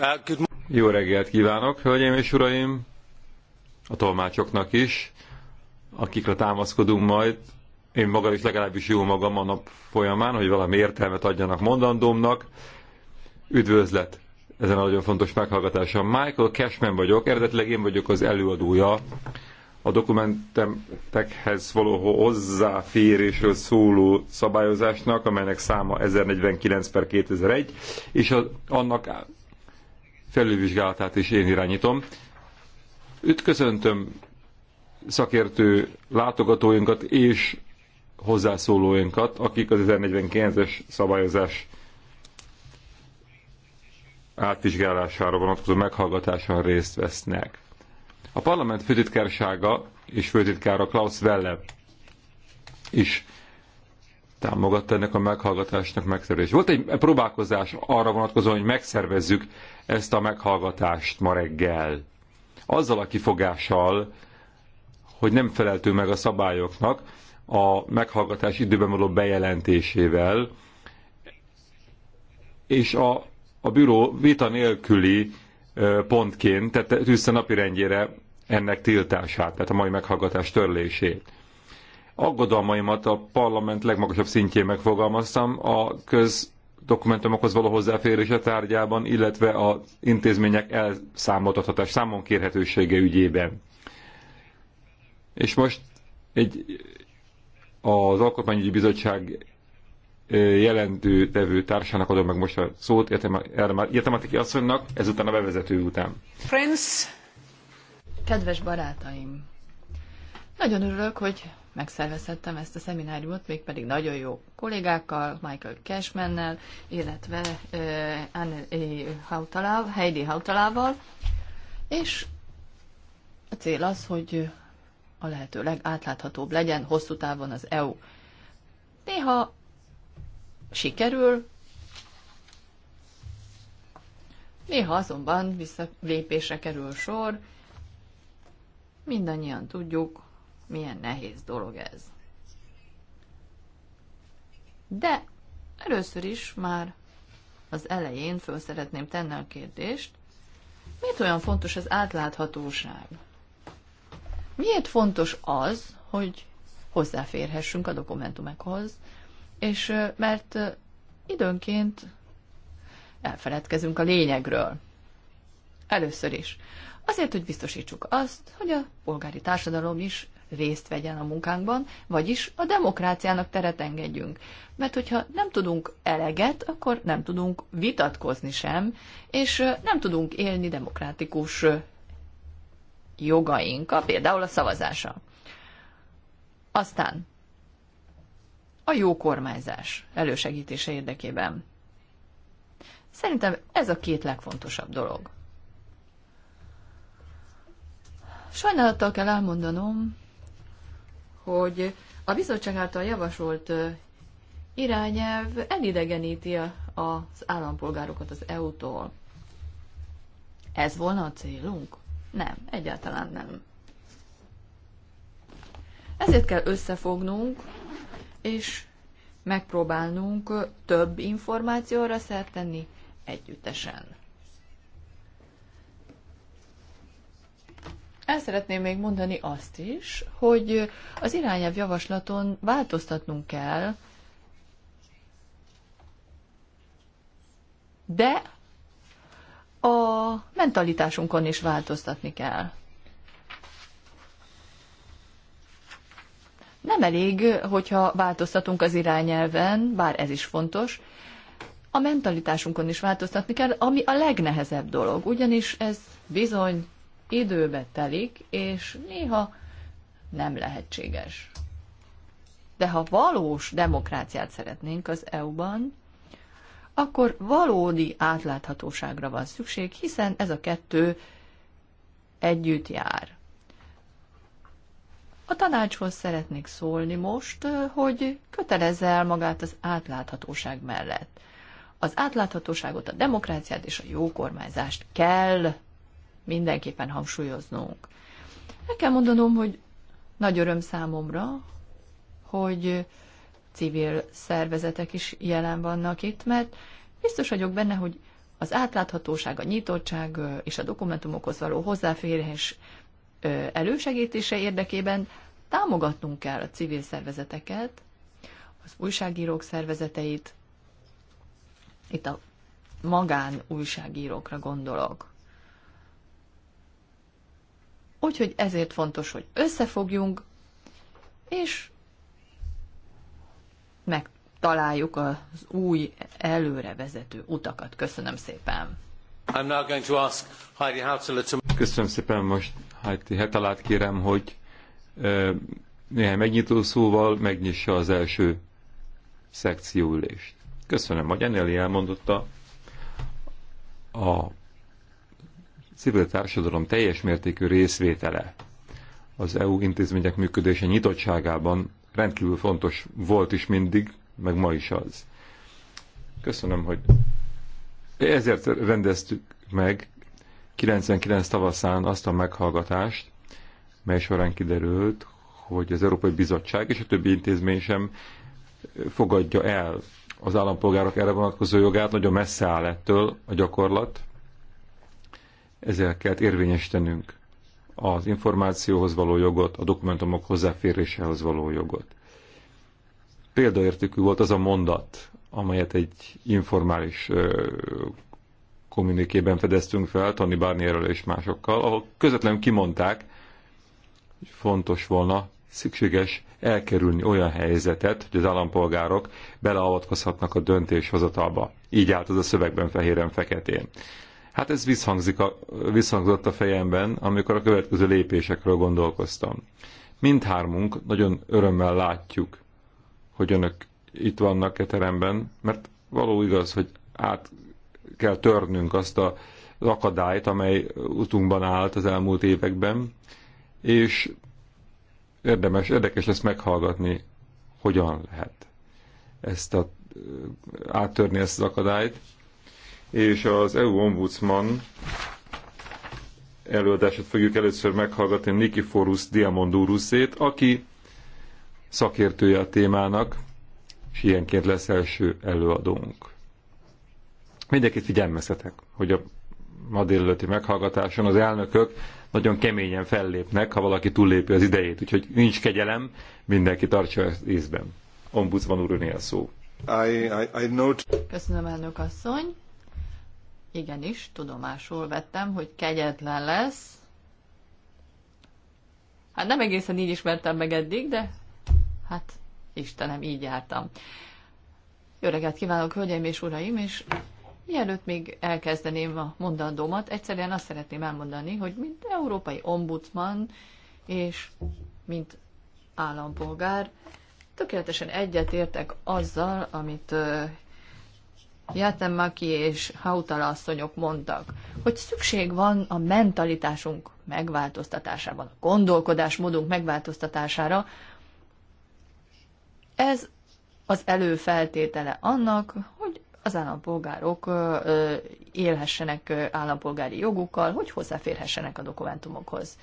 Uh, jó reggelt kívánok, hölgyeim és uraim, a tolmácsoknak is, akikre támaszkodunk majd. Én magam is legalábbis jó magam a nap folyamán, hogy valami értelmet adjanak mondandómnak. Üdvözlet ezen a nagyon fontos meghallgatáson. Michael Cashman vagyok, eredetileg én vagyok az előadója a dokumentekhez való hozzáférésről szóló szabályozásnak, amelynek száma 1049 per 2001, és az, annak felülvizsgálatát is én irányítom. Üt köszöntöm szakértő látogatóinkat és hozzászólóinkat, akik az 1049-es szabályozás átvizsgálására vonatkozó meghallgatáson részt vesznek. A parlament főtitkársága és főtitkára Klaus Welle is támogatta ennek a meghallgatásnak megszervezést. Volt egy próbálkozás arra vonatkozóan, hogy megszervezzük ezt a meghallgatást ma reggel. Azzal a kifogással, hogy nem feleltünk meg a szabályoknak, a meghallgatás időben való bejelentésével, és a, a büró vita nélküli pontként tűzte napirendjére ennek tiltását, tehát a mai meghallgatás törlését aggodalmaimat a parlament legmagasabb szintjén megfogalmaztam a közdokumentumokhoz való hozzáférése tárgyában, illetve az intézmények elszámoltathatás számon kérhetősége ügyében. És most egy, az Alkotmányügyi Bizottság jelentő tevő társának adom meg most a szót, értem, a Tiki asszonynak, ezután a bevezető után. Friends! Kedves barátaim! Nagyon örülök, hogy megszervezhettem ezt a szemináriumot, mégpedig nagyon jó kollégákkal, Michael Cashmannel, illetve uh, Hautalav, Heidi Hautalával, és a cél az, hogy a lehető legátláthatóbb legyen hosszú távon az EU. Néha sikerül, néha azonban visszalépésre kerül sor. Mindannyian tudjuk, milyen nehéz dolog ez. De először is már az elején föl szeretném tenni a kérdést, miért olyan fontos az átláthatóság? Miért fontos az, hogy hozzáférhessünk a dokumentumokhoz, és mert időnként elfeledkezünk a lényegről. Először is. Azért, hogy biztosítsuk azt, hogy a polgári társadalom is részt vegyen a munkánkban, vagyis a demokráciának teret engedjünk. Mert hogyha nem tudunk eleget, akkor nem tudunk vitatkozni sem, és nem tudunk élni demokratikus jogainkkal, például a szavazása. Aztán a jó kormányzás elősegítése érdekében. Szerintem ez a két legfontosabb dolog. Sajnálattal kell elmondanom, hogy a bizottság által javasolt irányelv elidegeníti az állampolgárokat az EU-tól. Ez volna a célunk? Nem, egyáltalán nem. Ezért kell összefognunk, és megpróbálnunk több információra szert tenni együttesen. El szeretném még mondani azt is, hogy az irányelv javaslaton változtatnunk kell, de a mentalitásunkon is változtatni kell. Nem elég, hogyha változtatunk az irányelven, bár ez is fontos, a mentalitásunkon is változtatni kell, ami a legnehezebb dolog, ugyanis ez bizony időbe telik, és néha nem lehetséges. De ha valós demokráciát szeretnénk az EU-ban, akkor valódi átláthatóságra van szükség, hiszen ez a kettő együtt jár. A tanácshoz szeretnék szólni most, hogy kötelezze el magát az átláthatóság mellett. Az átláthatóságot, a demokráciát és a jó kormányzást kell mindenképpen hangsúlyoznunk. El kell mondanom, hogy nagy öröm számomra, hogy civil szervezetek is jelen vannak itt, mert biztos vagyok benne, hogy az átláthatóság, a nyitottság és a dokumentumokhoz való hozzáférés elősegítése érdekében támogatnunk kell a civil szervezeteket, az újságírók szervezeteit, itt a magán újságírókra gondolok. Úgyhogy ezért fontos, hogy összefogjunk, és megtaláljuk az új előre vezető utakat. Köszönöm szépen! I'm now going to ask Heidi Hautala to... Köszönöm szépen, most Heidi Hetalát kérem, hogy ö, néhány megnyitó szóval megnyissa az első szekcióülést. Köszönöm, hogy Eneli elmondotta a civil társadalom teljes mértékű részvétele az EU intézmények működése nyitottságában rendkívül fontos volt is mindig, meg ma is az. Köszönöm, hogy ezért rendeztük meg 99 tavaszán azt a meghallgatást, mely során kiderült, hogy az Európai Bizottság és a többi intézmény sem fogadja el az állampolgárok erre vonatkozó jogát, nagyon messze áll ettől a gyakorlat, ezzel kell érvényesítenünk az információhoz való jogot, a dokumentumok hozzáféréséhez való jogot. Példaértékű volt az a mondat, amelyet egy informális kommunikében fedeztünk fel, Tony Barnierrel és másokkal, ahol közvetlenül kimondták, hogy fontos volna, szükséges elkerülni olyan helyzetet, hogy az állampolgárok beleavatkozhatnak a döntéshozatalba. Így állt az a szövegben fehéren-feketén. Hát ez visszhangzik a, visszhangzott a fejemben, amikor a következő lépésekről gondolkoztam. Mindhármunk nagyon örömmel látjuk, hogy önök itt vannak e teremben, mert való igaz, hogy át kell törnünk azt a, az akadályt, amely utunkban állt az elmúlt években, és érdemes, érdekes lesz meghallgatni, hogyan lehet ezt a, áttörni ezt az akadályt és az EU Ombudsman előadását fogjuk először meghallgatni Nikiforus Diamondurusét, aki szakértője a témának, és ilyenként lesz első előadónk. Mindenkit figyelmeztetek, hogy a ma délelőtti meghallgatáson az elnökök nagyon keményen fellépnek, ha valaki túllépi az idejét, úgyhogy nincs kegyelem, mindenki tartsa ezt észben. Ombudsman úr a szó. I, I, I know Köszönöm, elnök asszony. Igenis, tudomásul vettem, hogy kegyetlen lesz. Hát nem egészen így ismertem meg eddig, de hát Istenem, így jártam. Jó reggelt kívánok, hölgyeim és uraim, és mielőtt még elkezdeném a mondandómat, egyszerűen azt szeretném elmondani, hogy mint európai ombudsman és mint állampolgár, tökéletesen egyetértek azzal, amit Jatemaki és Hautala asszonyok mondtak, hogy szükség van a mentalitásunk megváltoztatásában, a gondolkodásmódunk megváltoztatására. Ez az előfeltétele annak, hogy az állampolgárok élhessenek állampolgári jogukkal, hogy hozzáférhessenek a dokumentumokhoz.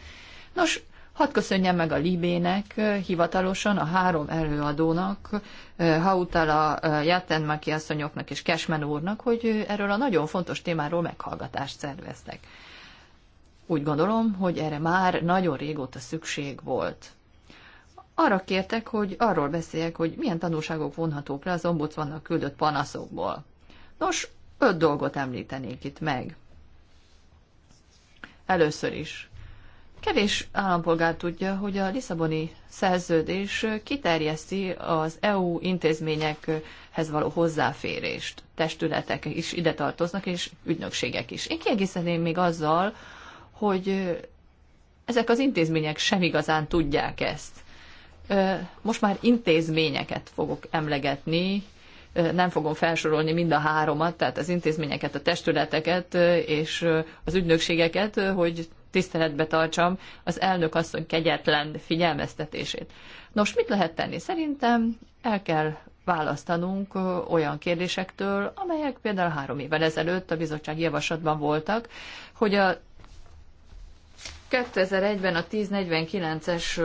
Nos, Hadd köszönjem meg a Libének hivatalosan, a három előadónak, Hautala, Jatenmaki asszonyoknak és Kesmen úrnak, hogy erről a nagyon fontos témáról meghallgatást szerveztek. Úgy gondolom, hogy erre már nagyon régóta szükség volt. Arra kértek, hogy arról beszéljek, hogy milyen tanulságok vonhatók le az ombudsmannak küldött panaszokból. Nos, öt dolgot említenék itt meg. Először is. Kevés állampolgár tudja, hogy a Lisszaboni szerződés kiterjeszti az EU intézményekhez való hozzáférést. Testületek is ide tartoznak, és ügynökségek is. Én kiegészeném még azzal, hogy ezek az intézmények sem igazán tudják ezt. Most már intézményeket fogok emlegetni, nem fogom felsorolni mind a háromat, tehát az intézményeket, a testületeket és az ügynökségeket, hogy tiszteletbe tartsam az elnök asszony kegyetlen figyelmeztetését. Nos, mit lehet tenni? Szerintem el kell választanunk olyan kérdésektől, amelyek például három évvel ezelőtt a bizottság javaslatban voltak, hogy a 2001-ben a 1049-es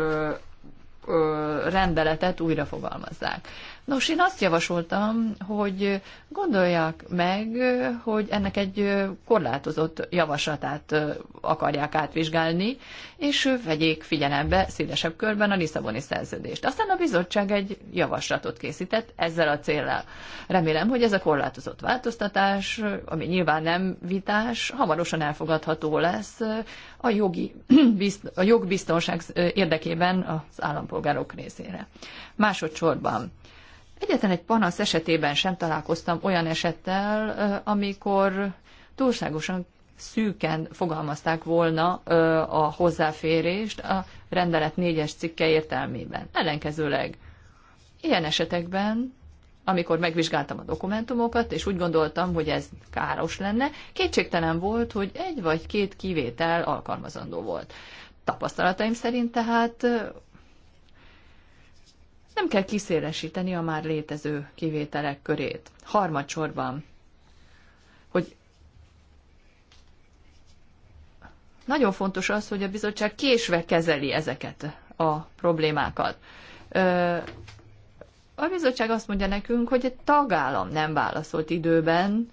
rendeletet újra fogalmazzák. Nos, én azt javasoltam, hogy gondolják meg, hogy ennek egy korlátozott javaslatát akarják átvizsgálni, és vegyék figyelembe szélesebb körben a Lisszaboni szerződést. Aztán a bizottság egy javaslatot készített ezzel a célral. Remélem, hogy ez a korlátozott változtatás, ami nyilván nem vitás, hamarosan elfogadható lesz a, jogi, a jogbiztonság érdekében az állampolgárok részére. Másodszorban Egyetlen egy panasz esetében sem találkoztam olyan esettel, amikor túlságosan szűken fogalmazták volna a hozzáférést a rendelet négyes cikke értelmében. Ellenkezőleg ilyen esetekben amikor megvizsgáltam a dokumentumokat, és úgy gondoltam, hogy ez káros lenne, kétségtelen volt, hogy egy vagy két kivétel alkalmazandó volt. Tapasztalataim szerint tehát nem kell kiszélesíteni a már létező kivételek körét. Harmadsorban, hogy nagyon fontos az, hogy a bizottság késve kezeli ezeket a problémákat. A bizottság azt mondja nekünk, hogy egy tagállam nem válaszolt időben,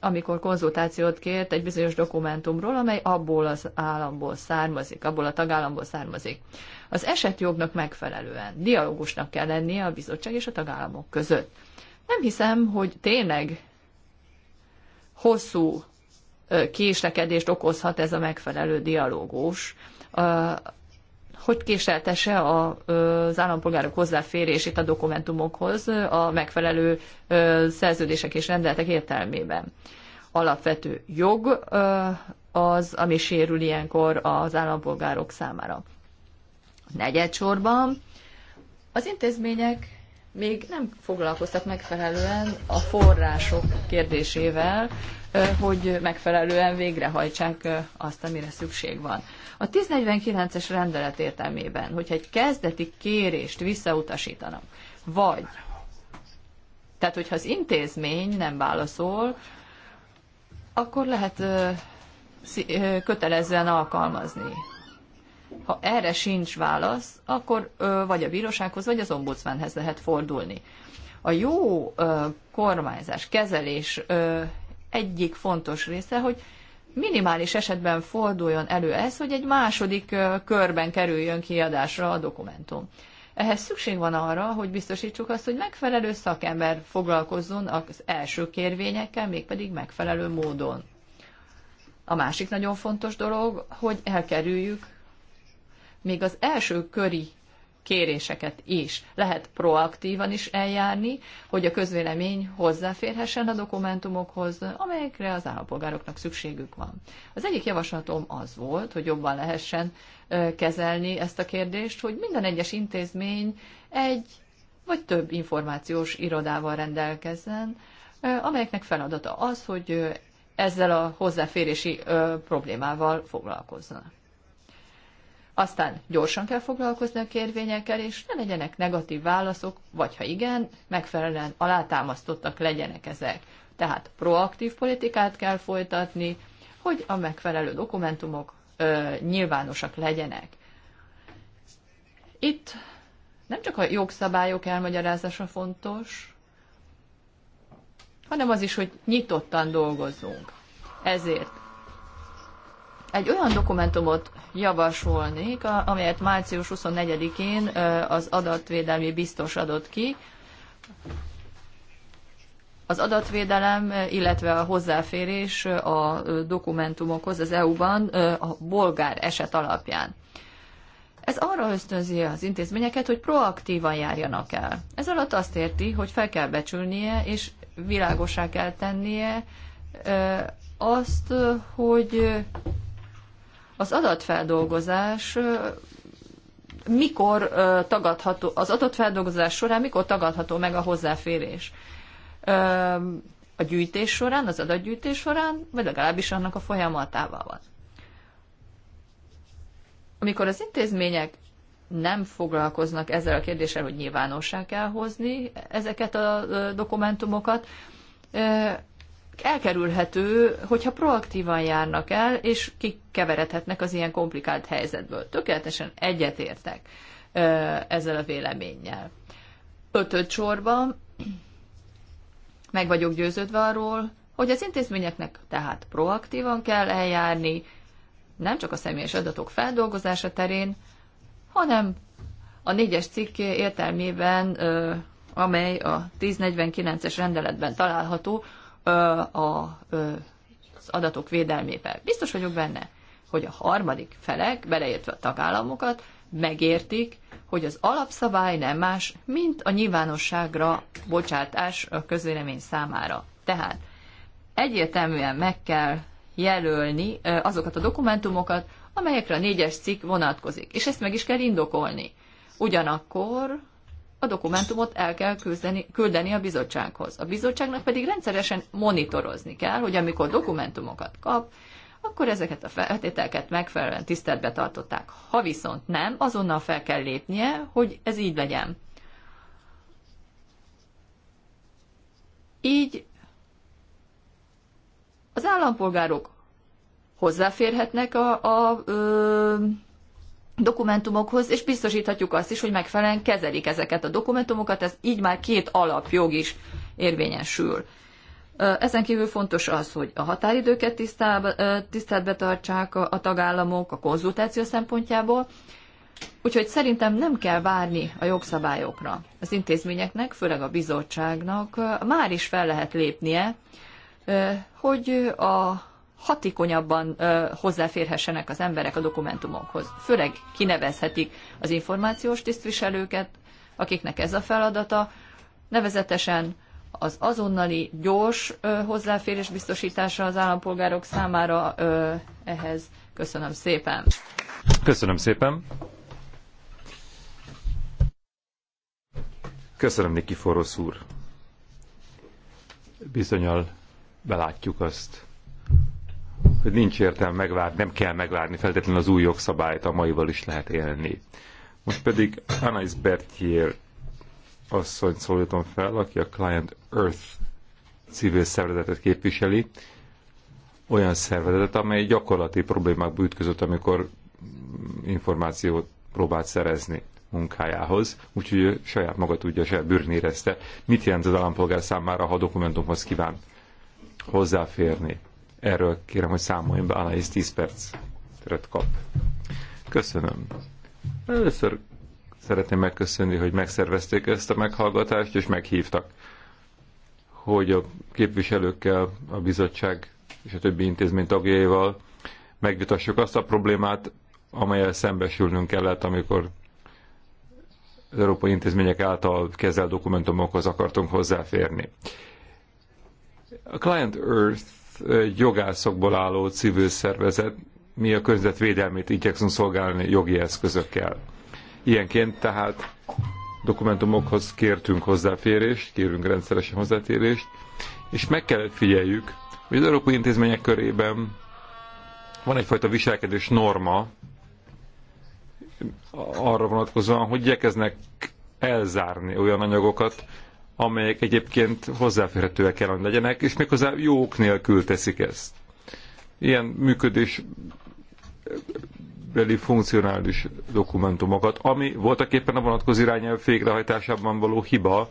amikor konzultációt kért egy bizonyos dokumentumról, amely abból az államból származik, abból a tagállamból származik. Az esetjognak megfelelően dialógusnak kell lennie a bizottság és a tagállamok között. Nem hiszem, hogy tényleg hosszú késlekedést okozhat ez a megfelelő dialógus hogy késeltese az állampolgárok hozzáférését a dokumentumokhoz a megfelelő szerződések és rendeletek értelmében. Alapvető jog az, ami sérül ilyenkor az állampolgárok számára. Negyedsorban az intézmények még nem foglalkoztak megfelelően a források kérdésével, hogy megfelelően végrehajtsák azt, amire szükség van. A 1049-es rendelet értelmében, hogyha egy kezdeti kérést visszautasítanak, vagy tehát, hogyha az intézmény nem válaszol, akkor lehet kötelezően alkalmazni. Ha erre sincs válasz, akkor vagy a bírósághoz, vagy az ombudsmanhez lehet fordulni. A jó kormányzás, kezelés egyik fontos része, hogy minimális esetben forduljon elő ez, hogy egy második körben kerüljön kiadásra a dokumentum. Ehhez szükség van arra, hogy biztosítsuk azt, hogy megfelelő szakember foglalkozzon az első kérvényekkel, mégpedig megfelelő módon. A másik nagyon fontos dolog, hogy elkerüljük még az első köri kéréseket is. Lehet proaktívan is eljárni, hogy a közvélemény hozzáférhessen a dokumentumokhoz, amelyekre az állampolgároknak szükségük van. Az egyik javaslatom az volt, hogy jobban lehessen kezelni ezt a kérdést, hogy minden egyes intézmény egy vagy több információs irodával rendelkezzen, amelyeknek feladata az, hogy ezzel a hozzáférési problémával foglalkozzanak. Aztán gyorsan kell foglalkozni a kérvényekkel, és ne legyenek negatív válaszok, vagy ha igen, megfelelően alátámasztottak legyenek ezek. Tehát proaktív politikát kell folytatni, hogy a megfelelő dokumentumok ö, nyilvánosak legyenek. Itt nem csak a jogszabályok elmagyarázása fontos, hanem az is, hogy nyitottan dolgozzunk. Ezért egy olyan dokumentumot javasolnék, amelyet március 24-én az adatvédelmi biztos adott ki. Az adatvédelem, illetve a hozzáférés a dokumentumokhoz az EU-ban a bolgár eset alapján. Ez arra ösztönzi az intézményeket, hogy proaktívan járjanak el. Ez alatt azt érti, hogy fel kell becsülnie és világosá kell tennie azt, hogy az adatfeldolgozás mikor tagadható, az adatfeldolgozás során mikor tagadható meg a hozzáférés? A gyűjtés során, az adatgyűjtés során, vagy legalábbis annak a folyamatával van. Amikor az intézmények nem foglalkoznak ezzel a kérdéssel, hogy nyilvánossá kell hozni ezeket a dokumentumokat, elkerülhető, hogyha proaktívan járnak el, és kikeveredhetnek az ilyen komplikált helyzetből. Tökéletesen egyetértek ezzel a véleménnyel. Ötöd sorban meg vagyok győződve arról, hogy az intézményeknek tehát proaktívan kell eljárni, nem csak a személyes adatok feldolgozása terén, hanem a négyes cikk értelmében, amely a 1049-es rendeletben található, a az adatok védelmével Biztos vagyok benne, hogy a harmadik felek, beleértve a tagállamokat, megértik, hogy az alapszabály nem más, mint a nyilvánosságra bocsátás a közvélemény számára. Tehát egyértelműen meg kell jelölni azokat a dokumentumokat, amelyekre a négyes cikk vonatkozik, és ezt meg is kell indokolni. Ugyanakkor a dokumentumot el kell küzdeni, küldeni a bizottsághoz. A bizottságnak pedig rendszeresen monitorozni kell, hogy amikor dokumentumokat kap, akkor ezeket a feltételeket megfelelően tiszteletbe tartották. Ha viszont nem, azonnal fel kell lépnie, hogy ez így legyen. Így az állampolgárok hozzáférhetnek a, a dokumentumokhoz, és biztosíthatjuk azt is, hogy megfelelően kezelik ezeket a dokumentumokat, ez így már két alapjog is érvényesül. Ezen kívül fontos az, hogy a határidőket tiszteletbe tartsák a tagállamok a konzultáció szempontjából, úgyhogy szerintem nem kell várni a jogszabályokra. Az intézményeknek, főleg a bizottságnak már is fel lehet lépnie, hogy a hatékonyabban ö, hozzáférhessenek az emberek a dokumentumokhoz. Főleg kinevezhetik az információs tisztviselőket, akiknek ez a feladata, nevezetesen az azonnali, gyors ö, hozzáférés biztosítása az állampolgárok számára ö, ehhez. Köszönöm szépen. Köszönöm szépen. Köszönöm, Niki Forosz úr. Bizonyal belátjuk azt, hogy nincs értelme megvárni, nem kell megvárni feltétlenül az új jogszabályt, a maival is lehet élni. Most pedig Anais Bertier asszony szólítom fel, aki a Client Earth civil szervezetet képviseli, olyan szervezetet, amely gyakorlati problémákba ütközött, amikor információt próbált szerezni munkájához, úgyhogy ő saját maga tudja, saját bűrn érezte, mit jelent az állampolgár számára, ha a dokumentumhoz kíván hozzáférni. Erről kérem, hogy számoljon be, Anais 10 perc kap. Köszönöm. Először szeretném megköszönni, hogy megszervezték ezt a meghallgatást, és meghívtak, hogy a képviselőkkel, a bizottság és a többi intézmény tagjaival megvitassuk azt a problémát, amelyel szembesülnünk kellett, amikor az európai intézmények által kezelt dokumentumokhoz akartunk hozzáférni. A Client Earth jogászokból álló civil szervezet, mi a védelmét igyekszünk szolgálni jogi eszközökkel. Ilyenként tehát dokumentumokhoz kértünk hozzáférést, kérünk rendszeresen hozzáférést, és meg kellett figyeljük, hogy az európai intézmények körében van egyfajta viselkedés norma arra vonatkozóan, hogy igyekeznek elzárni olyan anyagokat, amelyek egyébként hozzáférhetőek kell, hogy legyenek, és méghozzá jók nélkül teszik ezt. Ilyen működés beli funkcionális dokumentumokat, ami voltak éppen a vonatkozó irányelv végrehajtásában való hiba,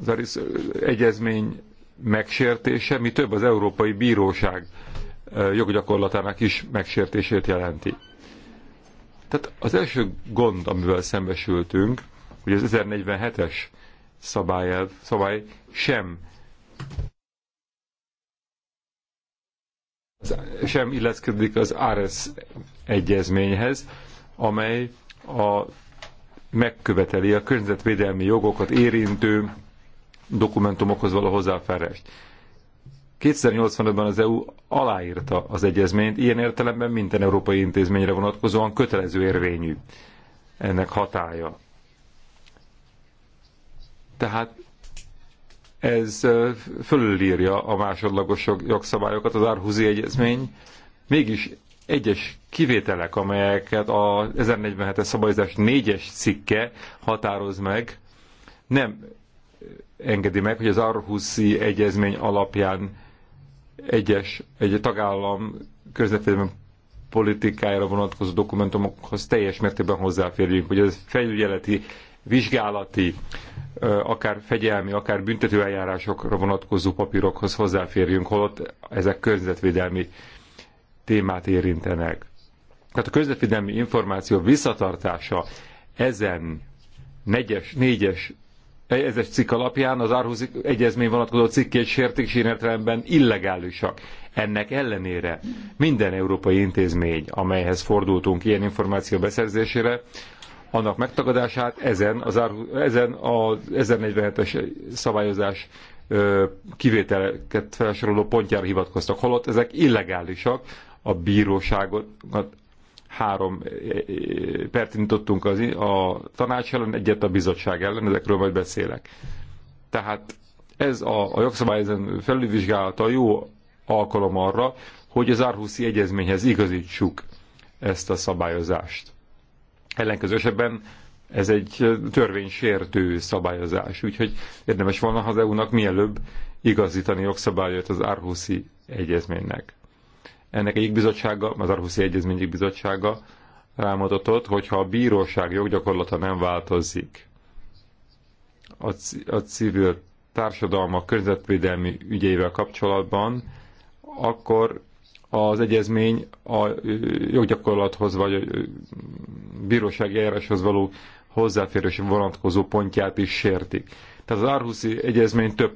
az Aris egyezmény megsértése, mi több az Európai Bíróság joggyakorlatának is megsértését jelenti. Tehát az első gond, amivel szembesültünk, hogy az 1047-es szabály, szabály sem sem illeszkedik az ARES egyezményhez, amely a megköveteli a környezetvédelmi jogokat érintő dokumentumokhoz való hozzáférést. 2085-ben az EU aláírta az egyezményt, ilyen értelemben minden európai intézményre vonatkozóan kötelező érvényű ennek hatája. Tehát ez fölülírja a másodlagos jogszabályokat, az Árhuzi Egyezmény. Mégis egyes kivételek, amelyeket a 1047-es szabályozás 4-es cikke határoz meg, nem engedi meg, hogy az Arhuszi Egyezmény alapján egyes, egy tagállam közvetlenül politikájára vonatkozó dokumentumokhoz teljes mértékben hozzáférjünk, hogy ez felügyeleti vizsgálati, akár fegyelmi, akár eljárásokra vonatkozó papírokhoz hozzáférjünk, holott ezek környezetvédelmi témát érintenek. Tehát a környezetvédelmi információ visszatartása ezen negyes, négyes, ezes cikk alapján az Árhúz egyezmény vonatkozó cikkét sértik sínetrenben illegálisak. Ennek ellenére minden európai intézmény, amelyhez fordultunk ilyen információ beszerzésére, annak megtagadását ezen, az, ezen a 1047-es szabályozás kivételeket felsoroló pontjára hivatkoztak, holott ezek illegálisak, a bíróságot három e, e, pert indítottunk az, a tanács ellen, egyet a bizottság ellen, ezekről majd beszélek. Tehát ez a, a jogszabály ezen felülvizsgálata jó alkalom arra, hogy az Árhuszi Egyezményhez igazítsuk ezt a szabályozást. Ellenkező esetben ez egy törvénysértő szabályozás, úgyhogy érdemes volna, az EU-nak mielőbb igazítani jogszabályot az Arhusi Egyezménynek. Ennek egyik bizottsága, az Árhuszi Egyezmény egyik bizottsága rámutatott, hogyha a bíróság joggyakorlata nem változik, a, a civil társadalma környezetvédelmi ügyeivel kapcsolatban, akkor az egyezmény a joggyakorlathoz vagy a bírósági eljáráshoz való hozzáférés vonatkozó pontját is sérti. Tehát az Árhuszi egyezmény több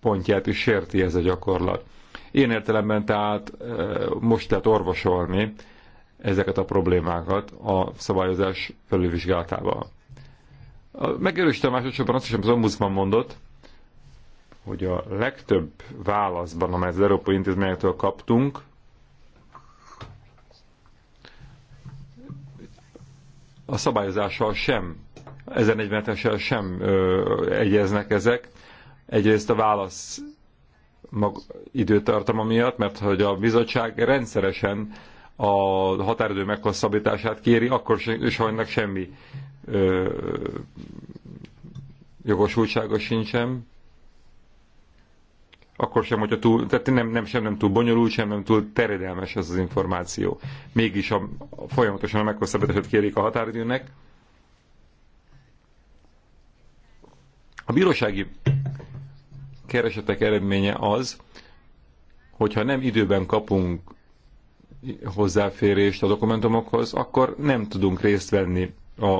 pontját is sérti ez a gyakorlat. Én értelemben tehát most lehet orvosolni ezeket a problémákat a szabályozás felülvizsgálatával. Megerősítem másodszorban azt is, amit az ombudsman mondott, hogy a legtöbb válaszban, amelyet az Európai Intézményektől kaptunk, a szabályozással sem, 1040-essel sem ö, egyeznek ezek. Egyrészt a válasz mag, időtartama miatt, mert hogy a bizottság rendszeresen a határidő meghosszabbítását kéri, akkor sajnak semmi ö, jogosultsága sincsen akkor sem, hogyha túl, tehát nem, nem, sem nem túl bonyolult, sem nem túl terjedelmes ez az információ. Mégis a, a folyamatosan a meghosszabbítást kérik a határidőnek. A bírósági keresetek eredménye az, hogyha nem időben kapunk hozzáférést a dokumentumokhoz, akkor nem tudunk részt venni a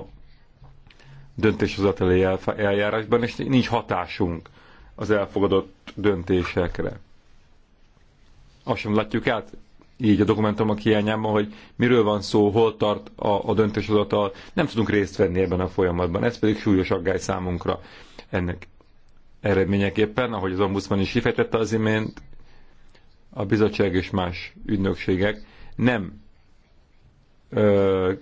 döntéshozatali eljárásban, és nincs hatásunk az elfogadott döntésekre. Azt sem látjuk át így a dokumentumok hiányában, hogy miről van szó, hol tart a, a döntéshozatal, nem tudunk részt venni ebben a folyamatban. Ez pedig súlyos aggály számunkra ennek eredményeképpen, ahogy az ombudsman is kifejtette az imént, a bizottság és más ügynökségek nem ö,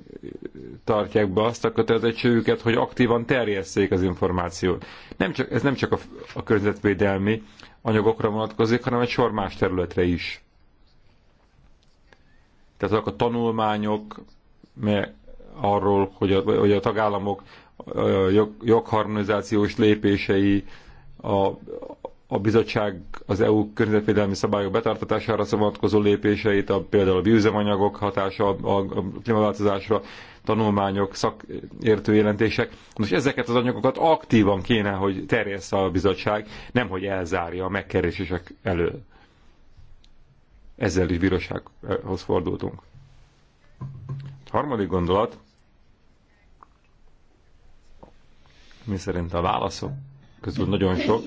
tartják be azt a kötelezettségüket, hogy aktívan terjesszék az információt. Nem csak, ez nem csak a, a környezetvédelmi anyagokra vonatkozik, hanem egy sor más területre is. Tehát azok a tanulmányok mert arról, hogy a, hogy a tagállamok jog, jogharmonizációs lépései, a, a bizottság az EU környezetvédelmi szabályok betartatására vonatkozó lépéseit, a, például a bűzemanyagok hatása a, a klímaváltozásra, tanulmányok, szakértő jelentések. Most ezeket az anyagokat aktívan kéne, hogy terjessze a bizottság, nem hogy elzárja a megkeresések elől. Ezzel is bírósághoz fordultunk. A harmadik gondolat, mi szerint a válaszok közül nagyon sok,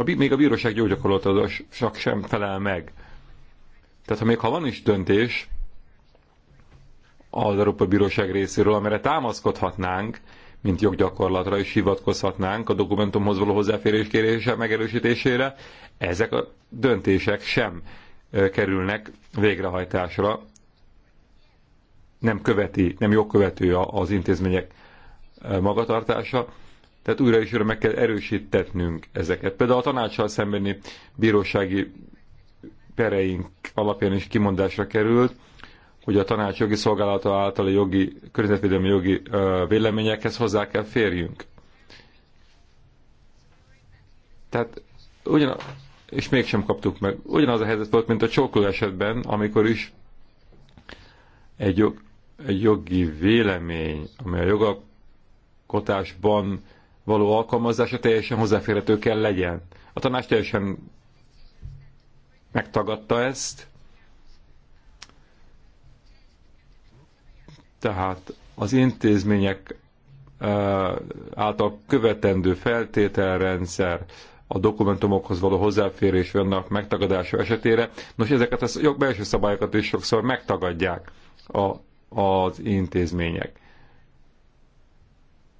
a, még a bíróság gyógyakorlatosak sem felel meg. Tehát ha még ha van is döntés az Európa Bíróság részéről, amire támaszkodhatnánk, mint joggyakorlatra is hivatkozhatnánk a dokumentumhoz való hozzáférés kérése megerősítésére, ezek a döntések sem kerülnek végrehajtásra. Nem követi, nem jogkövető az intézmények magatartása, tehát újra és újra meg kell erősítetnünk ezeket. Például a tanácssal szembeni bírósági pereink alapján is kimondásra került, hogy a tanács jogi szolgálata által a jogi, környezetvédelmi jogi véleményekhez hozzá kell férjünk. Tehát ugyan, és mégsem kaptuk meg. Ugyanaz a helyzet volt, mint a csókoló esetben, amikor is egy, jog, egy jogi vélemény, amely a jogalkotásban való alkalmazása teljesen hozzáférhető kell legyen. A tanács teljesen megtagadta ezt, tehát az intézmények által követendő feltételrendszer, a dokumentumokhoz való hozzáférés vannak megtagadása esetére. Nos, ezeket a belső szabályokat is sokszor megtagadják a, az intézmények.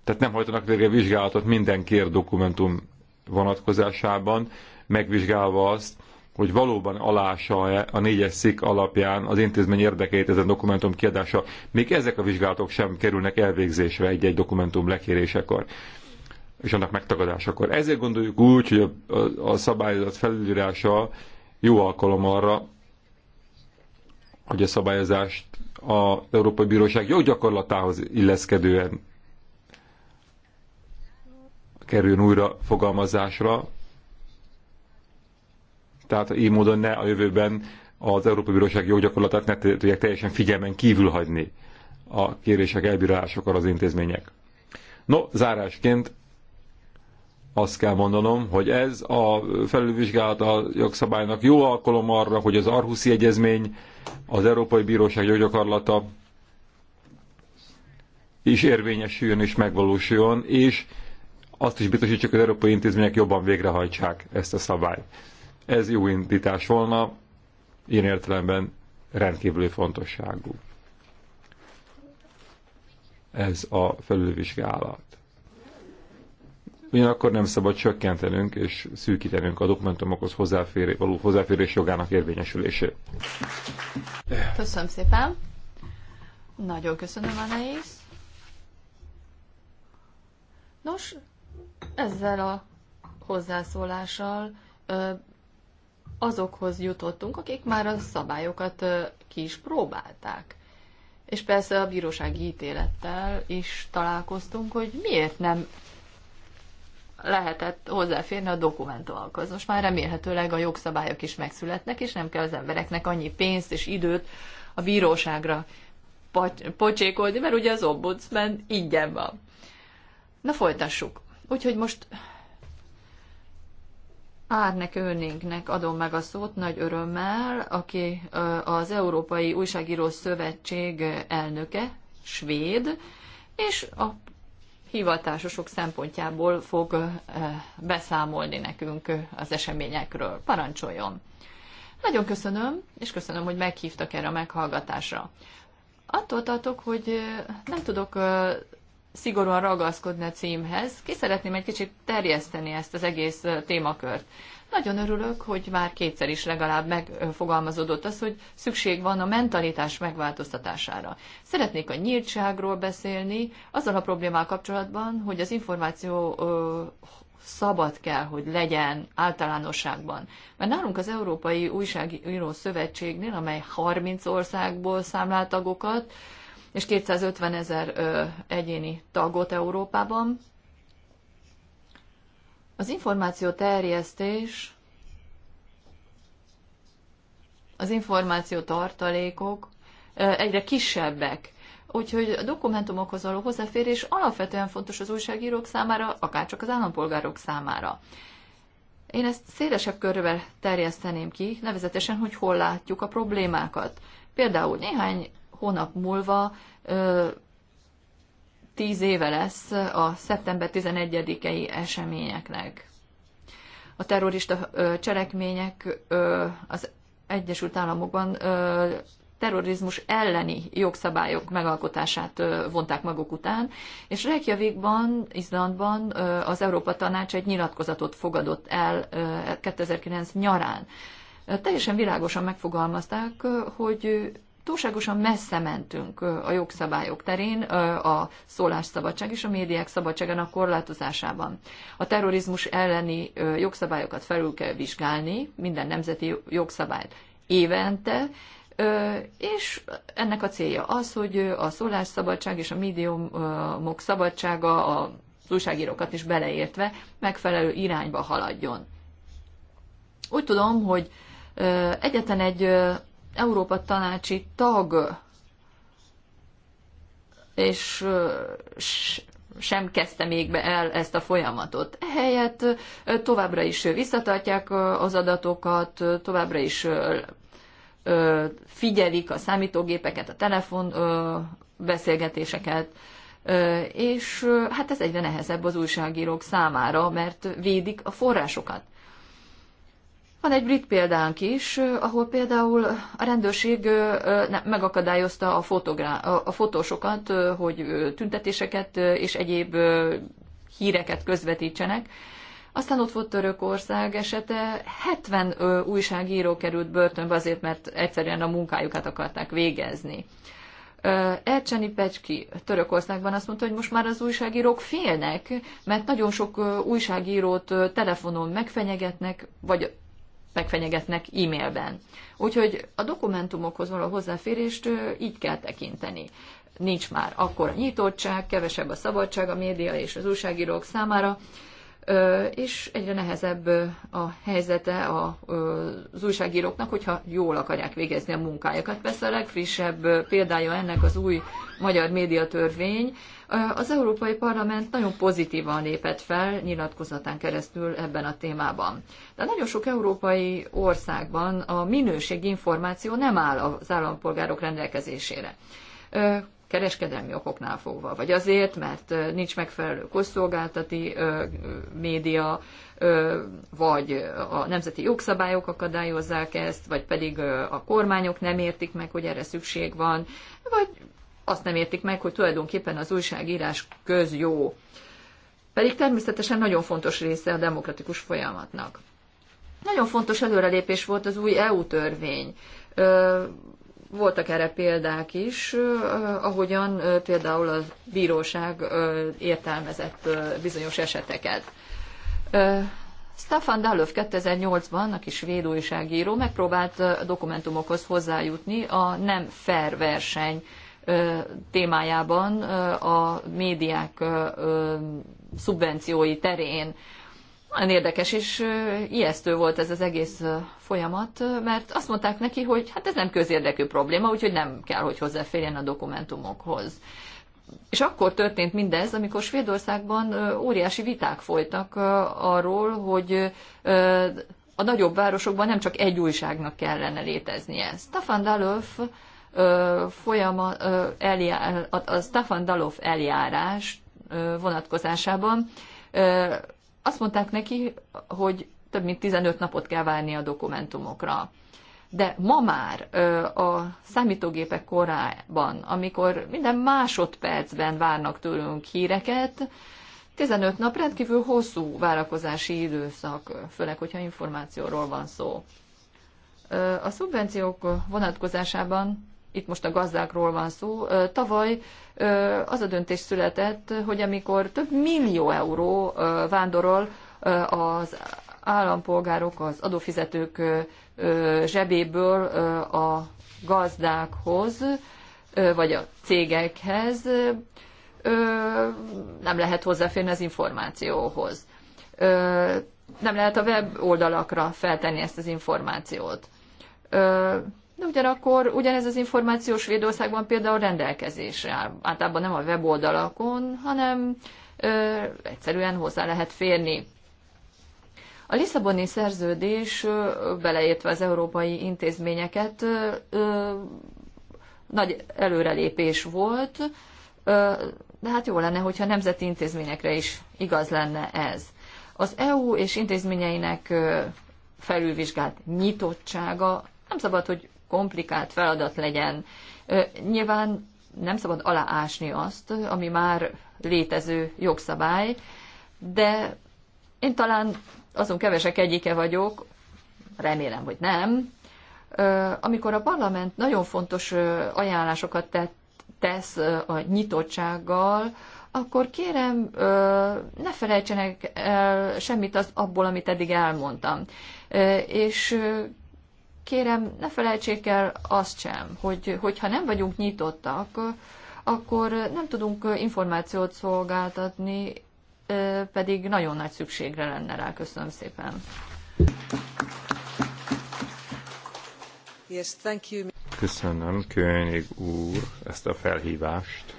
Tehát nem hajtanak végre vizsgálatot minden kér dokumentum vonatkozásában, megvizsgálva azt, hogy valóban alása-e a négyes szik alapján az intézmény érdekeit ezen dokumentum kiadása. Még ezek a vizsgálatok sem kerülnek elvégzésre egy-egy dokumentum lekérésekor és annak megtagadásakor. Ezért gondoljuk úgy, hogy a, a, a szabályozat felülírása jó alkalom arra, hogy a szabályozást az Európai Bíróság jó gyakorlatához illeszkedően kerüljön újra fogalmazásra, tehát így módon ne a jövőben az Európai Bíróság joggyakorlatát ne tudják teljesen figyelmen kívül hagyni a kérések elbírálásokkal az intézmények. No, zárásként azt kell mondanom, hogy ez a felülvizsgálat a jogszabálynak jó alkalom arra, hogy az Arhuszi Egyezmény, az Európai Bíróság joggyakorlata is érvényesüljön és megvalósuljon, és azt is biztosítjuk, hogy az európai intézmények jobban végrehajtsák ezt a szabályt. Ez jó indítás volna, ilyen értelemben rendkívül fontosságú. Ez a felülvizsgálat. Ugyanakkor nem szabad csökkentenünk és szűkítenünk a dokumentumokhoz hozzáférés, való hozzáférés jogának érvényesülését. Köszönöm szépen. Nagyon köszönöm, a nehéz. Nos, ezzel a hozzászólással azokhoz jutottunk, akik már a szabályokat ki is próbálták. És persze a bírósági ítélettel is találkoztunk, hogy miért nem lehetett hozzáférni a dokumentumokhoz. Most már remélhetőleg a jogszabályok is megszületnek, és nem kell az embereknek annyi pénzt és időt a bíróságra pocsékolni, mert ugye az ombudsman ingyen van. Na folytassuk. Úgyhogy most Árnek Önnénknek adom meg a szót nagy örömmel, aki az Európai Újságíró Szövetség elnöke, svéd, és a hivatásosok szempontjából fog beszámolni nekünk az eseményekről. Parancsoljon! Nagyon köszönöm, és köszönöm, hogy meghívtak erre a meghallgatásra. Attól tartok, hogy nem tudok szigorúan ragaszkodni a címhez. Ki szeretném egy kicsit terjeszteni ezt az egész témakört. Nagyon örülök, hogy már kétszer is legalább megfogalmazódott az, hogy szükség van a mentalitás megváltoztatására. Szeretnék a nyíltságról beszélni, azzal a problémával kapcsolatban, hogy az információ ö, szabad kell, hogy legyen általánosságban. Mert nálunk az Európai Újságíró Szövetségnél, amely 30 országból számlált tagokat, és 250 ezer egyéni tagot Európában. Az információ terjesztés, az információ tartalékok egyre kisebbek. Úgyhogy a dokumentumokhoz való hozzáférés alapvetően fontos az újságírók számára, akárcsak az állampolgárok számára. Én ezt szélesebb körbe terjeszteném ki, nevezetesen, hogy hol látjuk a problémákat. Például néhány hónap múlva tíz éve lesz a szeptember 11-i eseményeknek. A terrorista cselekmények az Egyesült Államokban terrorizmus elleni jogszabályok megalkotását vonták maguk után, és Reykjavikban, Izlandban az Európa Tanács egy nyilatkozatot fogadott el 2009 nyarán. Teljesen világosan megfogalmazták, hogy túlságosan messze mentünk a jogszabályok terén, a szólásszabadság és a médiák szabadságának korlátozásában. A terrorizmus elleni jogszabályokat felül kell vizsgálni, minden nemzeti jogszabályt évente, és ennek a célja az, hogy a szólásszabadság és a médiumok szabadsága, a újságírókat is beleértve megfelelő irányba haladjon. Úgy tudom, hogy egyetlen egy Európa tanácsi tag, és sem kezdte még be el ezt a folyamatot. Ehelyett továbbra is visszatartják az adatokat, továbbra is figyelik a számítógépeket, a telefon beszélgetéseket, és hát ez egyre nehezebb az újságírók számára, mert védik a forrásokat. Van egy brit példánk is, ahol például a rendőrség megakadályozta a, a fotósokat, hogy tüntetéseket és egyéb híreket közvetítsenek. Aztán ott volt Törökország esete, 70 újságíró került börtönbe azért, mert egyszerűen a munkájukat akarták végezni. Ercseni Pecski Törökországban azt mondta, hogy most már az újságírók félnek, mert nagyon sok újságírót telefonon megfenyegetnek, vagy megfenyegetnek e-mailben. Úgyhogy a dokumentumokhoz való hozzáférést így kell tekinteni. Nincs már akkor a nyitottság, kevesebb a szabadság a média és az újságírók számára, és egyre nehezebb a helyzete az újságíróknak, hogyha jól akarják végezni a munkájukat. Persze a legfrissebb példája ennek az új magyar médiatörvény. Az Európai Parlament nagyon pozitívan lépett fel nyilatkozatán keresztül ebben a témában. De nagyon sok európai országban a minőségi információ nem áll az állampolgárok rendelkezésére kereskedelmi okoknál fogva, vagy azért, mert nincs megfelelő közszolgáltati média, vagy a nemzeti jogszabályok akadályozzák ezt, vagy pedig a kormányok nem értik meg, hogy erre szükség van, vagy azt nem értik meg, hogy tulajdonképpen az újságírás közjó. Pedig természetesen nagyon fontos része a demokratikus folyamatnak. Nagyon fontos előrelépés volt az új EU törvény voltak erre példák is, ahogyan például a bíróság értelmezett bizonyos eseteket. Stefan Dallöf 2008-ban, aki svéd újságíró, megpróbált dokumentumokhoz hozzájutni a nem fair verseny témájában a médiák szubvenciói terén. Nagyon érdekes és ijesztő volt ez az egész folyamat, mert azt mondták neki, hogy hát ez nem közérdekű probléma, úgyhogy nem kell, hogy hozzáférjen a dokumentumokhoz. És akkor történt mindez, amikor Svédországban óriási viták folytak arról, hogy a nagyobb városokban nem csak egy újságnak kellene léteznie. Stefan Dalöf folyama, a Stefan Dalöf eljárás vonatkozásában azt mondták neki, hogy több mint 15 napot kell várni a dokumentumokra. De ma már a számítógépek korában, amikor minden másodpercben várnak tőlünk híreket, 15 nap rendkívül hosszú várakozási időszak, főleg, hogyha információról van szó. A szubvenciók vonatkozásában itt most a gazdákról van szó, tavaly az a döntés született, hogy amikor több millió euró vándorol az állampolgárok, az adófizetők zsebéből a gazdákhoz, vagy a cégekhez, nem lehet hozzáférni az információhoz. Nem lehet a web oldalakra feltenni ezt az információt de ugyanakkor ugyanez az információ Svédországban például rendelkezésre áll. Általában nem a weboldalakon, hanem ö, egyszerűen hozzá lehet férni. A Lisszaboni szerződés, beleértve az európai intézményeket, ö, nagy előrelépés volt, ö, de hát jó lenne, hogyha nemzeti intézményekre is igaz lenne ez. Az EU és intézményeinek felülvizsgált nyitottsága nem szabad, hogy komplikált feladat legyen. Nyilván nem szabad aláásni azt, ami már létező jogszabály, de én talán azon kevesek egyike vagyok, remélem, hogy nem, amikor a parlament nagyon fontos ajánlásokat tett, tesz a nyitottsággal, akkor kérem, ne felejtsenek el semmit az abból, amit eddig elmondtam. És kérem, ne felejtsék el azt sem, hogy hogyha nem vagyunk nyitottak, akkor nem tudunk információt szolgáltatni, pedig nagyon nagy szükségre lenne rá. Köszönöm szépen. Yes, thank you. Köszönöm, König úr, ezt a felhívást.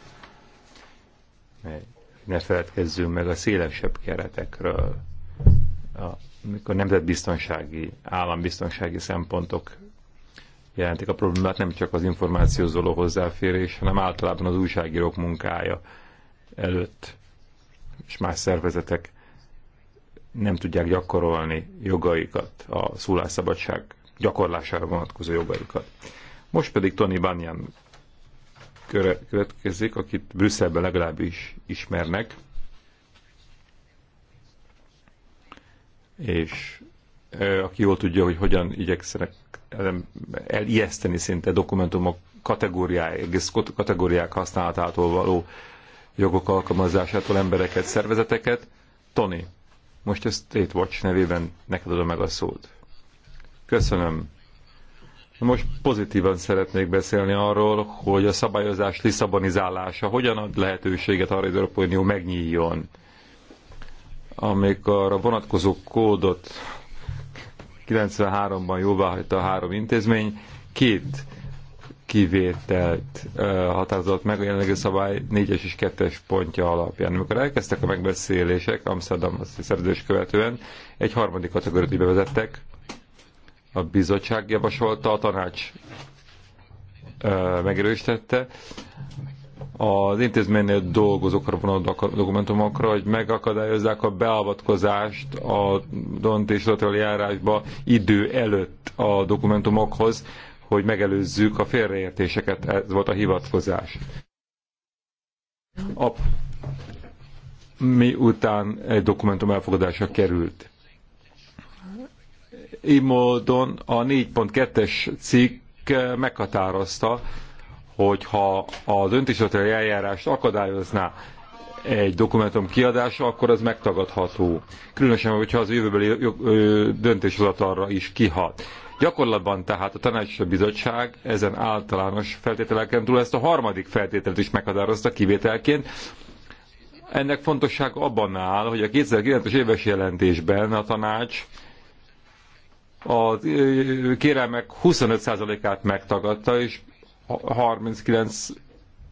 Ne feledkezzünk meg a szélesebb keretekről, a mikor nemzetbiztonsági, állambiztonsági szempontok jelentik a problémát, nem csak az információhoz való hozzáférés, hanem általában az újságírók munkája előtt és más szervezetek nem tudják gyakorolni jogaikat, a szólásszabadság gyakorlására vonatkozó jogaikat. Most pedig Tony Banyan következik, akit Brüsszelben legalábbis ismernek, és aki jól tudja, hogy hogyan igyekszenek elijeszteni szinte dokumentumok kategóriák, egész kategóriák használatától való jogok alkalmazásától embereket, szervezeteket. Tony, most ezt State Watch nevében neked adom meg a szót. Köszönöm. Most pozitívan szeretnék beszélni arról, hogy a szabályozás liszabonizálása hogyan ad lehetőséget arra, hogy az Európai Unió megnyíljon amikor a vonatkozó kódot 93-ban jóváhagyta a három intézmény, két kivételt határozott meg a jelenlegi szabály 4-es és 2-es pontja alapján. Amikor elkezdtek a megbeszélések Amsterdam szerződés követően, egy harmadik kategóriát bevezettek, a bizottság javasolta, a tanács megerősítette, az intézménynél dolgozókra vonatkozó dokumentumokra, hogy megakadályozzák a beavatkozást a döntéshozatali járásba idő előtt a dokumentumokhoz, hogy megelőzzük a félreértéseket, ez volt a hivatkozás. A, mi után egy dokumentum elfogadása került. Így módon a 4.2-es cikk meghatározta, hogyha a döntéshozatai eljárást akadályozná egy dokumentum kiadása, akkor az megtagadható. Különösen, hogyha az jövőbeli döntéshozatalra is kihat. Gyakorlatban tehát a tanács bizottság ezen általános feltételeken túl ezt a harmadik feltételt is meghatározta kivételként. Ennek fontosság abban áll, hogy a 2009-es éves jelentésben a tanács a kérelmek 25%-át megtagadta, és 39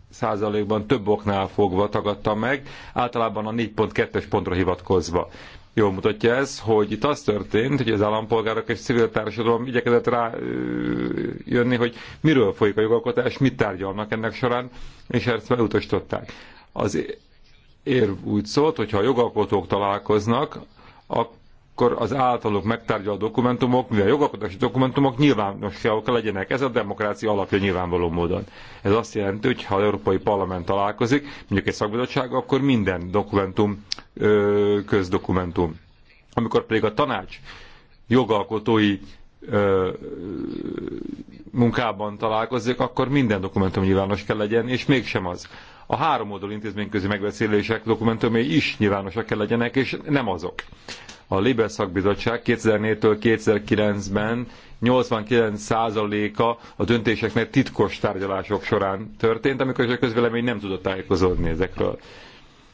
százalékban több oknál fogva tagadta meg, általában a 4.2-es pontra hivatkozva. Jól mutatja ez, hogy itt az történt, hogy az állampolgárok és civil társadalom igyekezett rá jönni, hogy miről folyik a jogalkotás, mit tárgyalnak ennek során, és ezt elutasították. Az érv úgy szólt, hogyha a jogalkotók találkoznak, ak akkor az általuk megtárgyalt dokumentumok, mivel jogalkotási dokumentumok nyilvánosságok legyenek. Ez a demokrácia alapja nyilvánvaló módon. Ez azt jelenti, hogy ha az Európai Parlament találkozik, mondjuk egy szakbizottság, akkor minden dokumentum közdokumentum. Amikor pedig a tanács jogalkotói munkában találkozik, akkor minden dokumentum nyilvános kell legyen, és mégsem az a háromoldalú intézményközi megbeszélések dokumentumai is nyilvánosak kell legyenek, és nem azok. A Libel szakbizottság 2004-től 2009-ben 89%-a a döntéseknek titkos tárgyalások során történt, amikor a közvélemény nem tudott tájékozódni ezekről.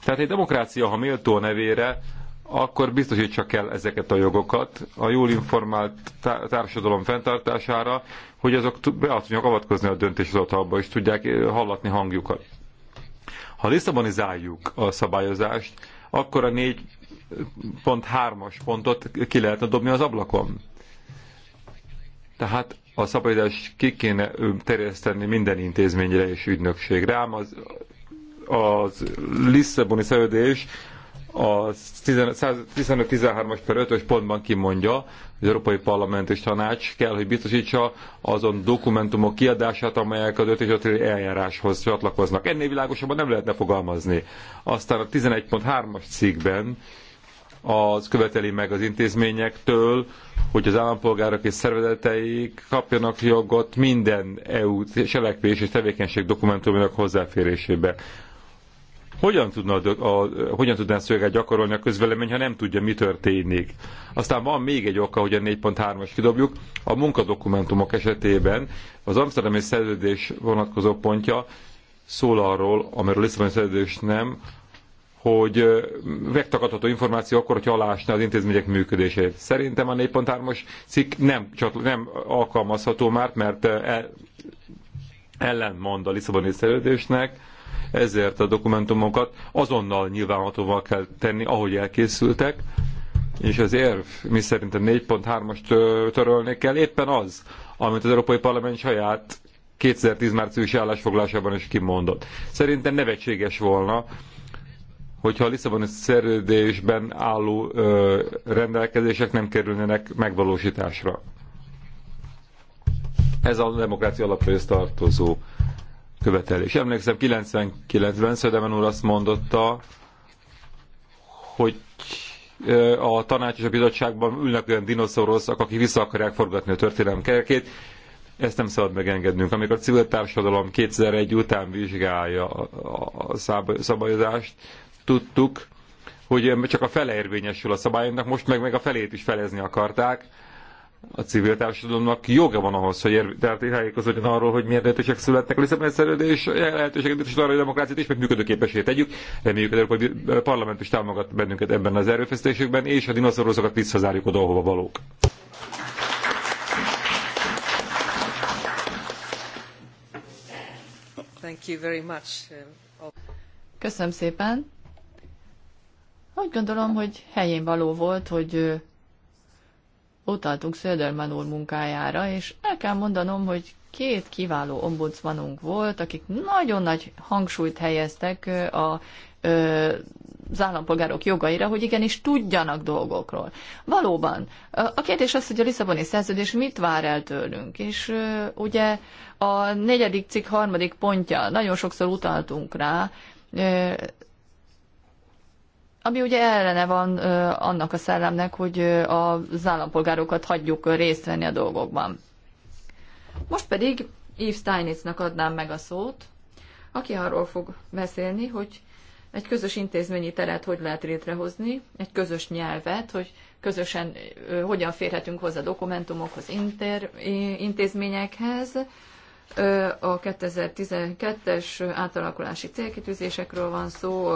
Tehát egy demokrácia, ha méltó a nevére, akkor biztosítsa kell ezeket a jogokat a jól informált társadalom fenntartására, hogy azok be tudjanak avatkozni a döntéshozatalba, és tudják eh, hallatni hangjukat. Ha liszabonizáljuk a szabályozást, akkor a 4.3-as pontot ki lehetne dobni az ablakon. Tehát a szabályozást ki kéne terjeszteni minden intézményre és ügynökségre, ám az, az Lisszaboni szerződés a 15-13-as per 5-ös pontban kimondja, az Európai Parlament és Tanács kell, hogy biztosítsa azon dokumentumok kiadását, amelyek az 5 és 5 eljáráshoz csatlakoznak. Ennél világosabban nem lehetne fogalmazni. Aztán a 11.3-as cikkben az követeli meg az intézményektől, hogy az állampolgárok és szervezeteik kapjanak jogot minden EU cselekvés és tevékenység dokumentumának hozzáférésébe hogyan, tudna a, a, hogyan tudná szöveget gyakorolni a közvelemény, ha nem tudja, mi történik. Aztán van még egy oka, hogy a 4.3-as kidobjuk. A munkadokumentumok esetében az Amsterdami szerződés vonatkozó pontja szól arról, amiről a Lisszaboni szerződés nem, hogy megtakadható információ akkor, hogyha alásna az intézmények működését. Szerintem a 4.3-as cikk nem, nem alkalmazható már, mert ellentmond a Lisszaboni szerződésnek, ezért a dokumentumokat azonnal nyilvánhatóvá kell tenni, ahogy elkészültek, és az érv, mi szerint a 4.3-as törölni kell, éppen az, amit az Európai Parlament saját 2010 márciusi állásfoglásában is kimondott. Szerintem nevetséges volna, hogyha a Lisszaboni szerződésben álló ö, rendelkezések nem kerülnének megvalósításra. Ez a demokrácia alapjához tartozó követelés. Emlékszem, 99-ben Szedemen úr azt mondotta, hogy a tanács és a bizottságban ülnek olyan dinoszauruszok, akik vissza akarják forgatni a történelem kerekét. Ezt nem szabad megengednünk. Amikor a civil társadalom 2001 után vizsgálja a szabályozást, tudtuk, hogy csak a fele érvényesül a szabályoknak, most meg, meg a felét is felezni akarták a civil társadalomnak joga van ahhoz, hogy tájékozódjon arról, hogy milyen döntések születnek a Lisszaboni szerződés, lehetőséget és arra, hogy a demokráciát ismét működőképesé tegyük. Reméljük, hogy a Európai Parlament is támogat bennünket ebben az erőfeszítésükben, és a dinoszauruszokat visszazárjuk oda, ahova valók. Thank you very much. Um, Köszönöm szépen. Úgy gondolom, hogy helyén való volt, hogy utaltunk Söderman úr munkájára, és el kell mondanom, hogy két kiváló ombudsmanunk volt, akik nagyon nagy hangsúlyt helyeztek a az állampolgárok jogaira, hogy igenis tudjanak dolgokról. Valóban. A kérdés az, hogy a Lisszaboni szerződés mit vár el tőlünk, és ugye a negyedik cikk harmadik pontja, nagyon sokszor utaltunk rá, ami ugye ellene van annak a szellemnek, hogy az állampolgárokat hagyjuk részt venni a dolgokban. Most pedig Eve Steinitznak adnám meg a szót, aki arról fog beszélni, hogy egy közös intézményi teret hogy lehet létrehozni, egy közös nyelvet, hogy közösen hogyan férhetünk hozzá dokumentumokhoz, inter, intézményekhez, a 2012-es átalakulási célkitűzésekről van szó,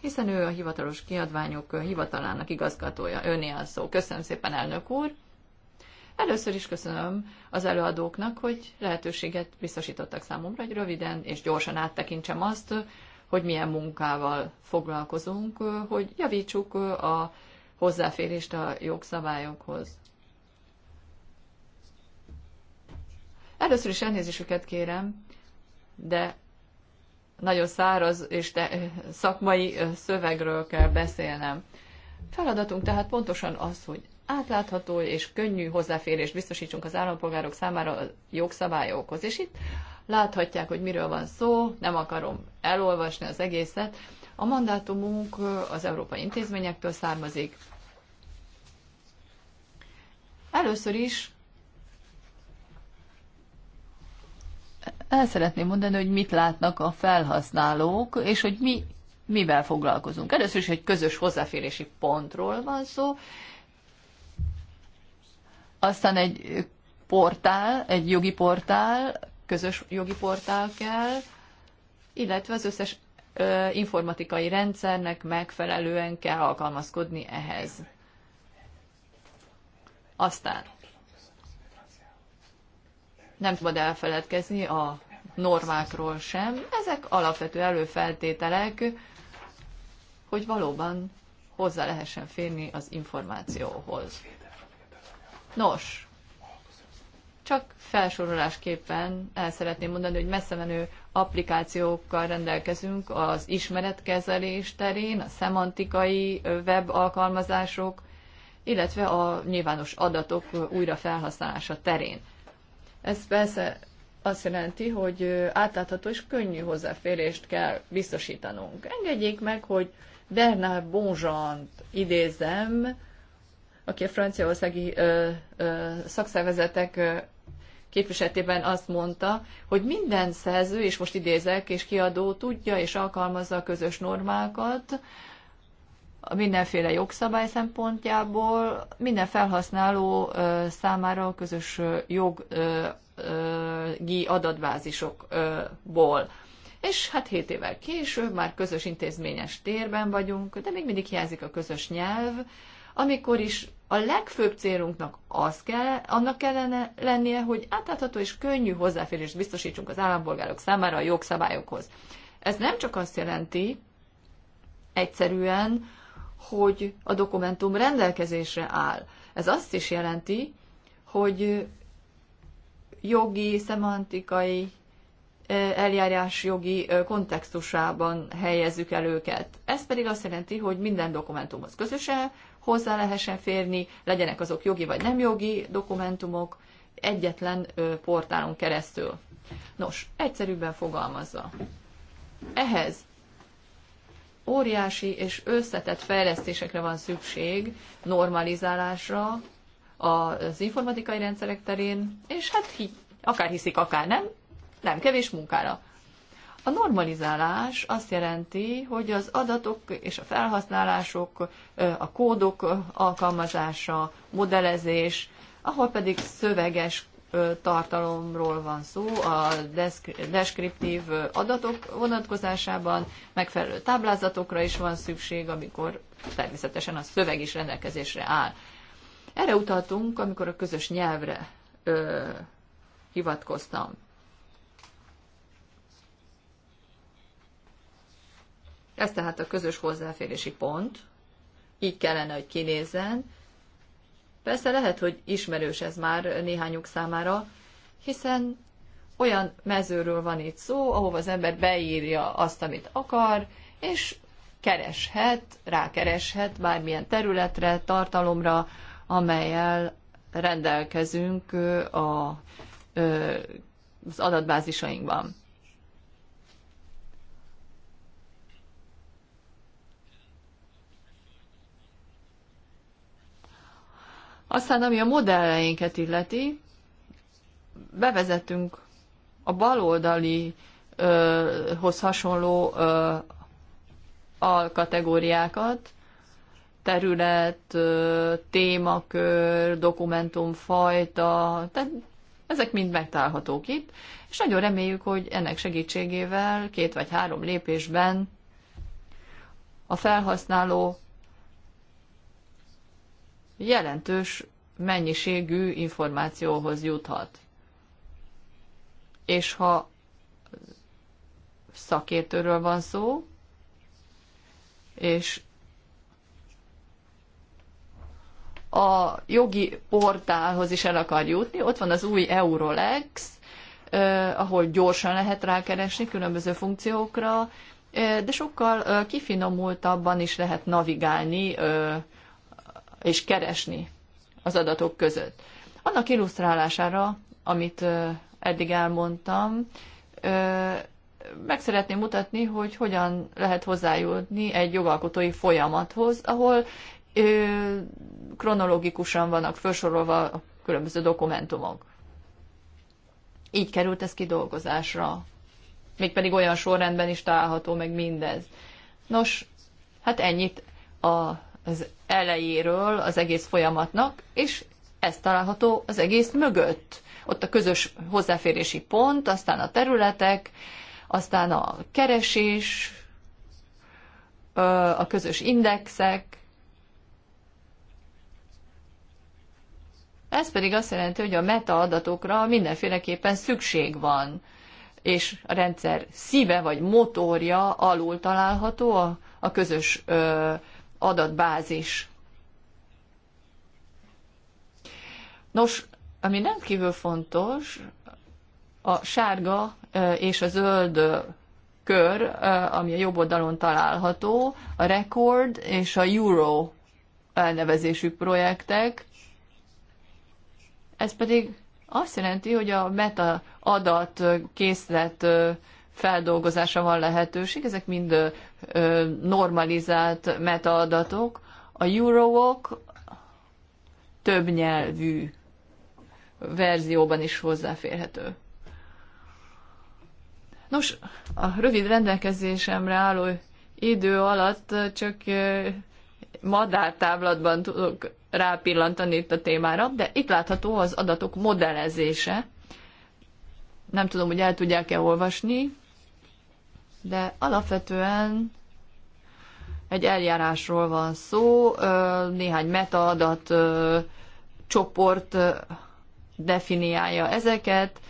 hiszen ő a hivatalos kiadványok hivatalának igazgatója, öné a szó. Köszönöm szépen, elnök úr! Először is köszönöm az előadóknak, hogy lehetőséget biztosítottak számomra, hogy röviden és gyorsan áttekintsem azt, hogy milyen munkával foglalkozunk, hogy javítsuk a hozzáférést a jogszabályokhoz. Először is elnézésüket kérem, de nagyon száraz és te, szakmai szövegről kell beszélnem. Feladatunk tehát pontosan az, hogy átlátható és könnyű hozzáférést biztosítsunk az állampolgárok számára a jogszabályokhoz. És itt láthatják, hogy miről van szó, nem akarom elolvasni az egészet. A mandátumunk az európai intézményektől származik. Először is el szeretném mondani, hogy mit látnak a felhasználók, és hogy mi mivel foglalkozunk. Először is egy közös hozzáférési pontról van szó, aztán egy portál, egy jogi portál, közös jogi portál kell, illetve az összes ö, informatikai rendszernek megfelelően kell alkalmazkodni ehhez. Aztán nem szabad elfeledkezni a normákról sem. Ezek alapvető előfeltételek, hogy valóban hozzá lehessen férni az információhoz. Nos, csak felsorolásképpen el szeretném mondani, hogy messze menő applikációkkal rendelkezünk az ismeretkezelés terén, a szemantikai web alkalmazások, illetve a nyilvános adatok újra felhasználása terén. Ez persze azt jelenti, hogy átlátható és könnyű hozzáférést kell biztosítanunk. Engedjék meg, hogy Bernard Bonjean idézem, aki a franciaországi ö, ö, szakszervezetek ö, képviseletében azt mondta, hogy minden szerző, és most idézek, és kiadó tudja és alkalmazza a közös normákat, mindenféle jogszabály szempontjából, minden felhasználó számára a közös jogi adatbázisokból. És hát 7 évvel később már közös intézményes térben vagyunk, de még mindig hiányzik a közös nyelv, amikor is a legfőbb célunknak az kell, annak kellene lennie, hogy átlátható és könnyű hozzáférést biztosítsunk az állampolgárok számára a jogszabályokhoz. Ez nem csak azt jelenti egyszerűen, hogy a dokumentum rendelkezésre áll. Ez azt is jelenti, hogy jogi, szemantikai, eljárás jogi kontextusában helyezzük el őket. Ez pedig azt jelenti, hogy minden dokumentumhoz közösen hozzá lehessen férni, legyenek azok jogi vagy nem jogi dokumentumok, egyetlen portálon keresztül. Nos, egyszerűbben fogalmazza. Ehhez óriási és összetett fejlesztésekre van szükség, normalizálásra az informatikai rendszerek terén, és hát akár hiszik, akár nem, nem kevés munkára. A normalizálás azt jelenti, hogy az adatok és a felhasználások, a kódok alkalmazása, modellezés, ahol pedig szöveges tartalomról van szó, a deskriptív adatok vonatkozásában megfelelő táblázatokra is van szükség, amikor természetesen a szöveg is rendelkezésre áll. Erre utaltunk, amikor a közös nyelvre ö, hivatkoztam. Ez tehát a közös hozzáférési pont. Így kellene, hogy kinézzen. Persze lehet, hogy ismerős ez már néhányuk számára, hiszen olyan mezőről van itt szó, ahova az ember beírja azt, amit akar, és kereshet, rákereshet bármilyen területre, tartalomra, amelyel rendelkezünk a, az adatbázisainkban. Aztán, ami a modelleinket illeti, bevezetünk a baloldali hoz hasonló ö, alkategóriákat, terület, ö, témakör, dokumentumfajta, tehát ezek mind megtalálhatók itt, és nagyon reméljük, hogy ennek segítségével két vagy három lépésben a felhasználó jelentős mennyiségű információhoz juthat. És ha szakértőről van szó, és a jogi portálhoz is el akar jutni, ott van az új Eurolex, eh, ahol gyorsan lehet rákeresni különböző funkciókra, eh, de sokkal eh, kifinomultabban is lehet navigálni eh, és keresni az adatok között. Annak illusztrálására, amit eddig elmondtam, meg szeretném mutatni, hogy hogyan lehet hozzájutni egy jogalkotói folyamathoz, ahol kronológikusan vannak felsorolva a különböző dokumentumok. Így került ez kidolgozásra. Mégpedig olyan sorrendben is található meg mindez. Nos, hát ennyit a az elejéről az egész folyamatnak, és ez található az egész mögött. Ott a közös hozzáférési pont, aztán a területek, aztán a keresés, a közös indexek. Ez pedig azt jelenti, hogy a metaadatokra mindenféleképpen szükség van, és a rendszer szíve vagy motorja alul található a, a közös ö, adatbázis. Nos, ami nem kívül fontos, a sárga és a zöld kör, ami a jobb oldalon található, a Record és a Euro elnevezésű projektek. Ez pedig azt jelenti, hogy a meta adat készlet feldolgozása van lehetőség, ezek mind normalizált metaadatok. A Eurowalk több nyelvű verzióban is hozzáférhető. Nos, a rövid rendelkezésemre álló idő alatt csak madártávlatban tudok rápillantani itt a témára, de itt látható az adatok modellezése. Nem tudom, hogy el tudják-e olvasni de alapvetően egy eljárásról van szó, néhány metaadat csoport definiálja ezeket,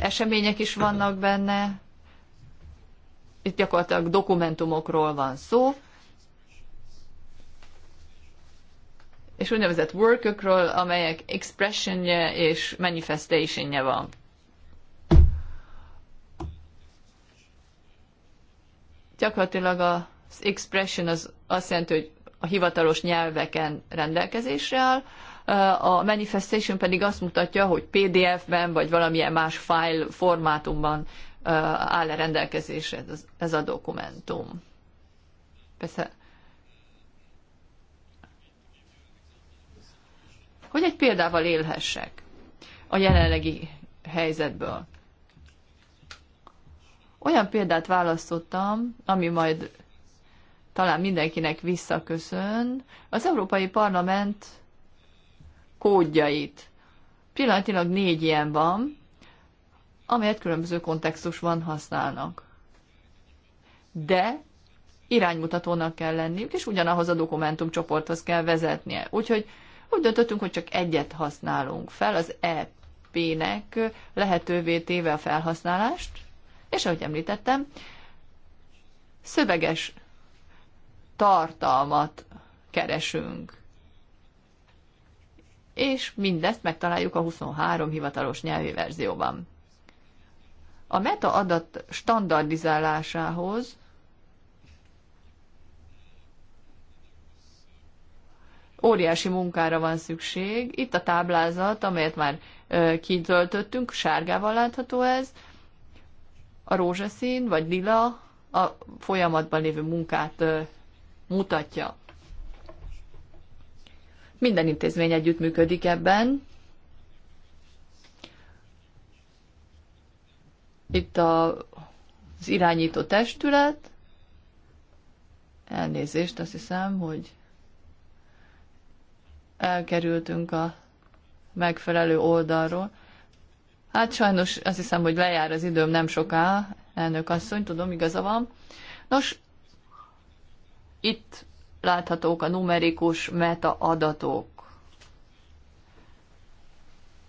események is vannak benne, itt gyakorlatilag dokumentumokról van szó, és úgynevezett workökről, amelyek expressionje és manifestationje van. Gyakorlatilag az expression az azt jelenti, hogy a hivatalos nyelveken rendelkezésre áll, a manifestation pedig azt mutatja, hogy PDF-ben vagy valamilyen más file formátumban áll-e rendelkezésre ez a dokumentum. Persze. Hogy egy példával élhessek a jelenlegi helyzetből. Olyan példát választottam, ami majd talán mindenkinek visszaköszön, az Európai Parlament kódjait. Pillanatilag négy ilyen van, amelyet különböző kontextusban használnak. De iránymutatónak kell lenniük, és ugyanahoz a dokumentumcsoporthoz kell vezetnie. Úgyhogy úgy döntöttünk, hogy csak egyet használunk fel, az EP-nek lehetővé téve a felhasználást, és ahogy említettem, szöveges tartalmat keresünk. És mindezt megtaláljuk a 23 hivatalos nyelvi verzióban. A metaadat standardizálásához óriási munkára van szükség. Itt a táblázat, amelyet már kitöltöttünk, sárgával látható ez, a rózsaszín vagy lila a folyamatban lévő munkát mutatja. Minden intézmény együttműködik ebben. Itt a, az irányító testület. Elnézést, azt hiszem, hogy elkerültünk a megfelelő oldalról. Hát sajnos azt hiszem, hogy lejár az időm nem soká, elnök asszony, tudom, igaza van. Nos, itt láthatók a numerikus metaadatok.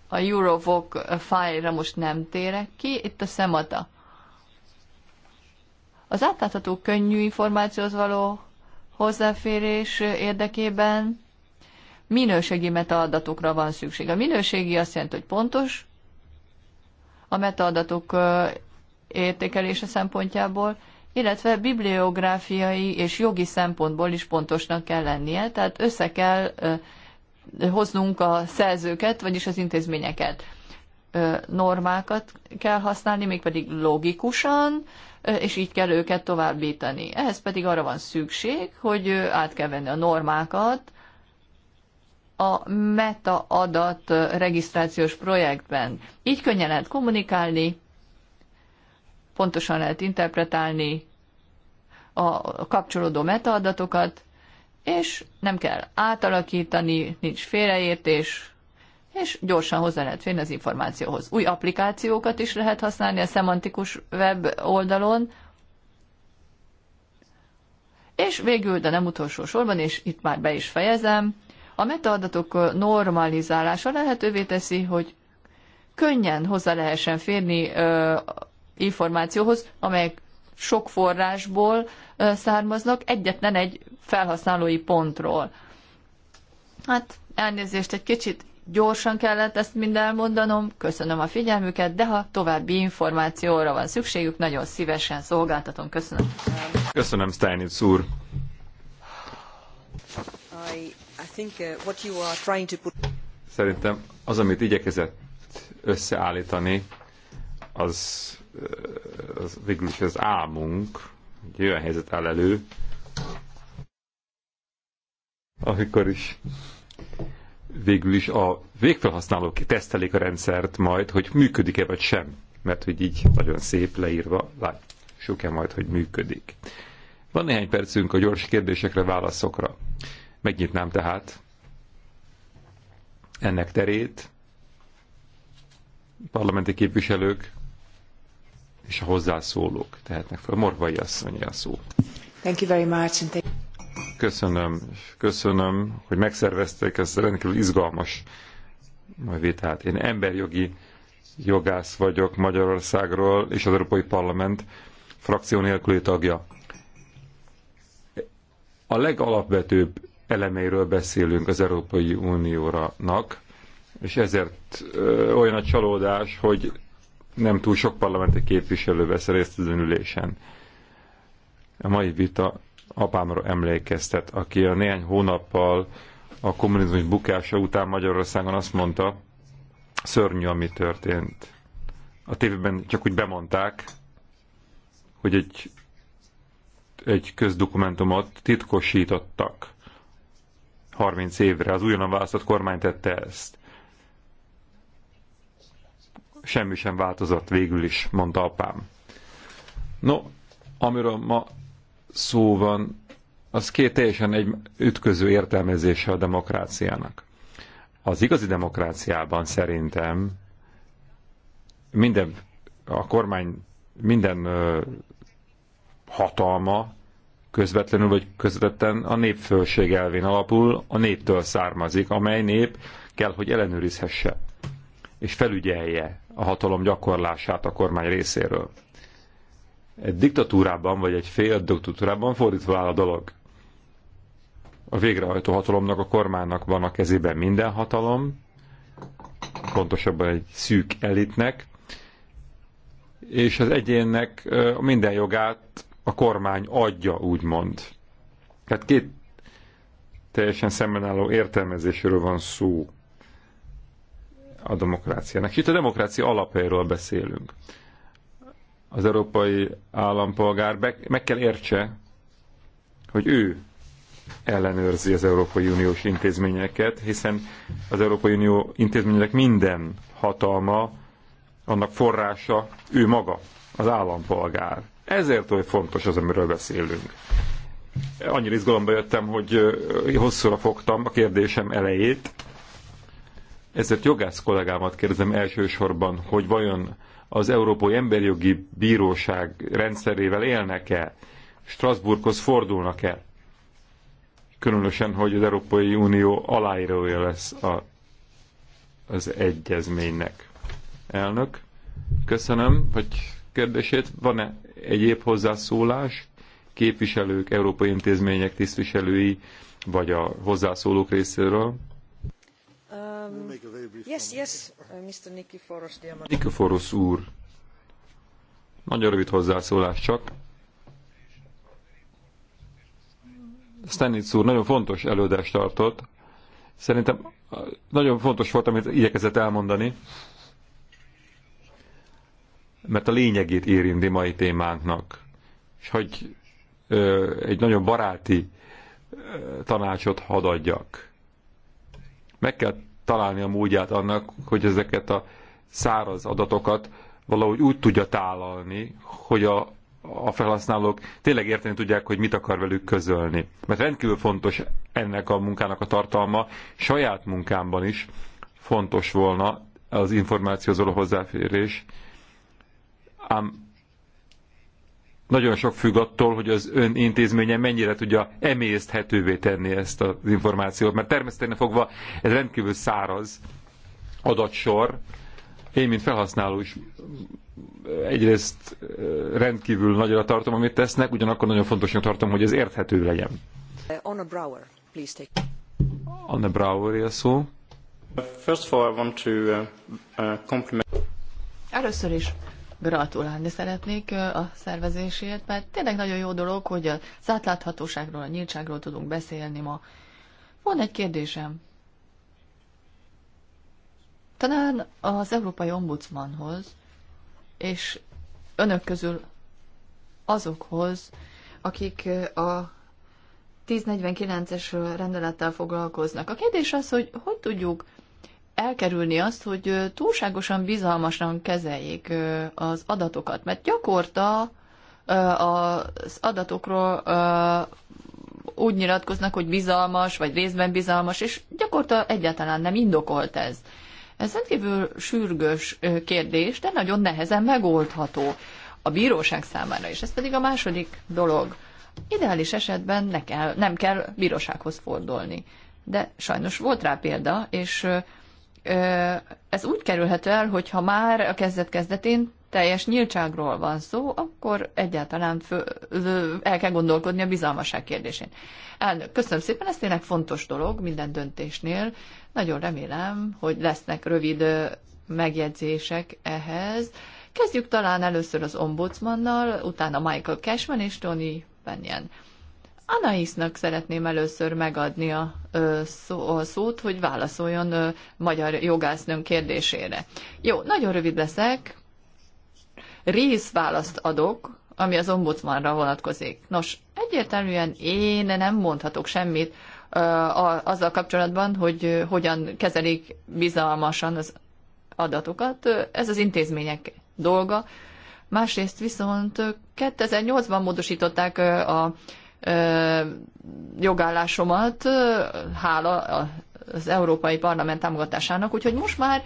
A Eurovok fájlra most nem térek ki, itt a szemata. Az átlátható könnyű információhoz való hozzáférés érdekében minőségi metaadatokra van szükség. A minőségi azt jelenti, hogy pontos, a metaadatok értékelése szempontjából, illetve bibliográfiai és jogi szempontból is pontosnak kell lennie, tehát össze kell hoznunk a szerzőket, vagyis az intézményeket. Normákat kell használni, mégpedig logikusan, és így kell őket továbbítani. Ehhez pedig arra van szükség, hogy át kell venni a normákat, a meta adat regisztrációs projektben. Így könnyen lehet kommunikálni, pontosan lehet interpretálni a kapcsolódó metaadatokat, és nem kell átalakítani, nincs félreértés, és gyorsan hozzá lehet férni az információhoz. Új applikációkat is lehet használni a szemantikus web oldalon, és végül, de nem utolsó sorban, és itt már be is fejezem, a metaadatok normalizálása lehetővé teszi, hogy könnyen hozzá lehessen férni információhoz, amelyek sok forrásból származnak, egyetlen egy felhasználói pontról. Hát elnézést, egy kicsit gyorsan kellett ezt mind elmondanom, köszönöm a figyelmüket, de ha további információra van szükségük, nagyon szívesen szolgáltatom. Köszönöm. Köszönöm, Steinitz úr. I Uh, Szerintem az, amit igyekezett összeállítani, az, uh, az végül is az álmunk, egy olyan helyzet áll elő, amikor is végül is a végfelhasználók tesztelik a rendszert majd, hogy működik-e vagy sem. Mert hogy így nagyon szép leírva látjuk-e majd, hogy működik. Van néhány percünk a gyors kérdésekre, válaszokra. Megnyitnám tehát ennek terét, parlamenti képviselők és a hozzászólók tehetnek fel. Morvai asszonyi a szó. Thank you very much. köszönöm, köszönöm, hogy megszervezték ezt a rendkívül izgalmas vitát. Én emberjogi jogász vagyok Magyarországról, és az Európai Parlament frakció nélküli tagja. A legalapvetőbb elemeiről beszélünk az Európai Uniónak, és ezért ö, olyan a csalódás, hogy nem túl sok parlamenti képviselő vesz részt az ülésen. A mai vita apámra emlékeztet, aki a néhány hónappal a kommunizmus bukása után Magyarországon azt mondta, szörnyű, ami történt. A tévében csak úgy bemondták, hogy egy, egy közdokumentumot titkosítottak 30 évre. Az újonnan választott kormány tette ezt. Semmi sem változott végül is, mondta apám. No, amiről ma szó van, az két teljesen egy ütköző értelmezése a demokráciának. Az igazi demokráciában szerintem minden, a kormány minden hatalma közvetlenül vagy közvetetten a népfőség elvén alapul, a néptől származik, amely nép kell, hogy ellenőrizhesse és felügyelje a hatalom gyakorlását a kormány részéről. Egy diktatúrában, vagy egy fél diktatúrában fordítva áll a dolog. A végrehajtó hatalomnak, a kormánynak van a kezében minden hatalom, pontosabban egy szűk elitnek, és az egyénnek minden jogát a kormány adja, úgymond. Tehát két teljesen szembenálló értelmezésről van szó a demokráciának. És itt a demokrácia alapjairól beszélünk. Az európai állampolgár meg kell értse, hogy ő ellenőrzi az Európai Uniós intézményeket, hiszen az Európai Unió intézmények minden hatalma, annak forrása ő maga, az állampolgár. Ezért olyan fontos az, amiről beszélünk. Annyira izgalomba jöttem, hogy hosszúra fogtam a kérdésem elejét, ezért jogász kollégámat kérdezem elsősorban, hogy vajon az Európai Emberjogi Bíróság rendszerével élnek-e? Strasbourghoz fordulnak-e? Különösen, hogy az Európai Unió aláírója lesz a, az egyezménynek. Elnök, köszönöm, hogy kérdését. Van-e egyéb hozzászólás, képviselők, európai intézmények tisztviselői, vagy a hozzászólók részéről? Um, yes, yes, uh, Mr. Nikiforos, úr. Nagyon rövid hozzászólás csak. Stanitz úr nagyon fontos előadást tartott. Szerintem uh, nagyon fontos volt, amit igyekezett elmondani mert a lényegét érinti mai témánknak. És hogy ö, egy nagyon baráti ö, tanácsot hadd adjak. Meg kell találni a módját annak, hogy ezeket a száraz adatokat valahogy úgy tudja tálalni, hogy a, a felhasználók tényleg érteni tudják, hogy mit akar velük közölni. Mert rendkívül fontos ennek a munkának a tartalma, saját munkámban is fontos volna az információhoz való hozzáférés, ám nagyon sok függ attól, hogy az ön intézménye mennyire tudja emészthetővé tenni ezt az információt, mert természetesen fogva ez rendkívül száraz adatsor. Én, mint felhasználó is egyrészt eh, rendkívül nagyra tartom, amit tesznek, ugyanakkor nagyon fontosnak tartom, hogy ez érthető legyen. Anna eh, Brower, please take... Anna Brower a szó. First of all, I want to eh, compliment... Először is gratulálni szeretnék a szervezésért, mert tényleg nagyon jó dolog, hogy az átláthatóságról, a nyíltságról tudunk beszélni ma. Van egy kérdésem. Talán az Európai Ombudsmanhoz, és önök közül azokhoz, akik a 1049-es rendelettel foglalkoznak. A kérdés az, hogy hogy tudjuk elkerülni azt, hogy túlságosan bizalmasan kezeljék az adatokat, mert gyakorta az adatokról úgy nyilatkoznak, hogy bizalmas, vagy részben bizalmas, és gyakorta egyáltalán nem indokolt ez. Ez rendkívül sürgős kérdés, de nagyon nehezen megoldható a bíróság számára, és ez pedig a második dolog. Ideális esetben ne kell, nem kell bírósághoz fordulni. De sajnos volt rá példa, és ez úgy kerülhető el, hogyha már a kezdet-kezdetén teljes nyíltságról van szó, akkor egyáltalán föl, el kell gondolkodni a bizalmaság kérdésén. Elnök, köszönöm szépen, ez tényleg fontos dolog minden döntésnél. Nagyon remélem, hogy lesznek rövid megjegyzések ehhez. Kezdjük talán először az ombudsmannal, utána Michael Cashman és Tony Bennion. Anaisnak szeretném először megadni a, a szót, hogy válaszoljon a magyar jogásznőm kérdésére. Jó, nagyon rövid leszek. Részválaszt adok, ami az ombudsmanra vonatkozik. Nos, egyértelműen én nem mondhatok semmit azzal kapcsolatban, hogy hogyan kezelik bizalmasan az adatokat. Ez az intézmények dolga. Másrészt viszont 2008-ban módosították a jogállásomat, hála az Európai Parlament támogatásának, úgyhogy most már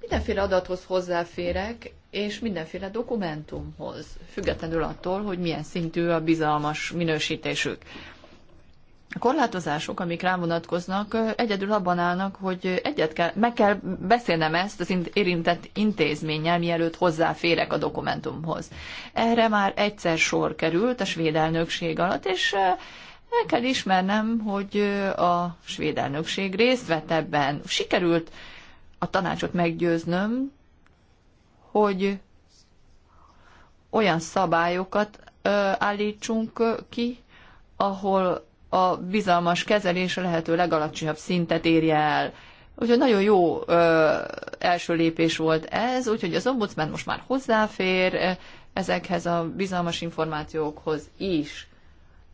mindenféle adathoz hozzáférek, és mindenféle dokumentumhoz, függetlenül attól, hogy milyen szintű a bizalmas minősítésük. A korlátozások, amik rám vonatkoznak, egyedül abban állnak, hogy egyet kell, meg kell beszélnem ezt az érintett intézménnyel, mielőtt hozzáférek a dokumentumhoz. Erre már egyszer sor került a svéd elnökség alatt, és el kell ismernem, hogy a svéd elnökség részt vett ebben. Sikerült a tanácsot meggyőznöm, hogy olyan szabályokat állítsunk ki, ahol a bizalmas kezelés a lehető legalacsonyabb szintet érje el. Úgyhogy nagyon jó ö, első lépés volt ez, úgyhogy az ombudsman most már hozzáfér ezekhez a bizalmas információkhoz is.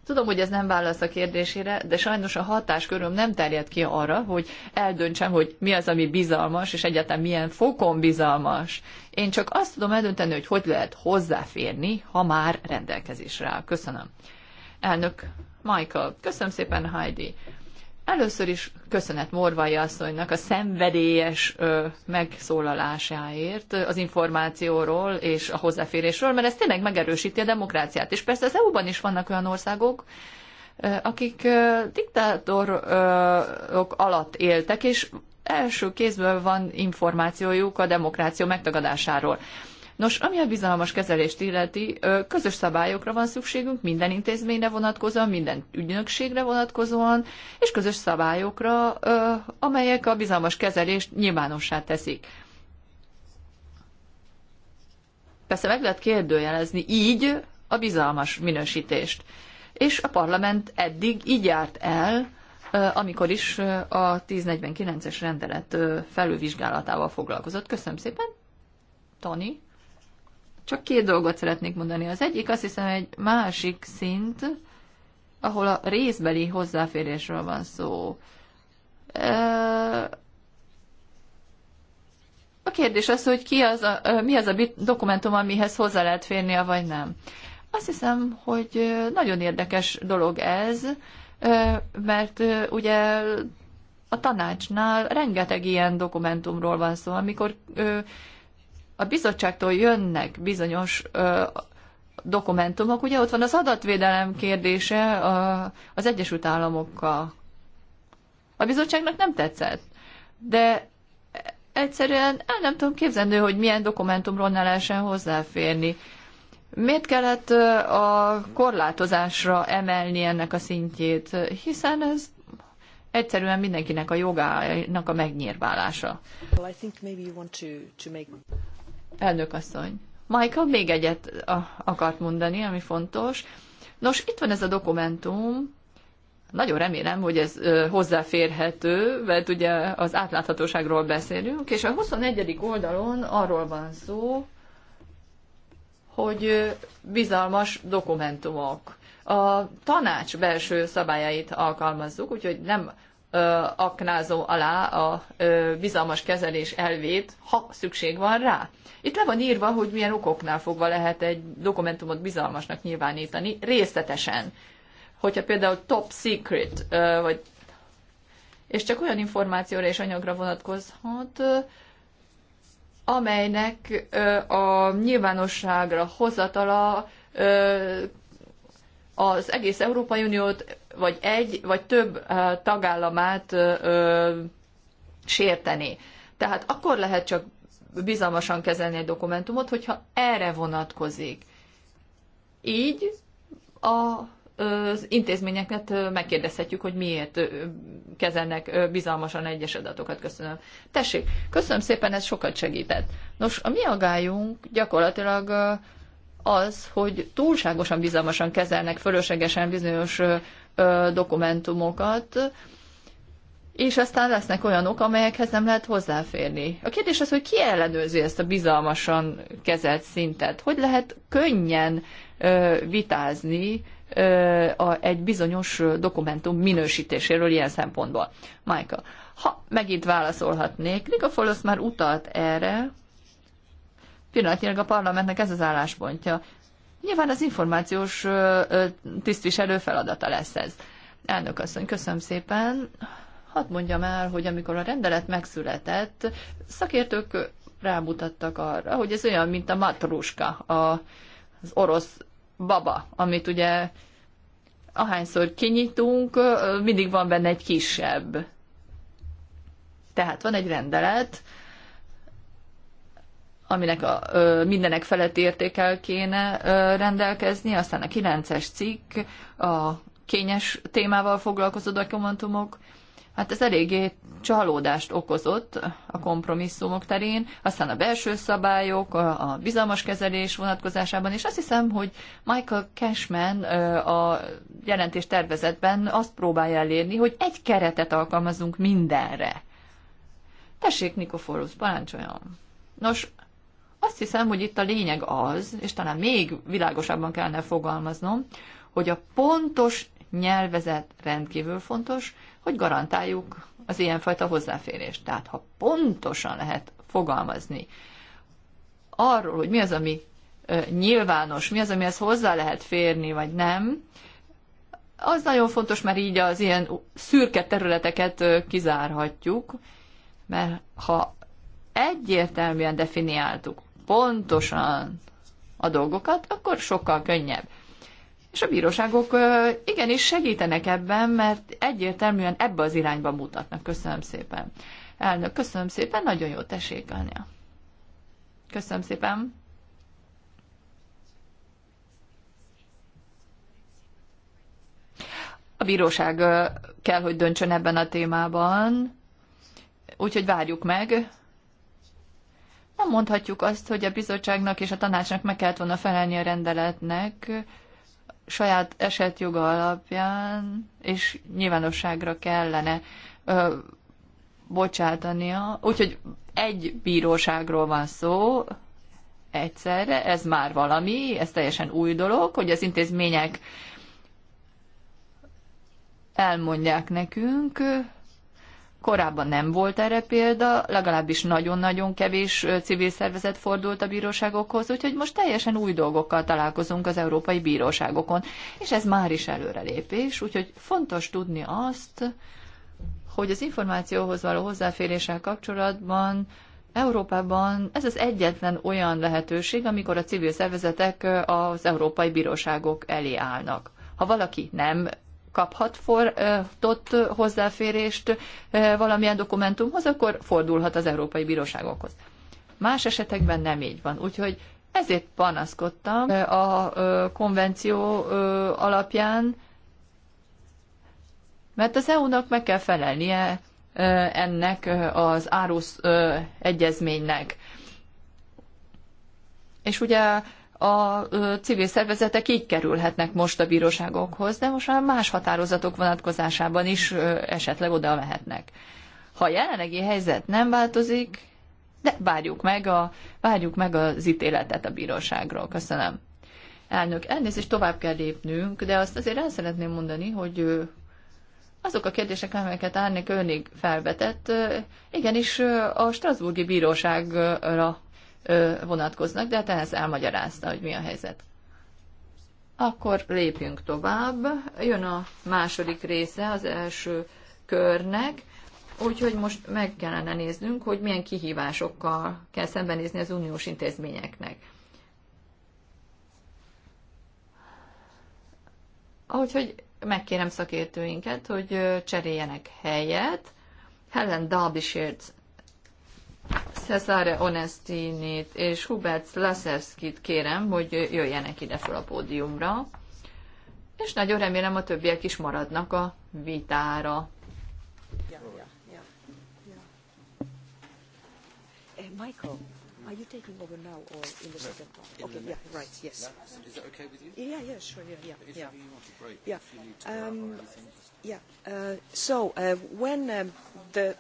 Tudom, hogy ez nem válasz a kérdésére, de sajnos a hatásköröm nem terjed ki arra, hogy eldöntsem, hogy mi az, ami bizalmas, és egyáltalán milyen fokon bizalmas. Én csak azt tudom eldönteni, hogy hogy lehet hozzáférni, ha már rendelkezésre áll. Köszönöm. Elnök, Michael. Köszönöm szépen, Heidi. Először is köszönet Morvai asszonynak a szenvedélyes ö, megszólalásáért az információról és a hozzáférésről, mert ez tényleg megerősíti a demokráciát. És persze az EU-ban is vannak olyan országok, ö, akik ö, diktátorok alatt éltek, és első kézből van információjuk a demokráció megtagadásáról. Nos, ami a bizalmas kezelést illeti, közös szabályokra van szükségünk minden intézményre vonatkozóan, minden ügynökségre vonatkozóan, és közös szabályokra, amelyek a bizalmas kezelést nyilvánossá teszik. Persze meg lehet kérdőjelezni így a bizalmas minősítést. És a parlament eddig így járt el, amikor is a 1049-es rendelet felülvizsgálatával foglalkozott. Köszönöm szépen, Tony. Csak két dolgot szeretnék mondani. Az egyik azt hiszem egy másik szint, ahol a részbeli hozzáférésről van szó. A kérdés az, hogy ki az a, mi az a dokumentum, amihez hozzá lehet férnie, vagy nem. Azt hiszem, hogy nagyon érdekes dolog ez, mert ugye a tanácsnál rengeteg ilyen dokumentumról van szó, amikor a bizottságtól jönnek bizonyos ö, dokumentumok, ugye ott van az adatvédelem kérdése a, az Egyesült Államokkal. A bizottságnak nem tetszett, de egyszerűen el nem tudom képzelni, hogy milyen dokumentumról ne lehessen hozzáférni. Miért kellett a korlátozásra emelni ennek a szintjét? Hiszen ez egyszerűen mindenkinek a jogának a megnyírválása. Elnök asszony. Michael még egyet akart mondani, ami fontos. Nos, itt van ez a dokumentum. Nagyon remélem, hogy ez hozzáférhető, mert ugye az átláthatóságról beszélünk, és a 21. oldalon arról van szó, hogy bizalmas dokumentumok. A tanács belső szabályait alkalmazzuk, úgyhogy nem aknázó alá a bizalmas kezelés elvét, ha szükség van rá. Itt le van írva, hogy milyen okoknál fogva lehet egy dokumentumot bizalmasnak nyilvánítani részletesen. Hogyha például top secret, vagy és csak olyan információra és anyagra vonatkozhat, amelynek a nyilvánosságra hozatala az egész Európai Uniót vagy egy, vagy több tagállamát sérteni. Tehát akkor lehet csak bizalmasan kezelni egy dokumentumot, hogyha erre vonatkozik. Így a az intézményeket megkérdezhetjük, hogy miért kezelnek bizalmasan egyes adatokat. Köszönöm. Tessék, köszönöm szépen, ez sokat segített. Nos, a mi agályunk gyakorlatilag az, hogy túlságosan bizalmasan kezelnek fölöslegesen bizonyos dokumentumokat, és aztán lesznek olyanok, amelyekhez nem lehet hozzáférni. A kérdés az, hogy ki ellenőrzi ezt a bizalmasan kezelt szintet? Hogy lehet könnyen ö, vitázni ö, a, egy bizonyos dokumentum minősítéséről ilyen szempontból? Michael, ha megint válaszolhatnék, Nikofolosz már utalt erre, pillanatnyilag a parlamentnek ez az álláspontja. Nyilván az információs tisztviselő feladata lesz ez. Elnök asszony, köszönöm szépen. Hadd mondjam el, hogy amikor a rendelet megszületett, szakértők rámutattak arra, hogy ez olyan, mint a matruska, a, az orosz baba, amit ugye ahányszor kinyitunk, mindig van benne egy kisebb. Tehát van egy rendelet, aminek a, ö, mindenek felett értékel kéne ö, rendelkezni, aztán a kilences cikk, a kényes témával foglalkozó dokumentumok, hát ez eléggé csalódást okozott a kompromisszumok terén, aztán a belső szabályok, a, a bizalmas kezelés vonatkozásában, és azt hiszem, hogy Michael Cashman ö, a jelentés tervezetben azt próbálja elérni, hogy egy keretet alkalmazunk mindenre. Tessék, Nikoforusz, parancsoljon! Nos, azt hiszem, hogy itt a lényeg az, és talán még világosabban kellene fogalmaznom, hogy a pontos nyelvezet rendkívül fontos, hogy garantáljuk az ilyenfajta hozzáférést. Tehát ha pontosan lehet fogalmazni arról, hogy mi az, ami nyilvános, mi az, amihez hozzá lehet férni, vagy nem, az nagyon fontos, mert így az ilyen szürke területeket kizárhatjuk, mert ha egyértelműen definiáltuk pontosan a dolgokat, akkor sokkal könnyebb. És a bíróságok igenis segítenek ebben, mert egyértelműen ebbe az irányba mutatnak. Köszönöm szépen. Elnök, köszönöm szépen, nagyon jó tessék, Anya. Köszönöm szépen. A bíróság kell, hogy döntsön ebben a témában, úgyhogy várjuk meg, nem mondhatjuk azt, hogy a bizottságnak és a tanácsnak meg kellett volna felelni a rendeletnek saját esetjoga alapján, és nyilvánosságra kellene ö, bocsátania. Úgyhogy egy bíróságról van szó egyszerre, ez már valami, ez teljesen új dolog, hogy az intézmények elmondják nekünk, Korábban nem volt erre példa, legalábbis nagyon-nagyon kevés civil szervezet fordult a bíróságokhoz, úgyhogy most teljesen új dolgokkal találkozunk az európai bíróságokon, és ez már is előrelépés, úgyhogy fontos tudni azt, hogy az információhoz való hozzáféréssel kapcsolatban Európában ez az egyetlen olyan lehetőség, amikor a civil szervezetek az európai bíróságok elé állnak. Ha valaki nem kaphat fordott hozzáférést valamilyen dokumentumhoz, akkor fordulhat az Európai Bíróságokhoz. Más esetekben nem így van. Úgyhogy ezért panaszkodtam a konvenció alapján, mert az EU-nak meg kell felelnie ennek az árusz egyezménynek. És ugye a civil szervezetek így kerülhetnek most a bíróságokhoz, de most már más határozatok vonatkozásában is esetleg oda mehetnek. Ha a jelenlegi helyzet nem változik, de várjuk meg, a, várjuk meg az ítéletet a bíróságról. Köszönöm. Elnök, elnézést tovább kell lépnünk, de azt azért el szeretném mondani, hogy azok a kérdések, amelyeket Árnék önig felvetett, igenis a Strasburgi Bíróságra vonatkoznak, de hát ehhez elmagyarázta, hogy mi a helyzet. Akkor lépjünk tovább. Jön a második része az első körnek, úgyhogy most meg kellene néznünk, hogy milyen kihívásokkal kell szembenézni az uniós intézményeknek. úgyhogy megkérem szakértőinket, hogy cseréljenek helyet. Helen Derbyshire Cesare Onestinit és Hubert Laszerskit kérem, hogy jöjjenek ide fel a pódiumra, és nagyon remélem a többiek is maradnak a vitára. Eh, Michael, are you taking over now or in the second part? okay, yeah, right, yes. is that okay with you? Yeah, yeah, sure, yeah, yeah. If yeah. you want break, yeah. if you need to um, anything, Yeah, uh, so uh, when um, the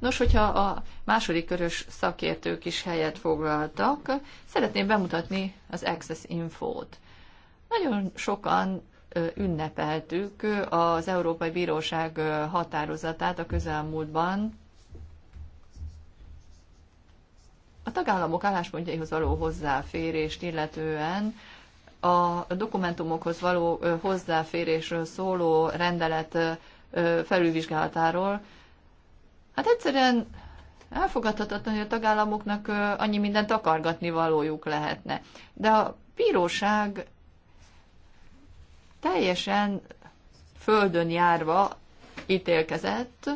Nos, hogyha a második körös szakértők is helyet foglaltak, szeretném bemutatni az Access Info-t. Nagyon sokan ünnepeltük az Európai Bíróság határozatát a közelmúltban. A tagállamok álláspontjaihoz való hozzáférést illetően a dokumentumokhoz való hozzáférésről szóló rendelet felülvizsgálatáról. Hát egyszerűen elfogadhatatlan, hogy a tagállamoknak annyi mindent akargatni valójuk lehetne. De a bíróság teljesen földön járva ítélkezett,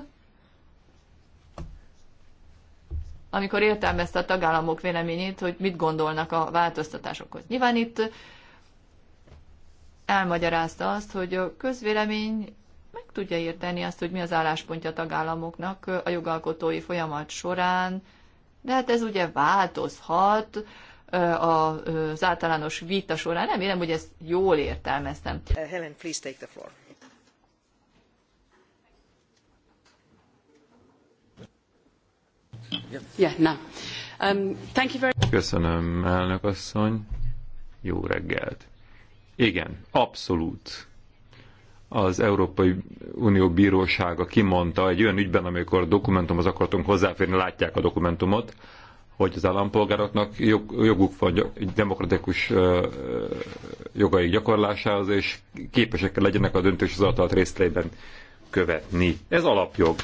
amikor értelmezte a tagállamok véleményét, hogy mit gondolnak a változtatásokhoz. Nyilván itt elmagyarázta azt, hogy a közvélemény tudja érteni azt, hogy mi az álláspontja a tagállamoknak a jogalkotói folyamat során, de hát ez ugye változhat az általános vita során. Remélem, hogy ezt jól értelmeztem. Helen, please take the floor. Yeah, no. um, thank you very... Köszönöm, elnök asszony. Jó reggelt. Igen, abszolút az Európai Unió Bírósága kimondta egy olyan ügyben, amikor dokumentumhoz akartunk hozzáférni, látják a dokumentumot, hogy az állampolgároknak jog, joguk van demokratikus jogai gyakorlásához, és képesek legyenek a döntéshozatalt részleiben követni. Ez alapjog.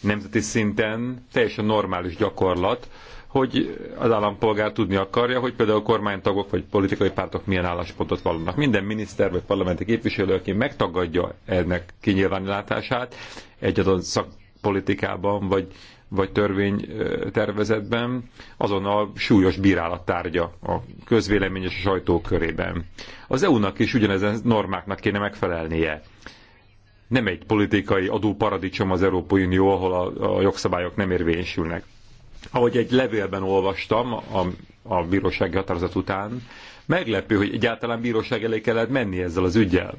Nemzeti szinten teljesen normális gyakorlat, hogy az állampolgár tudni akarja, hogy például kormánytagok vagy politikai pártok milyen álláspontot vallanak. Minden miniszter vagy parlamenti képviselő, aki megtagadja ennek kinyilvánulását egy adott szakpolitikában vagy, vagy törvénytervezetben, azonnal súlyos bírálat tárgya a közvélemény és a sajtó körében. Az EU-nak is ugyanezen normáknak kéne megfelelnie nem egy politikai adóparadicsom az Európai Unió, ahol a, a jogszabályok nem érvényesülnek ahogy egy levélben olvastam a, a bírósági határozat után, meglepő, hogy egyáltalán bíróság elé kellett menni ezzel az ügyel.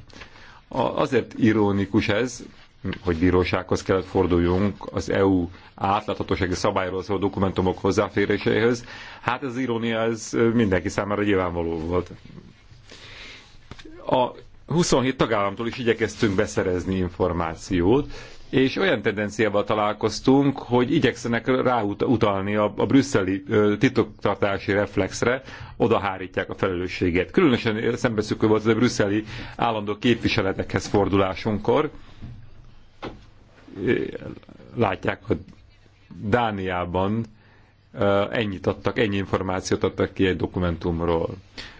A, azért ironikus ez, hogy bírósághoz kellett forduljunk az EU átláthatósági szabályról szóló dokumentumok hozzáféréséhez. Hát ez az irónia, ez mindenki számára nyilvánvaló volt. A 27 tagállamtól is igyekeztünk beszerezni információt, és olyan tendenciával találkoztunk, hogy igyekszenek ráutalni a, a brüsszeli titoktartási reflexre, odahárítják a felelősséget. Különösen szembeszükő volt a brüsszeli állandó képviseletekhez fordulásunkkor. Látják, hogy Dániában ennyit adtak, ennyi információt adtak ki egy dokumentumról.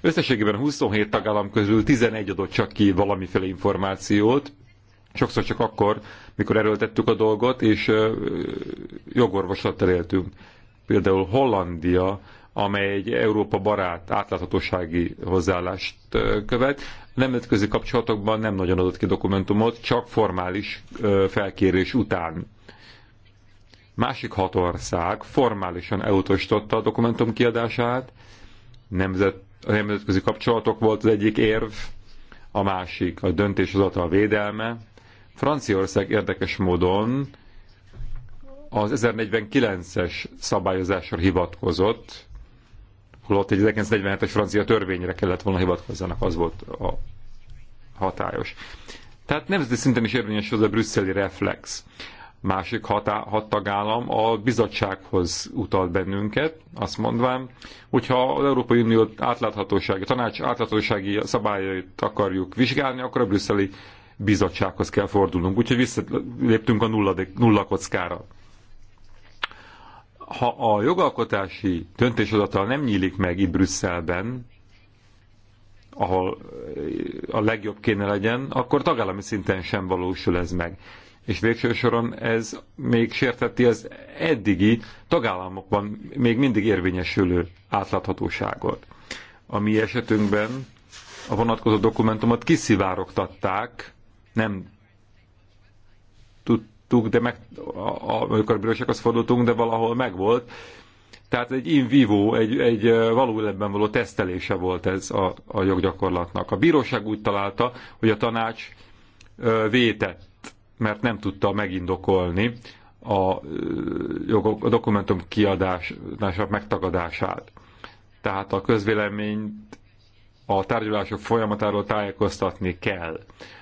Összességében 27 tagállam közül 11 adott csak ki valamiféle információt, sokszor csak akkor, mikor erőltettük a dolgot, és jogorvoslattal éltünk. Például Hollandia, amely egy Európa barát átláthatósági hozzáállást követ, nemzetközi kapcsolatokban nem nagyon adott ki dokumentumot, csak formális felkérés után. Másik hat ország formálisan elutasította a dokumentum kiadását, nemzet, a nemzetközi kapcsolatok volt az egyik érv, a másik a döntéshozatal védelme, Franciaország érdekes módon az 1049-es szabályozásra hivatkozott, holott egy 1947-es francia törvényre kellett volna hivatkozzanak, az volt a hatályos. Tehát nemzeti szinten is érvényes az a brüsszeli reflex. Másik hatá, hat tagállam a bizottsághoz utalt bennünket, azt mondván, hogyha az Európai Unió átláthatósági, tanács átláthatósági szabályait akarjuk vizsgálni, akkor a brüsszeli bizottsághoz kell fordulnunk. Úgyhogy visszaléptünk a nulla, nulla kockára. Ha a jogalkotási döntéshozatal nem nyílik meg itt Brüsszelben, ahol eh, a legjobb kéne legyen, akkor tagállami szinten sem valósul ez meg. És végső soron ez még sértheti az eddigi tagállamokban még mindig érvényesülő átláthatóságot. A mi esetünkben a vonatkozó dokumentumot kiszivárogtatták nem tudtuk, de meg, a, amikor a bírósághoz fordultunk, de valahol megvolt. Tehát egy in vivo, egy, egy életben való tesztelése volt ez a, a joggyakorlatnak. A bíróság úgy találta, hogy a tanács vétett, mert nem tudta megindokolni a, jogok, a dokumentum kiadásának megtagadását. Tehát a közvéleményt a tárgyalások folyamatáról tájékoztatni kell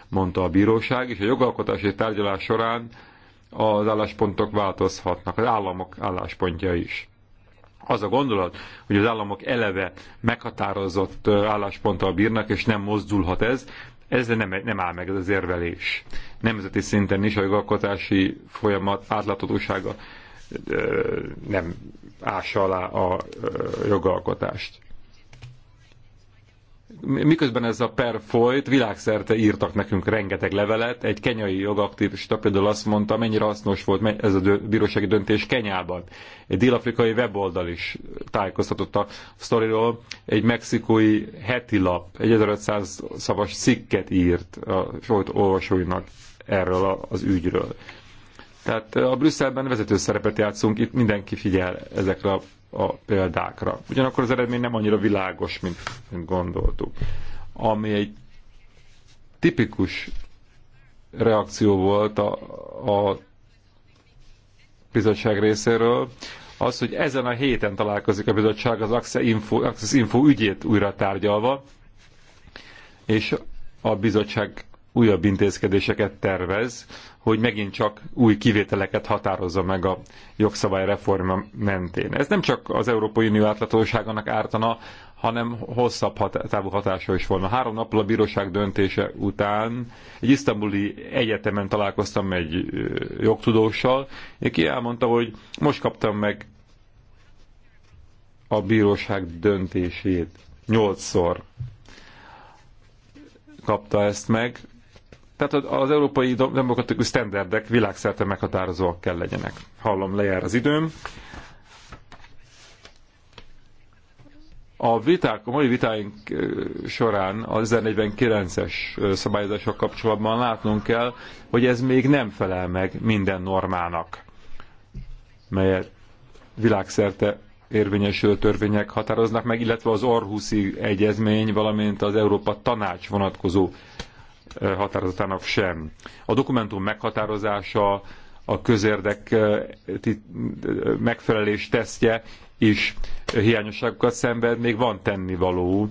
mondta a bíróság, és a jogalkotási tárgyalás során az álláspontok változhatnak, az államok álláspontja is. Az a gondolat, hogy az államok eleve meghatározott állásponttal bírnak, és nem mozdulhat ez, ez nem, nem áll meg ez az érvelés. Nemzeti szinten is a jogalkotási folyamat átláthatósága nem ássa alá a jogalkotást miközben ez a per folyt, világszerte írtak nekünk rengeteg levelet. Egy kenyai jogaktivista például azt mondta, mennyire hasznos volt ez a bírósági döntés Kenyában. Egy dél-afrikai weboldal is tájékoztatott a sztoriról. Egy mexikói heti lap, egy 1500 szavas cikket írt a folyt olvasóinak erről az ügyről. Tehát a Brüsszelben vezető szerepet játszunk, itt mindenki figyel ezekre a a példákra. Ugyanakkor az eredmény nem annyira világos, mint, mint gondoltuk. Ami egy tipikus reakció volt a, a bizottság részéről, az, hogy ezen a héten találkozik a bizottság az Access Info, Access Info ügyét újra tárgyalva, és a bizottság újabb intézkedéseket tervez, hogy megint csak új kivételeket határozza meg a jogszabály reforma mentén. Ez nem csak az Európai Unió átlatóságának ártana, hanem hosszabb hat- távú hatása is volna. Három nappal a bíróság döntése után egy isztambuli egyetemen találkoztam egy jogtudóssal, aki elmondta, hogy most kaptam meg a bíróság döntését. Nyolcszor kapta ezt meg, tehát az európai demokratikus sztenderdek világszerte meghatározóak kell legyenek. Hallom, lejár az időm. A viták, a mai vitáink során a 1049-es szabályozások kapcsolatban látnunk kell, hogy ez még nem felel meg minden normának, melyet világszerte érvényesülő törvények határoznak meg, illetve az Orhuszi Egyezmény, valamint az Európa Tanács vonatkozó határozatának sem. A dokumentum meghatározása, a közérdek eh, eh, megfelelés tesztje is hiányosságokat szenved, még van tennivaló,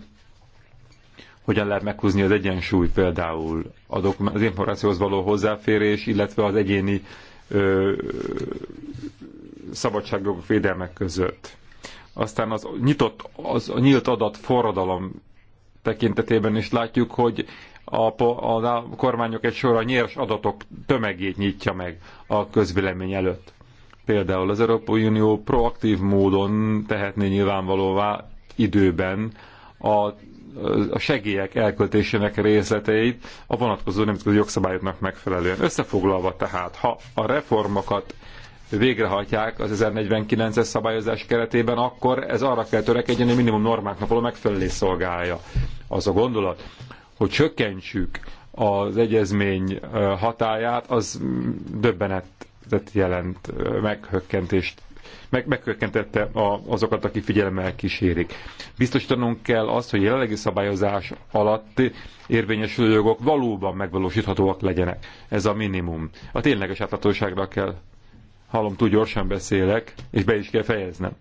hogyan lehet meghúzni az egyensúly például a az információhoz való hozzáférés, illetve az egyéni ö, szabadságok védelmek között. Aztán az, nyitott, az a nyílt adat forradalom tekintetében is látjuk, hogy a, a, a kormányok egy sor a nyers adatok tömegét nyitja meg a közvélemény előtt. Például az Európai Unió proaktív módon tehetné nyilvánvalóvá időben a a segélyek elköltésének részleteit a vonatkozó nemzetközi jogszabályoknak megfelelően. Összefoglalva tehát, ha a reformokat végrehajtják az 1049-es szabályozás keretében, akkor ez arra kell törekedjen, hogy minimum normáknak való megfelelés szolgálja. Az a gondolat, hogy csökkentsük az egyezmény hatáját, az döbbenetet jelent, meghökkentést meg, meghökkentette a, azokat, akik figyelemmel kísérik. Biztosítanunk kell azt, hogy jelenlegi szabályozás alatt érvényesülő jogok valóban megvalósíthatóak legyenek. Ez a minimum. A tényleges átláthatóságra kell. Hallom, túl gyorsan beszélek, és be is kell fejeznem.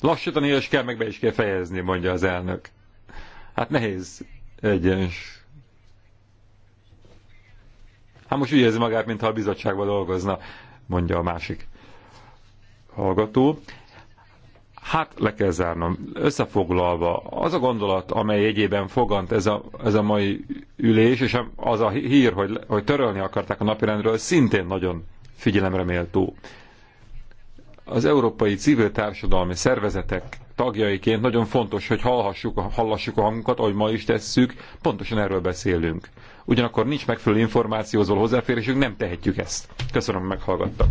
Lassítani is kell, meg be is kell fejezni, mondja az elnök. Hát nehéz egyens. Hát most ügyezi magát, mintha a bizottságban dolgozna, mondja a másik hallgató. Hát le kell zárnom. Összefoglalva, az a gondolat, amely egyében fogant ez a, ez a mai ülés, és az a hír, hogy, hogy törölni akarták a napirendről, szintén nagyon figyelemre méltó az európai civil társadalmi szervezetek tagjaiként nagyon fontos, hogy hallhassuk, hallassuk a hangunkat, ahogy ma is tesszük, pontosan erről beszélünk. Ugyanakkor nincs megfelelő információhoz való hozzáférésünk, nem tehetjük ezt. Köszönöm, hogy meghallgattak.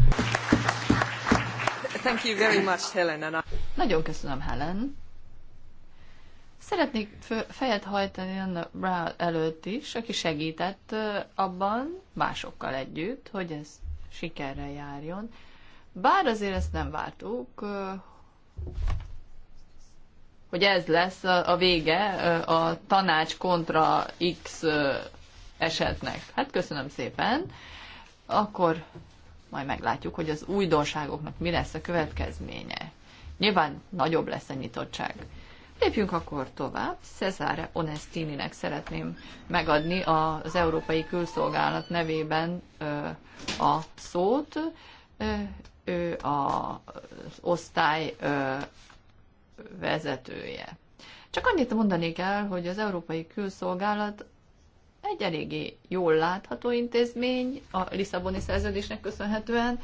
Thank you very much, Helen. Nagyon köszönöm, Helen. Szeretnék fejet hajtani Anna Brown előtt is, aki segített abban másokkal együtt, hogy ez sikerrel járjon. Bár azért ezt nem vártuk, hogy ez lesz a vége a tanács kontra X esetnek. Hát köszönöm szépen. Akkor majd meglátjuk, hogy az újdonságoknak mi lesz a következménye. Nyilván nagyobb lesz a nyitottság. Lépjünk akkor tovább. Cesare Onestininek szeretném megadni az Európai Külszolgálat nevében a szót ő az osztály vezetője. Csak annyit mondani kell, hogy az Európai Külszolgálat egy eléggé jól látható intézmény a Lisszaboni szerződésnek köszönhetően,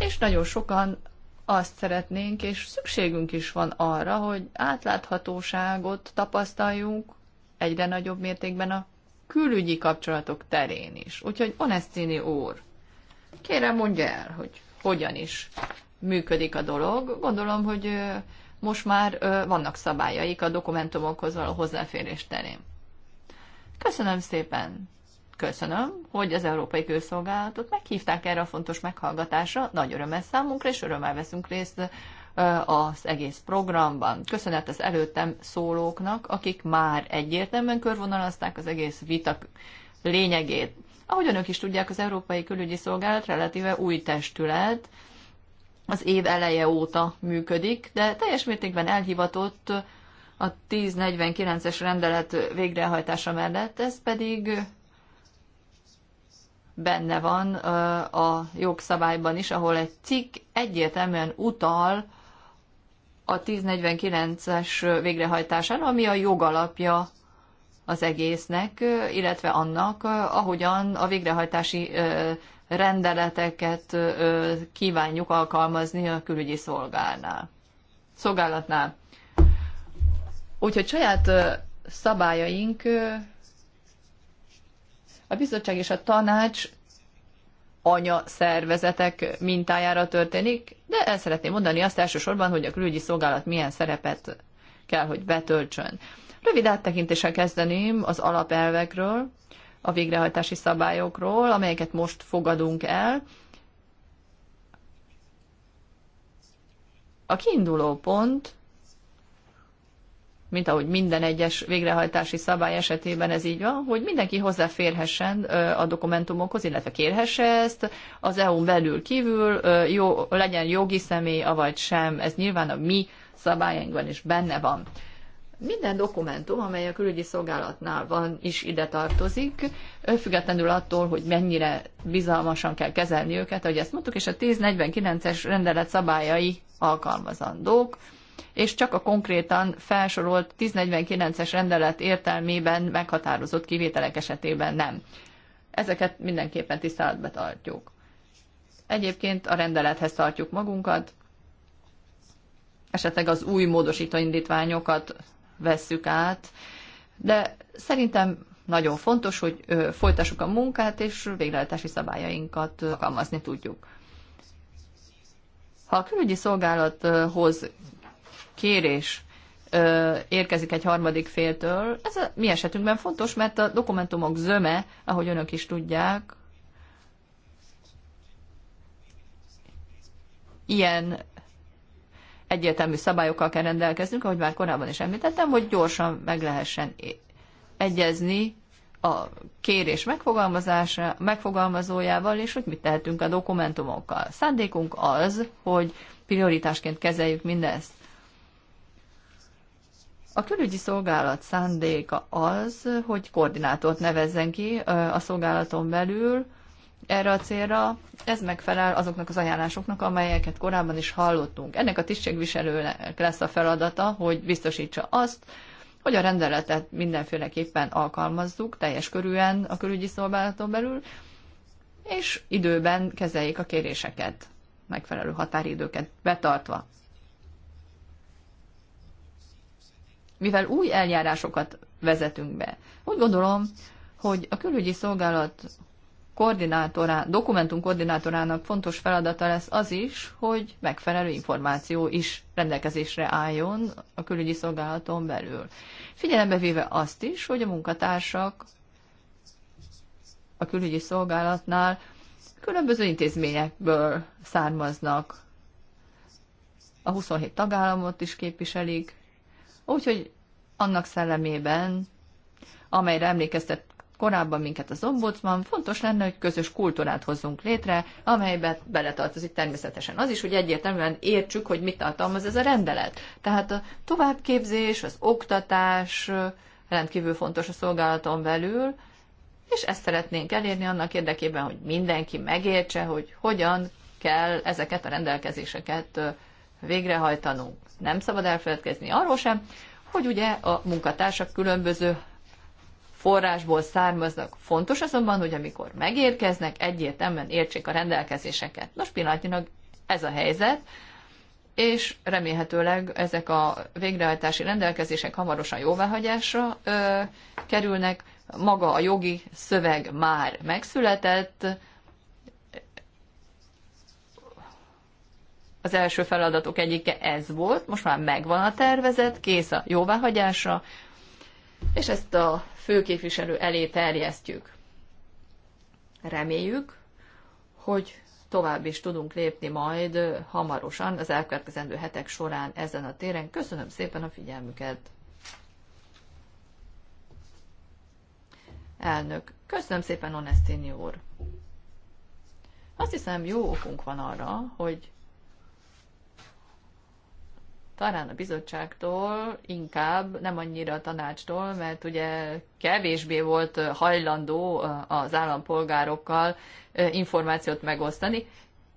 és nagyon sokan azt szeretnénk, és szükségünk is van arra, hogy átláthatóságot tapasztaljunk egyre nagyobb mértékben a külügyi kapcsolatok terén is. Úgyhogy Onestini úr, kérem mondja el, hogy hogyan is működik a dolog. Gondolom, hogy most már vannak szabályaik a dokumentumokhoz való hozzáférés terén. Köszönöm szépen! Köszönöm, hogy az Európai Külszolgálatot meghívták erre a fontos meghallgatásra. Nagy öröm ez számunkra, és örömmel veszünk részt az egész programban. Köszönet az előttem szólóknak, akik már egyértelműen körvonalazták az egész vita lényegét. Ahogy önök is tudják, az Európai Külügyi Szolgálat relatíve új testület, az év eleje óta működik, de teljes mértékben elhivatott a 1049-es rendelet végrehajtása mellett, ez pedig benne van a jogszabályban is, ahol egy cikk egyértelműen utal a 1049-es végrehajtására, ami a jogalapja az egésznek, illetve annak, ahogyan a végrehajtási rendeleteket kívánjuk alkalmazni a külügyi szolgálnál. szolgálatnál. Úgyhogy saját szabályaink a bizottság és a tanács anya szervezetek mintájára történik, de el szeretném mondani azt elsősorban, hogy a külügyi szolgálat milyen szerepet kell, hogy betöltsön. Rövid áttekintéssel kezdeném az alapelvekről, a végrehajtási szabályokról, amelyeket most fogadunk el. A kiinduló pont, mint ahogy minden egyes végrehajtási szabály esetében ez így van, hogy mindenki hozzáférhessen a dokumentumokhoz, illetve kérhesse ezt, az EU-n belül kívül jó, legyen jogi személy, avagy sem, ez nyilván a mi szabályainkban is benne van minden dokumentum, amely a külügyi szolgálatnál van, is ide tartozik, függetlenül attól, hogy mennyire bizalmasan kell kezelni őket, ahogy ezt mondtuk, és a 1049-es rendelet szabályai alkalmazandók, és csak a konkrétan felsorolt 1049-es rendelet értelmében meghatározott kivételek esetében nem. Ezeket mindenképpen tiszteletbe tartjuk. Egyébként a rendelethez tartjuk magunkat, esetleg az új módosító indítványokat vesszük át, de szerintem nagyon fontos, hogy folytassuk a munkát, és végrehajtási szabályainkat alkalmazni tudjuk. Ha a külügyi szolgálathoz kérés érkezik egy harmadik féltől, ez a mi esetünkben fontos, mert a dokumentumok zöme, ahogy önök is tudják, ilyen egyértelmű szabályokkal kell rendelkeznünk, ahogy már korábban is említettem, hogy gyorsan meg lehessen egyezni a kérés megfogalmazása, megfogalmazójával, és hogy mit tehetünk a dokumentumokkal. Szándékunk az, hogy prioritásként kezeljük mindezt. A külügyi szolgálat szándéka az, hogy koordinátort nevezzen ki a szolgálaton belül, erre a célra, ez megfelel azoknak az ajánlásoknak, amelyeket korábban is hallottunk. Ennek a tisztségviselőnek lesz a feladata, hogy biztosítsa azt, hogy a rendeletet mindenféleképpen alkalmazzuk teljes körűen a külügyi szolgálaton belül, és időben kezeljék a kéréseket, megfelelő határidőket betartva. Mivel új eljárásokat vezetünk be, úgy gondolom, hogy a külügyi szolgálat koordinátorá, dokumentum koordinátorának fontos feladata lesz az is, hogy megfelelő információ is rendelkezésre álljon a külügyi szolgálaton belül. Figyelembe véve azt is, hogy a munkatársak a külügyi szolgálatnál különböző intézményekből származnak. A 27 tagállamot is képviselik, úgyhogy annak szellemében, amelyre emlékeztet korábban minket az ombudsman, fontos lenne, hogy közös kultúrát hozzunk létre, amelybe beletartozik természetesen az is, hogy egyértelműen értsük, hogy mit tartalmaz ez a rendelet. Tehát a továbbképzés, az oktatás rendkívül fontos a szolgálaton belül, és ezt szeretnénk elérni annak érdekében, hogy mindenki megértse, hogy hogyan kell ezeket a rendelkezéseket végrehajtanunk. Nem szabad elfeledkezni arról sem, hogy ugye a munkatársak különböző forrásból származnak. Fontos azonban, hogy amikor megérkeznek, egyértelműen értsék a rendelkezéseket. Nos, pillanatnyilag ez a helyzet, és remélhetőleg ezek a végrehajtási rendelkezések hamarosan jóváhagyásra ö, kerülnek. Maga a jogi szöveg már megszületett, az első feladatok egyike ez volt, most már megvan a tervezet, kész a jóváhagyásra, és ezt a főképviselő elé terjesztjük. Reméljük, hogy tovább is tudunk lépni majd hamarosan az elkövetkezendő hetek során ezen a téren. Köszönöm szépen a figyelmüket! Elnök, köszönöm szépen, Onestini úr! Azt hiszem, jó okunk van arra, hogy talán a bizottságtól, inkább nem annyira a tanácstól, mert ugye kevésbé volt hajlandó az állampolgárokkal információt megosztani.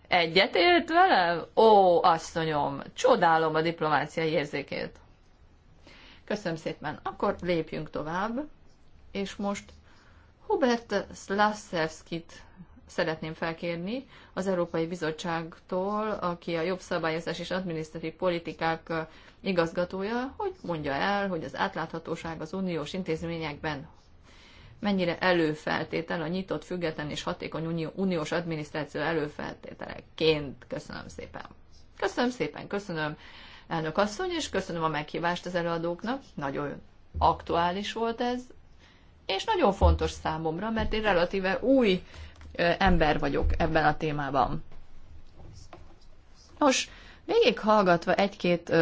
Egyetért velem? Ó, asszonyom, csodálom a diplomáciai érzékét. Köszönöm szépen. Akkor lépjünk tovább, és most Hubert Slaszewskit szeretném felkérni az Európai Bizottságtól, aki a jobb szabályozás és adminisztratív politikák igazgatója, hogy mondja el, hogy az átláthatóság az uniós intézményekben mennyire előfeltétel a nyitott, független és hatékony uniós adminisztráció előfeltételeként. Köszönöm szépen. Köszönöm szépen, köszönöm elnök asszony, és köszönöm a meghívást az előadóknak. Nagyon aktuális volt ez, és nagyon fontos számomra, mert én relatíve új ember vagyok ebben a témában. Nos, végig hallgatva egy-két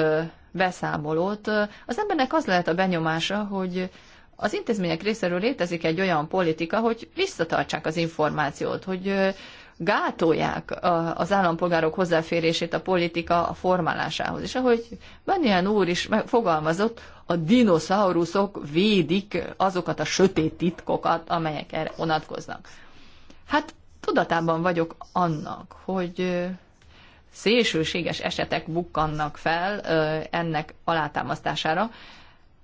beszámolót, az embernek az lehet a benyomása, hogy az intézmények részéről létezik egy olyan politika, hogy visszatartsák az információt, hogy gátolják az állampolgárok hozzáférését a politika formálásához. És ahogy Benyán úr is fogalmazott, a dinoszauruszok védik azokat a sötét titkokat, amelyek erre vonatkoznak. Hát tudatában vagyok annak, hogy szélsőséges esetek bukkannak fel ennek alátámasztására,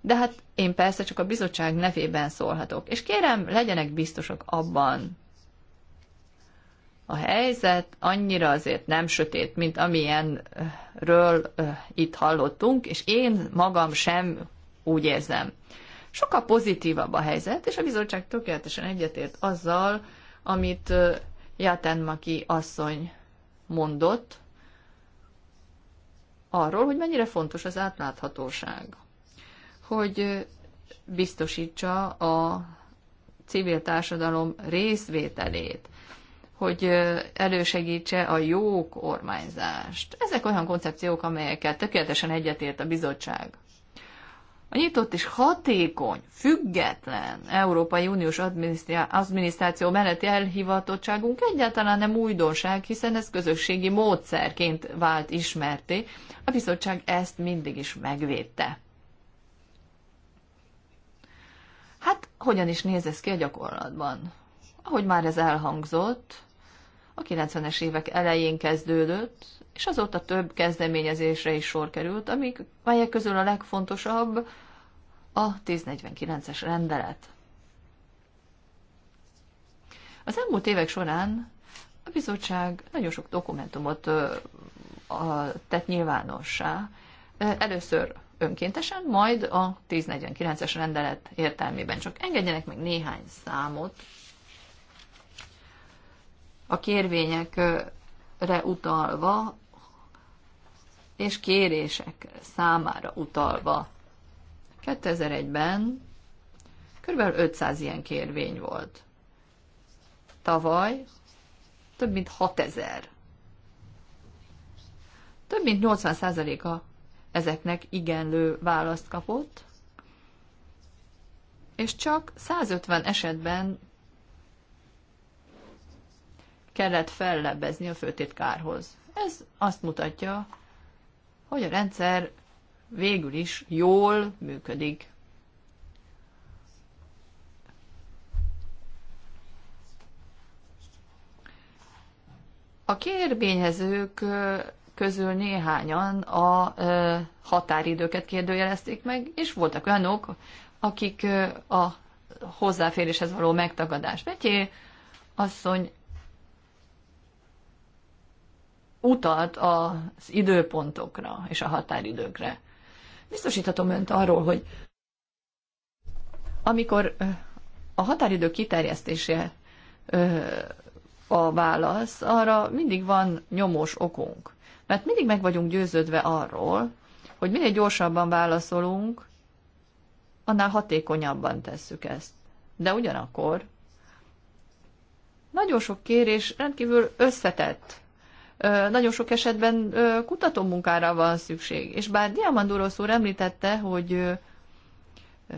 de hát én persze csak a bizottság nevében szólhatok. És kérem, legyenek biztosak abban, a helyzet annyira azért nem sötét, mint amilyenről itt hallottunk, és én magam sem úgy érzem. Sokkal pozitívabb a helyzet, és a bizottság tökéletesen egyetért azzal, amit Jatenmaki asszony mondott arról, hogy mennyire fontos az átláthatóság, hogy biztosítsa a civil társadalom részvételét, hogy elősegítse a jó kormányzást. Ezek olyan koncepciók, amelyeket tökéletesen egyetért a bizottság. A nyitott és hatékony, független Európai Uniós adminisztráció melletti elhivatottságunk egyáltalán nem újdonság, hiszen ez közösségi módszerként vált ismerté. A bizottság ezt mindig is megvédte. Hát hogyan is néz ez ki a gyakorlatban? Ahogy már ez elhangzott, a 90-es évek elején kezdődött, és azóta több kezdeményezésre is sor került, amik, melyek közül a legfontosabb a 1049-es rendelet. Az elmúlt évek során a bizottság nagyon sok dokumentumot tett nyilvánossá. Először önkéntesen, majd a 1049-es rendelet értelmében. Csak engedjenek meg néhány számot a kérvényekre utalva és kérések számára utalva. 2001-ben kb. 500 ilyen kérvény volt. Tavaly több mint 6000. Több mint 80%-a ezeknek igenlő választ kapott, és csak 150 esetben kellett fellebbezni a főtétkárhoz. Ez azt mutatja, hogy a rendszer végül is jól működik. A kérvényezők közül néhányan a határidőket kérdőjelezték meg, és voltak olyanok, akik a hozzáféréshez való megtagadás. Betyé asszony utalt az időpontokra és a határidőkre. Biztosíthatom önt arról, hogy amikor a határidő kiterjesztése a válasz, arra mindig van nyomós okunk. Mert mindig meg vagyunk győződve arról, hogy minél gyorsabban válaszolunk, annál hatékonyabban tesszük ezt. De ugyanakkor nagyon sok kérés rendkívül összetett nagyon sok esetben kutató munkára van szükség. És bár Diamandurosz úr említette, hogy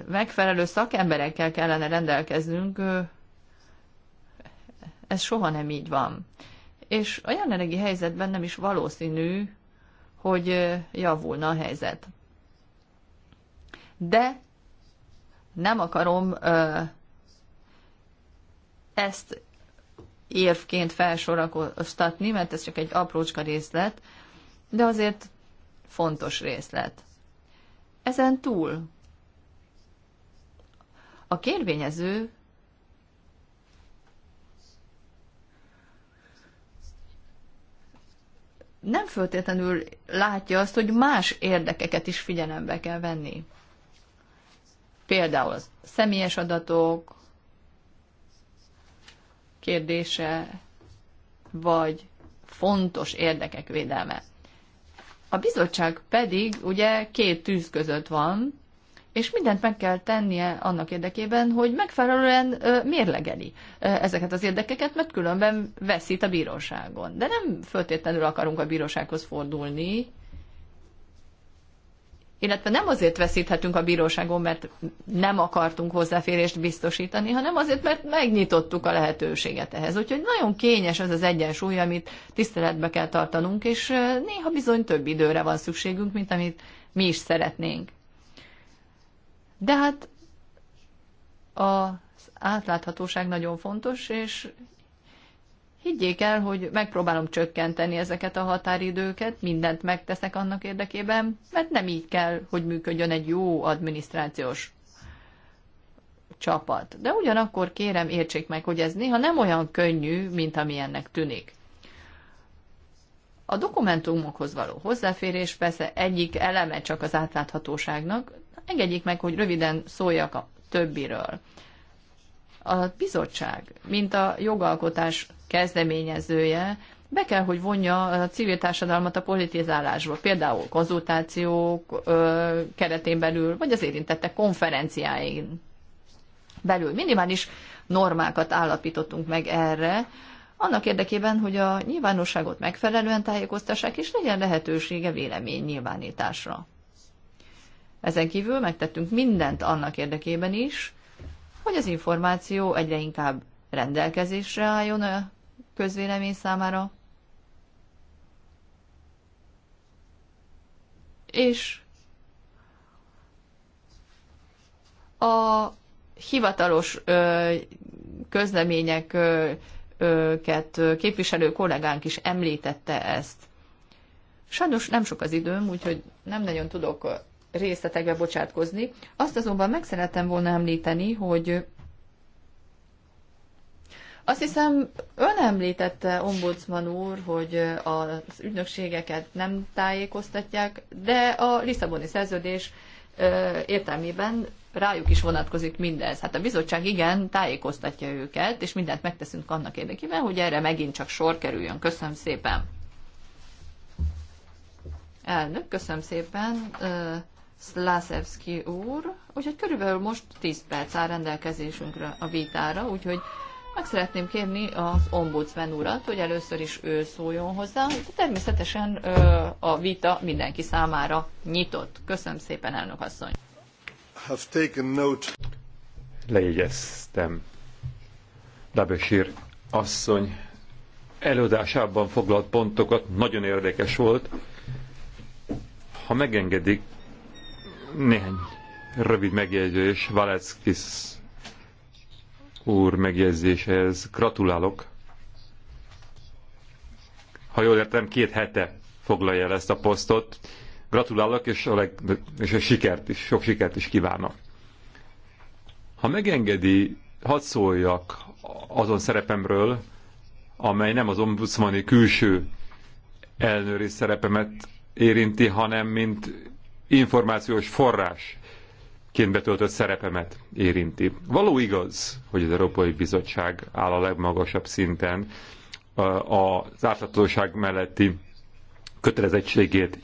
megfelelő szakemberekkel kellene rendelkeznünk, ez soha nem így van. És a jelenlegi helyzetben nem is valószínű, hogy javulna a helyzet. De nem akarom ezt érvként felsorakoztatni, mert ez csak egy aprócska részlet, de azért fontos részlet. Ezen túl a kérvényező nem föltétlenül látja azt, hogy más érdekeket is figyelembe kell venni. Például az személyes adatok, kérdése, vagy fontos érdekek védelme. A bizottság pedig ugye két tűz között van, és mindent meg kell tennie annak érdekében, hogy megfelelően mérlegeli ezeket az érdekeket, mert különben veszít a bíróságon. De nem föltétlenül akarunk a bírósághoz fordulni, illetve nem azért veszíthetünk a bíróságon, mert nem akartunk hozzáférést biztosítani, hanem azért, mert megnyitottuk a lehetőséget ehhez. Úgyhogy nagyon kényes az az egyensúly, amit tiszteletbe kell tartanunk, és néha bizony több időre van szükségünk, mint amit mi is szeretnénk. De hát az átláthatóság nagyon fontos, és Higgyék el, hogy megpróbálom csökkenteni ezeket a határidőket, mindent megteszek annak érdekében, mert nem így kell, hogy működjön egy jó adminisztrációs csapat. De ugyanakkor kérem, értsék meg, hogy ez néha nem olyan könnyű, mint ami ennek tűnik. A dokumentumokhoz való hozzáférés persze egyik eleme csak az átláthatóságnak. Engedjék meg, hogy röviden szóljak a többiről. A bizottság, mint a jogalkotás kezdeményezője, be kell, hogy vonja a civil társadalmat a politizálásba, például konzultációk ö, keretén belül, vagy az érintettek konferenciáin belül. Minimális normákat állapítottunk meg erre, annak érdekében, hogy a nyilvánosságot megfelelően tájékoztassák, és legyen lehetősége vélemény nyilvánításra. Ezen kívül megtettünk mindent annak érdekében is, hogy az információ egyre inkább rendelkezésre álljon a közvélemény számára. És a hivatalos ö, őket képviselő kollégánk is említette ezt. Sajnos nem sok az időm, úgyhogy nem nagyon tudok részletekbe bocsátkozni. Azt azonban meg szerettem volna említeni, hogy azt hiszem, ön említette, ombudsman úr, hogy az ügynökségeket nem tájékoztatják, de a Lisszaboni szerződés értelmében rájuk is vonatkozik mindez. Hát a bizottság igen, tájékoztatja őket, és mindent megteszünk annak érdekében, hogy erre megint csak sor kerüljön. Köszönöm szépen. Elnök, köszönöm szépen. Szlászewski úr, úgyhogy körülbelül most 10 perc áll rendelkezésünkre a vitára, úgyhogy meg szeretném kérni az ombudsman urat, hogy először is ő szóljon hozzá, de természetesen a vita mindenki számára nyitott. Köszönöm szépen, elnök asszony. Have taken note. Lejegyeztem. Dabesir asszony előadásában foglalt pontokat nagyon érdekes volt. Ha megengedik, néhány rövid megjegyzés Valeckis úr megjegyzéshez gratulálok. Ha jól értem, két hete foglalja el ezt a posztot. Gratulálok, és a, leg, és a sikert is, sok sikert is kívánok. Ha megengedi, hadd szóljak azon szerepemről, amely nem az ombudsmani külső elnőri szerepemet érinti, hanem mint információs forrás ként betöltött szerepemet érinti. Való igaz, hogy az Európai Bizottság áll a legmagasabb szinten az átláthatóság melletti kötelezettségét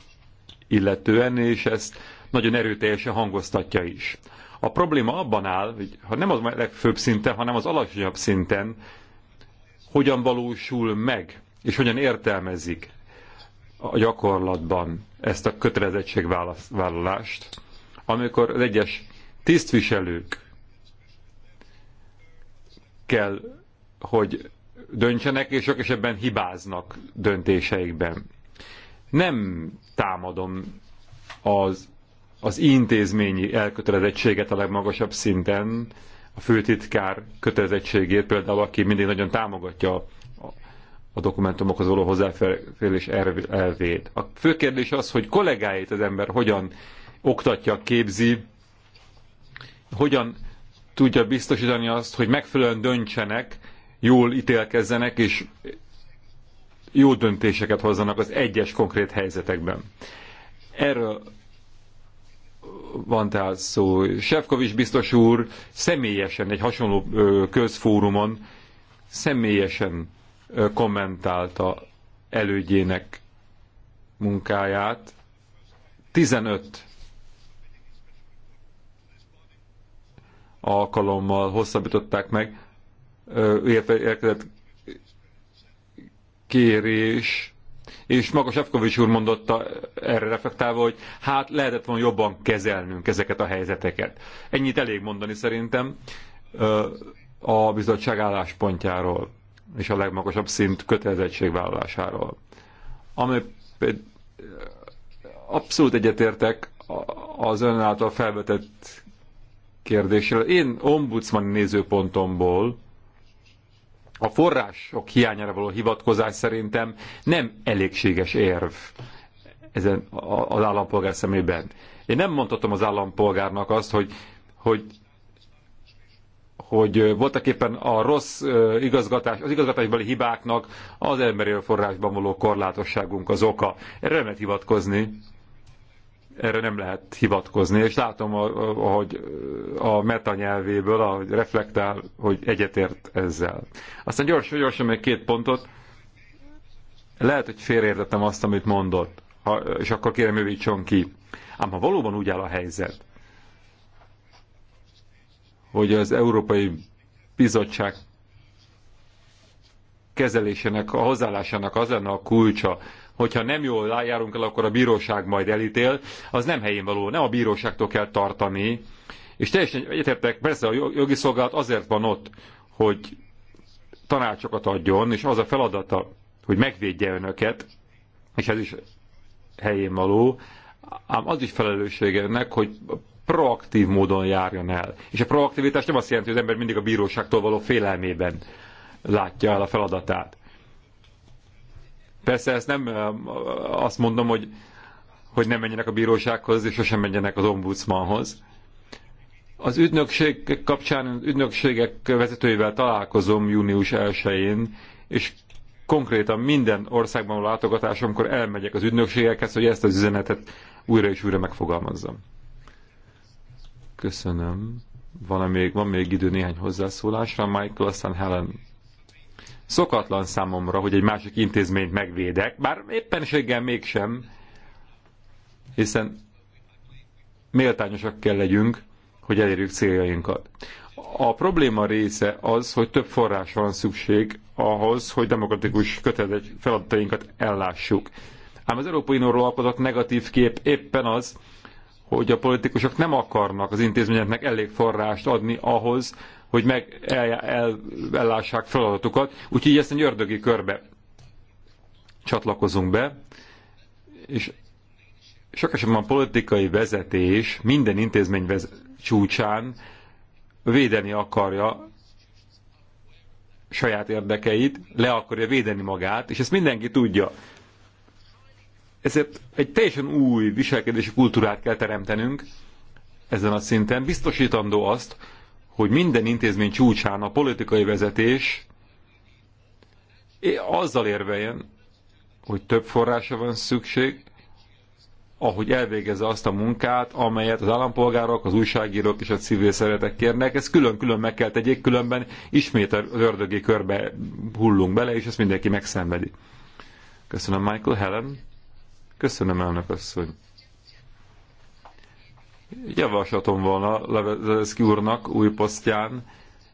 illetően, és ezt nagyon erőteljesen hangoztatja is. A probléma abban áll, hogy ha nem az legfőbb szinten, hanem az alacsonyabb szinten, hogyan valósul meg, és hogyan értelmezik a gyakorlatban ezt a kötelezettségvállalást amikor az egyes tisztviselők kell, hogy döntsenek, és sok esetben hibáznak döntéseikben. Nem támadom az, az intézményi elkötelezettséget a legmagasabb szinten, a főtitkár kötelezettségét például, aki mindig nagyon támogatja a, a dokumentumokhoz való hozzáférés elvét. A fő kérdés az, hogy kollégáit az ember hogyan oktatja, képzi, hogyan tudja biztosítani azt, hogy megfelelően döntsenek, jól ítélkezzenek, és jó döntéseket hozzanak az egyes konkrét helyzetekben. Erről van tehát szó. Sefkovics biztos úr személyesen, egy hasonló közfórumon személyesen kommentálta elődjének munkáját. 15 alkalommal hosszabbították meg, érkezett kérés, és magas Efkovics úr mondotta erre reflektálva, hogy hát lehetett volna jobban kezelnünk ezeket a helyzeteket. Ennyit elég mondani szerintem a bizottság álláspontjáról és a legmagasabb szint kötelezettségvállalásáról. Ami abszolút egyetértek az ön által felvetett kérdésről. Én ombudsman nézőpontomból a források hiányára való hivatkozás szerintem nem elégséges érv ezen az állampolgár szemében. Én nem mondhatom az állampolgárnak azt, hogy, hogy hogy voltak éppen a rossz igazgatás, az igazgatásbeli hibáknak az emberi forrásban való korlátosságunk az oka. Erre nem lehet hivatkozni erre nem lehet hivatkozni, és látom, hogy a meta nyelvéből, ahogy reflektál, hogy egyetért ezzel. Aztán gyorsan, gyorsan még két pontot. Lehet, hogy félreértettem azt, amit mondott, ha, és akkor kérem, jövítson ki. Ám ha valóban úgy áll a helyzet, hogy az Európai Bizottság kezelésének, a hozzáállásának az lenne a kulcsa, hogyha nem jól járunk el, akkor a bíróság majd elítél, az nem helyén való, nem a bíróságtól kell tartani. És teljesen egyetértek, persze a jogi szolgálat azért van ott, hogy tanácsokat adjon, és az a feladata, hogy megvédje önöket, és ez is helyén való, ám az is felelőssége ennek, hogy proaktív módon járjon el. És a proaktivitás nem azt jelenti, hogy az ember mindig a bíróságtól való félelmében látja el a feladatát. Persze ezt nem eh, azt mondom, hogy, hogy nem menjenek a bírósághoz, és sosem menjenek az ombudsmanhoz. Az ügynökség kapcsán az ügynökségek vezetőivel találkozom június 1-én, és konkrétan minden országban a látogatásomkor elmegyek az ügynökségekhez, hogy ezt az üzenetet újra és újra megfogalmazzam. Köszönöm. Van -e még, van még idő néhány hozzászólásra, Michael, aztán Helen Szokatlan számomra, hogy egy másik intézményt megvédek, bár éppenséggel mégsem, hiszen méltányosak kell legyünk, hogy elérjük céljainkat. A probléma része az, hogy több forrás van szükség ahhoz, hogy demokratikus kötelezett feladatainkat ellássuk. Ám az Európai Unióról alkotott negatív kép éppen az, hogy a politikusok nem akarnak az intézményeknek elég forrást adni ahhoz, hogy meg el, el, ellássák feladatukat, úgyhogy ezt egy ördögi körbe csatlakozunk be, és sok esetben a politikai vezetés minden intézmény vez- csúcsán védeni akarja saját érdekeit, le akarja védeni magát, és ezt mindenki tudja. Ezért egy teljesen új viselkedési kultúrát kell teremtenünk ezen a szinten, biztosítandó azt, hogy minden intézmény csúcsán a politikai vezetés azzal érveljen, hogy több forrása van szükség, ahogy elvégezze azt a munkát, amelyet az állampolgárok, az újságírók és a civil szeretek kérnek. Ezt külön-külön meg kell tegyék, különben ismét az ördögi körbe hullunk bele, és ezt mindenki megszenvedi. Köszönöm, Michael Helen. Köszönöm, elnök asszony javaslatom volna Levelszki úrnak új posztján,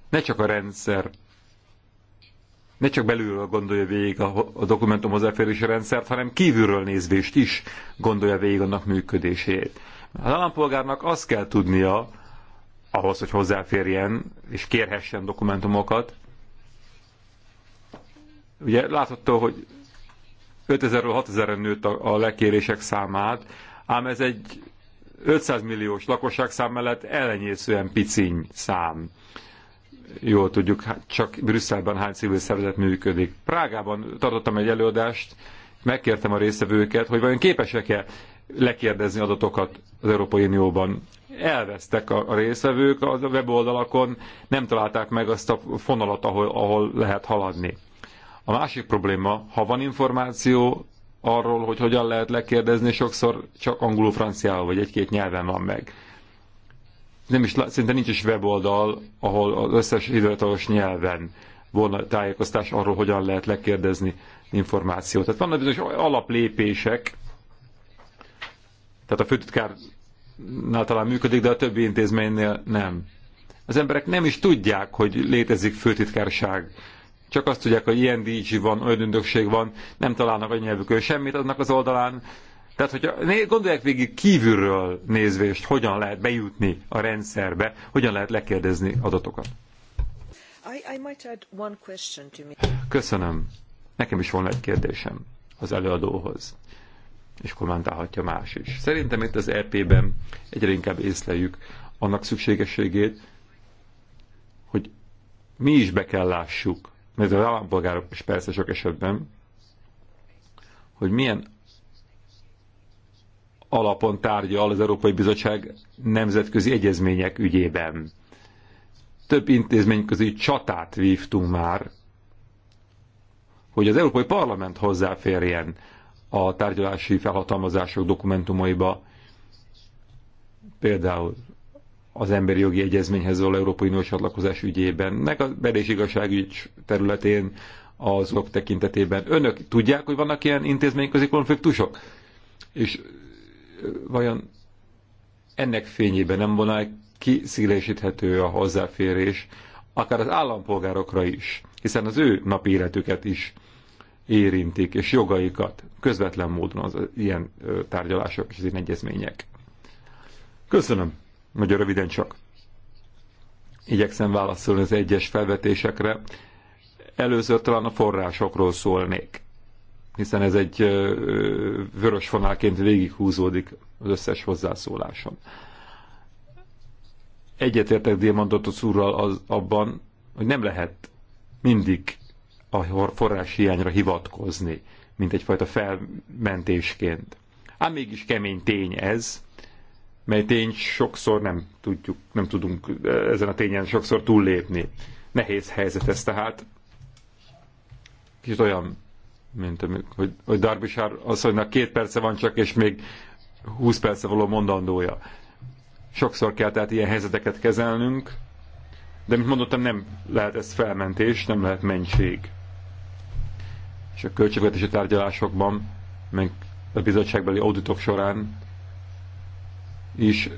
ne csak a rendszer, ne csak belülről gondolja végig a, a dokumentum hozzáférési rendszert, hanem kívülről nézvést is gondolja végig annak működését. Az állampolgárnak azt kell tudnia, ahhoz, hogy hozzáférjen és kérhessen dokumentumokat. Ugye látható, hogy 5000-ről 6000-re nőtt a, a lekérések számát, ám ez egy 500 milliós lakosságszám mellett elenyészően piciny szám. Jól tudjuk, hát csak Brüsszelben hány civil szervezet működik. Prágában tartottam egy előadást, megkértem a résztvevőket, hogy vajon képesek-e lekérdezni adatokat az Európai Unióban. Elvesztek a résztvevők a weboldalakon, nem találták meg azt a fonalat, ahol, ahol lehet haladni. A másik probléma, ha van információ, arról, hogy hogyan lehet lekérdezni, sokszor csak angolul, franciául, vagy egy-két nyelven van meg. Nem is, szinte nincs is weboldal, ahol az összes időtalos nyelven volna tájékoztás arról, hogyan lehet lekérdezni információt. Tehát vannak bizonyos alaplépések, tehát a főtitkárnál talán működik, de a többi intézménynél nem. Az emberek nem is tudják, hogy létezik főtitkárság csak azt tudják, hogy ilyen DJ van, olyan ündökség van, nem találnak a nyelvükön semmit annak az oldalán. Tehát, hogyha gondolják végig kívülről nézvést, hogyan lehet bejutni a rendszerbe, hogyan lehet lekérdezni adatokat. I, I Köszönöm. Nekem is volna egy kérdésem az előadóhoz és kommentálhatja más is. Szerintem itt az EP-ben egyre inkább észleljük annak szükségességét, hogy mi is be kell lássuk mert az állampolgárok is persze sok esetben, hogy milyen alapon tárgyal az Európai Bizottság nemzetközi egyezmények ügyében. Több közé csatát vívtunk már, hogy az Európai Parlament hozzáférjen a tárgyalási felhatalmazások dokumentumaiba, például az emberi jogi egyezményhez való Európai Uniós csatlakozás ügyében, meg a belés igazságügy területén, azok tekintetében. Önök tudják, hogy vannak ilyen intézményközi konfliktusok? És vajon ennek fényében nem volna kiszélesíthető a hozzáférés, akár az állampolgárokra is, hiszen az ő napi életüket is érintik, és jogaikat közvetlen módon az ilyen tárgyalások és az ilyen egyezmények. Köszönöm. Nagyon röviden csak. Igyekszem válaszolni az egyes felvetésekre. Először talán a forrásokról szólnék, hiszen ez egy vörös fonálként végighúzódik az összes hozzászólásom. Egyetértek az úrral az, abban, hogy nem lehet mindig a forrás hiányra hivatkozni, mint egyfajta felmentésként. Ám mégis kemény tény ez, mely tény sokszor nem tudjuk, nem tudunk ezen a tényen sokszor túllépni. Nehéz helyzet ez tehát. Kicsit olyan, mint hogy, hogy Darbisár asszonynak két perce van csak, és még 20 perce való mondandója. Sokszor kell tehát ilyen helyzeteket kezelnünk, de mint mondottam, nem lehet ez felmentés, nem lehet mentség. És a költségvetési tárgyalásokban, meg a bizottságbeli auditok során is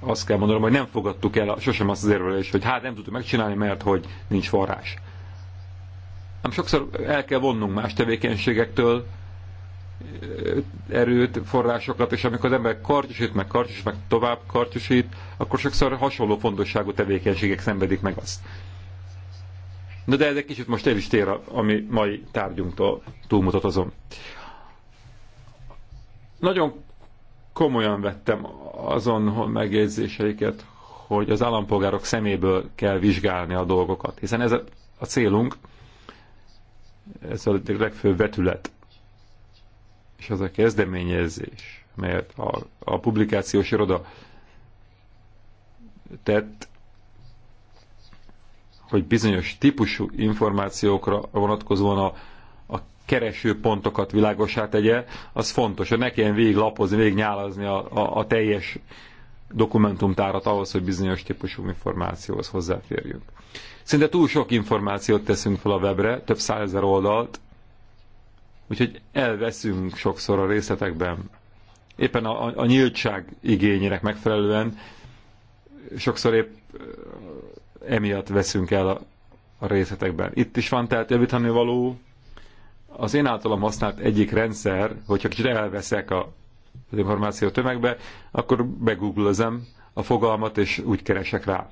azt kell mondanom, hogy nem fogadtuk el sosem azt az érvelést, hogy hát nem tudtuk megcsinálni, mert hogy nincs forrás. Ám sokszor el kell vonnunk más tevékenységektől erőt, forrásokat, és amikor az ember kartyusít, meg kartyusít, meg tovább kartyusít, akkor sokszor hasonló fontosságú tevékenységek szenvedik meg azt. Na de ez egy kicsit most el is tér ami mai tárgyunktól túlmutat azon. Nagyon komolyan vettem azon megjegyzéseiket, hogy az állampolgárok szeméből kell vizsgálni a dolgokat, hiszen ez a célunk, ez a legfőbb vetület, és az a kezdeményezés, mert a, a publikációs iroda tett, hogy bizonyos típusú információkra vonatkozóan a keresőpontokat világosá tegye, az fontos, hogy ne kelljen végig lapozni, végig nyálazni a, a, a teljes dokumentumtárat ahhoz, hogy bizonyos típusú információhoz hozzáférjünk. Szinte túl sok információt teszünk fel a webre, több százezer oldalt, úgyhogy elveszünk sokszor a részletekben. Éppen a, a, a nyíltság igényének megfelelően sokszor épp emiatt veszünk el a, a részletekben. Itt is van tehát javítani való, az én általam használt egyik rendszer, hogyha kicsit elveszek a, az információ tömegbe, akkor begooglezem a fogalmat, és úgy keresek rá.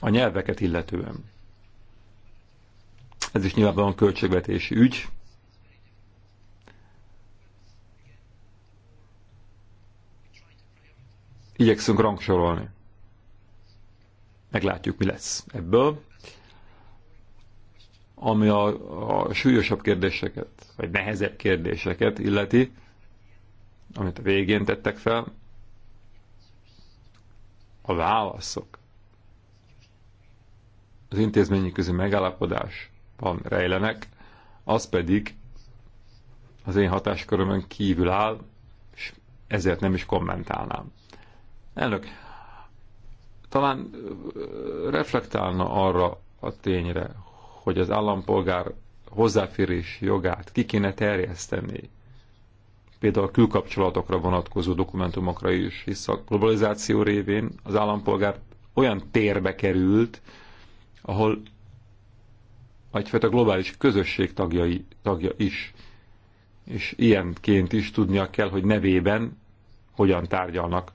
A nyelveket illetően. Ez is nyilvánvalóan költségvetési ügy, igyekszünk rangsorolni. Meglátjuk, mi lesz ebből ami a, a súlyosabb kérdéseket, vagy nehezebb kérdéseket illeti, amit a végén tettek fel, a válaszok, az intézményi közű megállapodásban rejlenek, az pedig az én hatáskörömön kívül áll, és ezért nem is kommentálnám. Elnök, talán reflektálna arra a tényre, hogy az állampolgár hozzáférés jogát ki kéne terjeszteni, például a külkapcsolatokra vonatkozó dokumentumokra is, hisz a globalizáció révén az állampolgár olyan térbe került, ahol egyfajta globális közösség tagjai, tagja is. És ilyenként is tudnia kell, hogy nevében hogyan tárgyalnak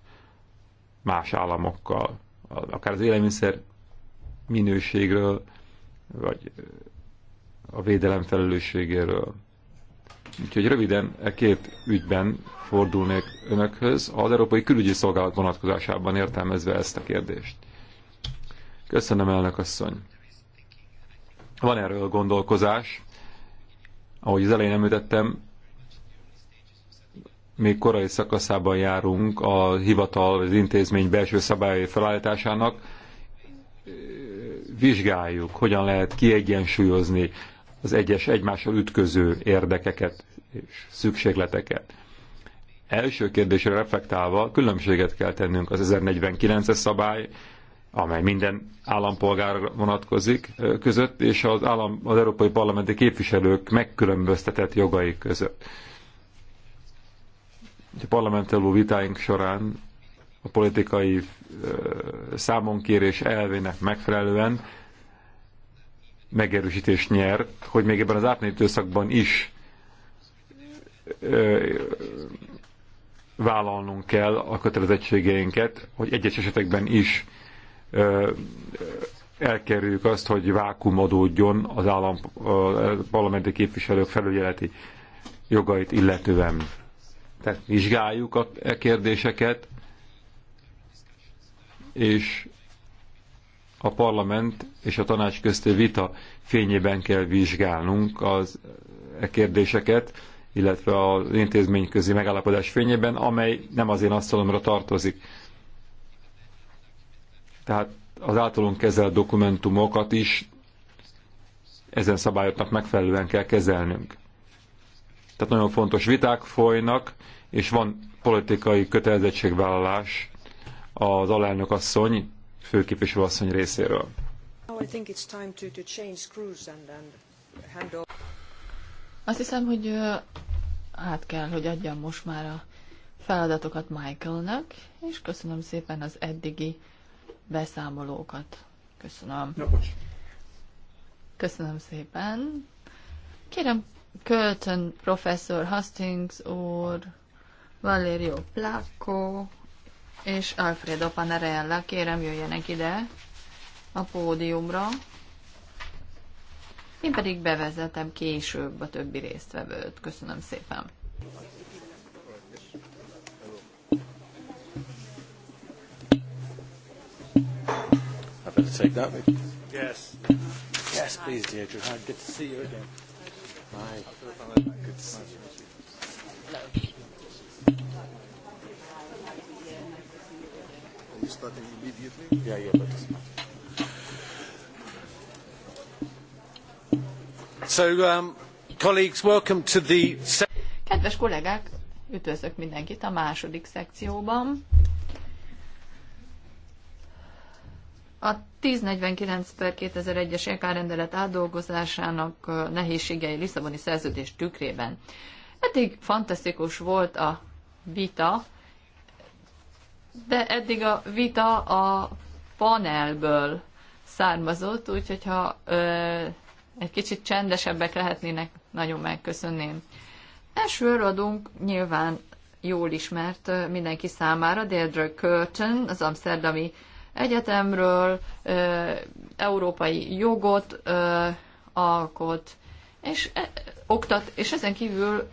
más államokkal, akár az élelmiszer minőségről, vagy a védelem felelősségéről. Úgyhogy röviden e két ügyben fordulnék önökhöz, az Európai Külügyi Szolgálat vonatkozásában értelmezve ezt a kérdést. Köszönöm, elnök asszony. Van erről gondolkozás. Ahogy az elején említettem, még korai szakaszában járunk a hivatal, az intézmény belső szabályai felállításának, vizsgáljuk, hogyan lehet kiegyensúlyozni az egyes egymással ütköző érdekeket és szükségleteket. Első kérdésre reflektálva különbséget kell tennünk az 1049-es szabály, amely minden állampolgár vonatkozik között, és az, állam, az európai parlamenti képviselők megkülönböztetett jogai között. A parlamenttelő vitáink során a politikai számonkérés elvének megfelelően megerősítést nyert, hogy még ebben az átmeneti időszakban is vállalnunk kell a kötelezettségeinket, hogy egyes esetekben is elkerüljük azt, hogy vákum adódjon az állam parlamenti képviselők felügyeleti jogait illetően. Tehát vizsgáljuk a e kérdéseket, és a parlament és a tanács közti vita fényében kell vizsgálnunk az e kérdéseket, illetve az közi megállapodás fényében, amely nem az én asztalomra tartozik. Tehát az általunk kezelt dokumentumokat is ezen szabályoknak megfelelően kell kezelnünk. Tehát nagyon fontos viták folynak, és van politikai kötelezettségvállalás az alelnök asszony, főképviselő asszony részéről. Azt hiszem, hogy hát kell, hogy adjam most már a feladatokat Michaelnek, és köszönöm szépen az eddigi beszámolókat. Köszönöm. Köszönöm szépen. Kérem, Költön professzor Hastings úr, Valerio Placco, és Alfredo Panarella, kérem jöjjenek ide a pódiumra. Én pedig bevezetem később a többi résztvevőt. Köszönöm szépen. I better take that with Yes. Yes, please, dear Good to see you again. Bye. Good to see you. Um, Kedves kollégák, üdvözlök mindenkit a második szekcióban. A 1049 per 2001-es EK rendelet átdolgozásának nehézségei Lisszaboni szerződés tükrében. Eddig fantasztikus volt a vita, de eddig a vita a panelből származott, úgyhogy ha ö, egy kicsit csendesebbek lehetnének, nagyon megköszönném. Első előadónk nyilván jól ismert mindenki számára, Deirdre Curtin, az Amsterdami Egyetemről, ö, európai jogot ö, alkot, és e, oktat, és ezen kívül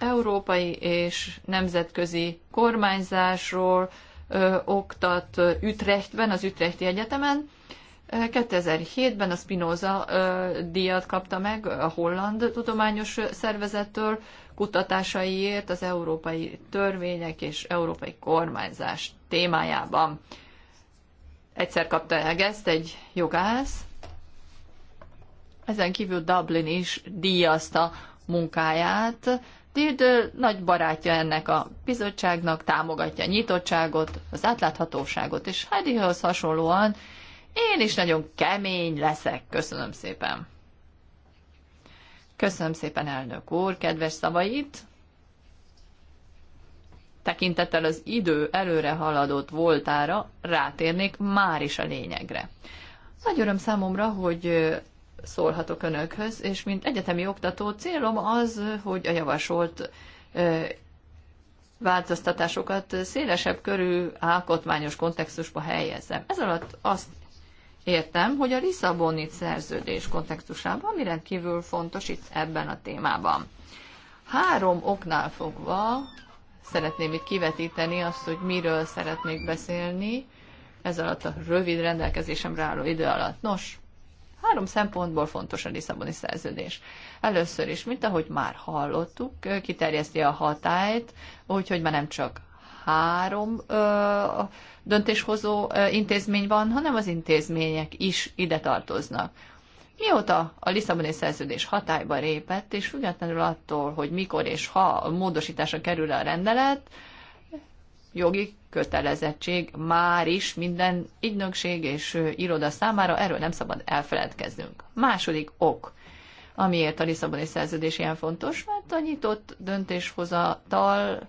európai és nemzetközi kormányzásról ö, oktat Ütrechtben, az Ütrechti Egyetemen. 2007-ben a Spinoza ö, díjat kapta meg a holland tudományos szervezettől kutatásaiért az európai törvények és európai kormányzás témájában. Egyszer kapta ezt egy jogász, ezen kívül Dublin is díjazta munkáját, Tid nagy barátja ennek a bizottságnak, támogatja a nyitottságot, az átláthatóságot, és Heidihoz hasonlóan én is nagyon kemény leszek. Köszönöm szépen. Köszönöm szépen, elnök úr, kedves szavait. Tekintettel az idő előre haladott voltára rátérnék már is a lényegre. Nagy öröm számomra, hogy szólhatok önökhöz, és mint egyetemi oktató célom az, hogy a javasolt változtatásokat szélesebb körű alkotmányos kontextusba helyezzem. Ez alatt azt értem, hogy a Lisszaboni szerződés kontextusában, ami rendkívül fontos itt ebben a témában. Három oknál fogva szeretném itt kivetíteni azt, hogy miről szeretnék beszélni ez alatt a rövid rendelkezésemre álló idő alatt. Nos, Három szempontból fontos a Lisszaboni szerződés. Először is, mint ahogy már hallottuk, kiterjeszti a hatályt, úgyhogy már nem csak három ö, döntéshozó ö, intézmény van, hanem az intézmények is ide tartoznak. Mióta a Lisszaboni szerződés hatályba lépett, és függetlenül attól, hogy mikor és ha módosításra kerül a rendelet, jogi kötelezettség már is minden ügynökség és iroda számára, erről nem szabad elfeledkeznünk. Második ok, amiért a Lisszaboni szerződés ilyen fontos, mert a nyitott döntéshozatal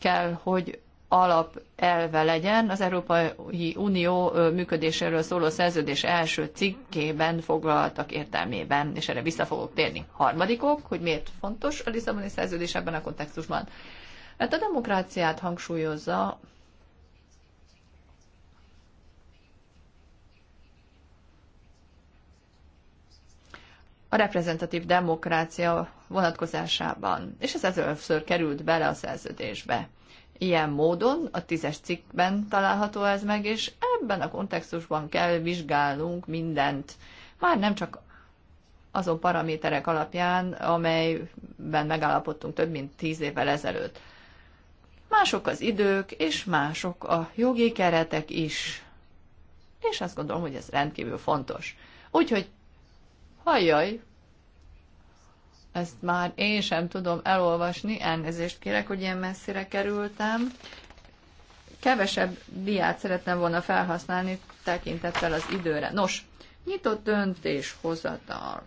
kell, hogy alap elve legyen az Európai Unió működéséről szóló szerződés első cikkében foglaltak értelmében, és erre vissza fogok térni. Harmadik ok, hogy miért fontos a Lisszaboni szerződés ebben a kontextusban. Hát a demokráciát hangsúlyozza, a reprezentatív demokrácia vonatkozásában, és ez először került bele a szerződésbe. Ilyen módon a tízes cikkben található ez meg, és ebben a kontextusban kell vizsgálnunk mindent. Már nem csak azon paraméterek alapján, amelyben megállapodtunk több mint tíz évvel ezelőtt. Mások az idők, és mások a jogi keretek is. És azt gondolom, hogy ez rendkívül fontos. Úgyhogy, hajjaj, ezt már én sem tudom elolvasni, elnézést kérek, hogy ilyen messzire kerültem. Kevesebb diát szeretném volna felhasználni tekintettel az időre. Nos, nyitott döntéshozatal.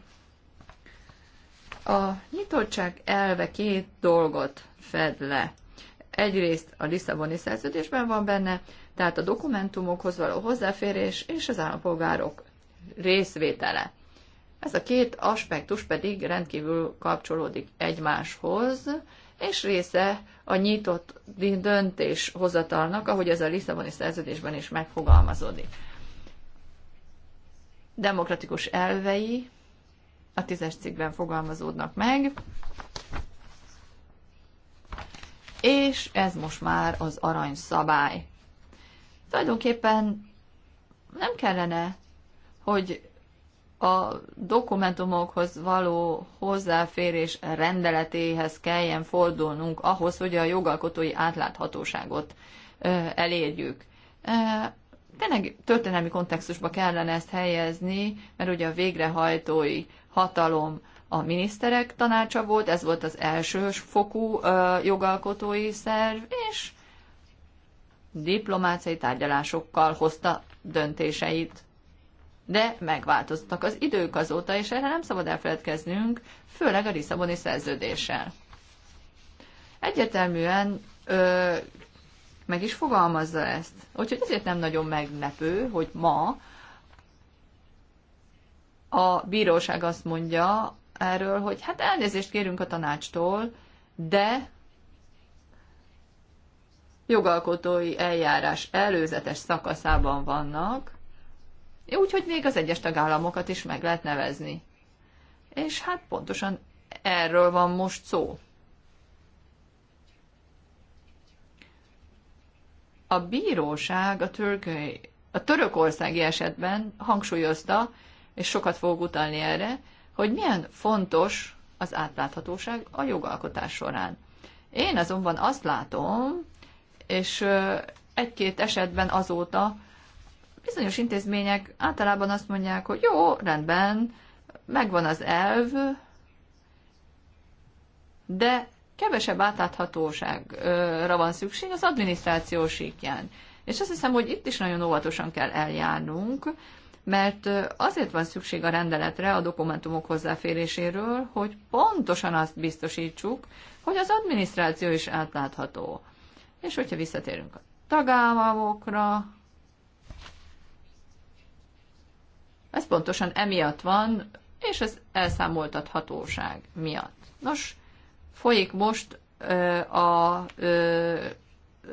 A nyitottság elve két dolgot fed le. Egyrészt a Lisszaboni szerződésben van benne, tehát a dokumentumokhoz való hozzáférés és az állampolgárok részvétele. Ez a két aspektus pedig rendkívül kapcsolódik egymáshoz, és része a nyitott döntéshozatalnak, ahogy ez a Lisszaboni szerződésben is megfogalmazódik. Demokratikus elvei a tízes cikkben fogalmazódnak meg, és ez most már az arany szabály. Tulajdonképpen nem kellene, hogy a dokumentumokhoz való hozzáférés rendeletéhez kelljen fordulnunk ahhoz, hogy a jogalkotói átláthatóságot elérjük. Tényleg történelmi kontextusba kellene ezt helyezni, mert ugye a végrehajtói hatalom a miniszterek tanácsa volt, ez volt az első fokú jogalkotói szerv, és diplomáciai tárgyalásokkal hozta döntéseit. De megváltoztak az idők azóta, és erre nem szabad elfeledkeznünk, főleg a Lisszaboni szerződéssel. Egyértelműen ö, meg is fogalmazza ezt. Úgyhogy ezért nem nagyon meglepő, hogy ma a bíróság azt mondja erről, hogy hát elnézést kérünk a tanácstól, de jogalkotói eljárás előzetes szakaszában vannak, úgyhogy még az egyes tagállamokat is meg lehet nevezni. És hát pontosan erről van most szó. A bíróság a, törköly, a törökországi esetben hangsúlyozta, és sokat fogok utalni erre, hogy milyen fontos az átláthatóság a jogalkotás során. Én azonban azt látom, és egy-két esetben azóta bizonyos intézmények általában azt mondják, hogy jó, rendben, megvan az elv, de kevesebb átláthatóságra van szükség az adminisztráció síkján. És azt hiszem, hogy itt is nagyon óvatosan kell eljárnunk, mert azért van szükség a rendeletre a dokumentumok hozzáféréséről, hogy pontosan azt biztosítsuk, hogy az adminisztráció is átlátható. És hogyha visszatérünk a tagállamokra, ez pontosan emiatt van, és az elszámoltathatóság miatt. Nos, folyik most ö, a ö,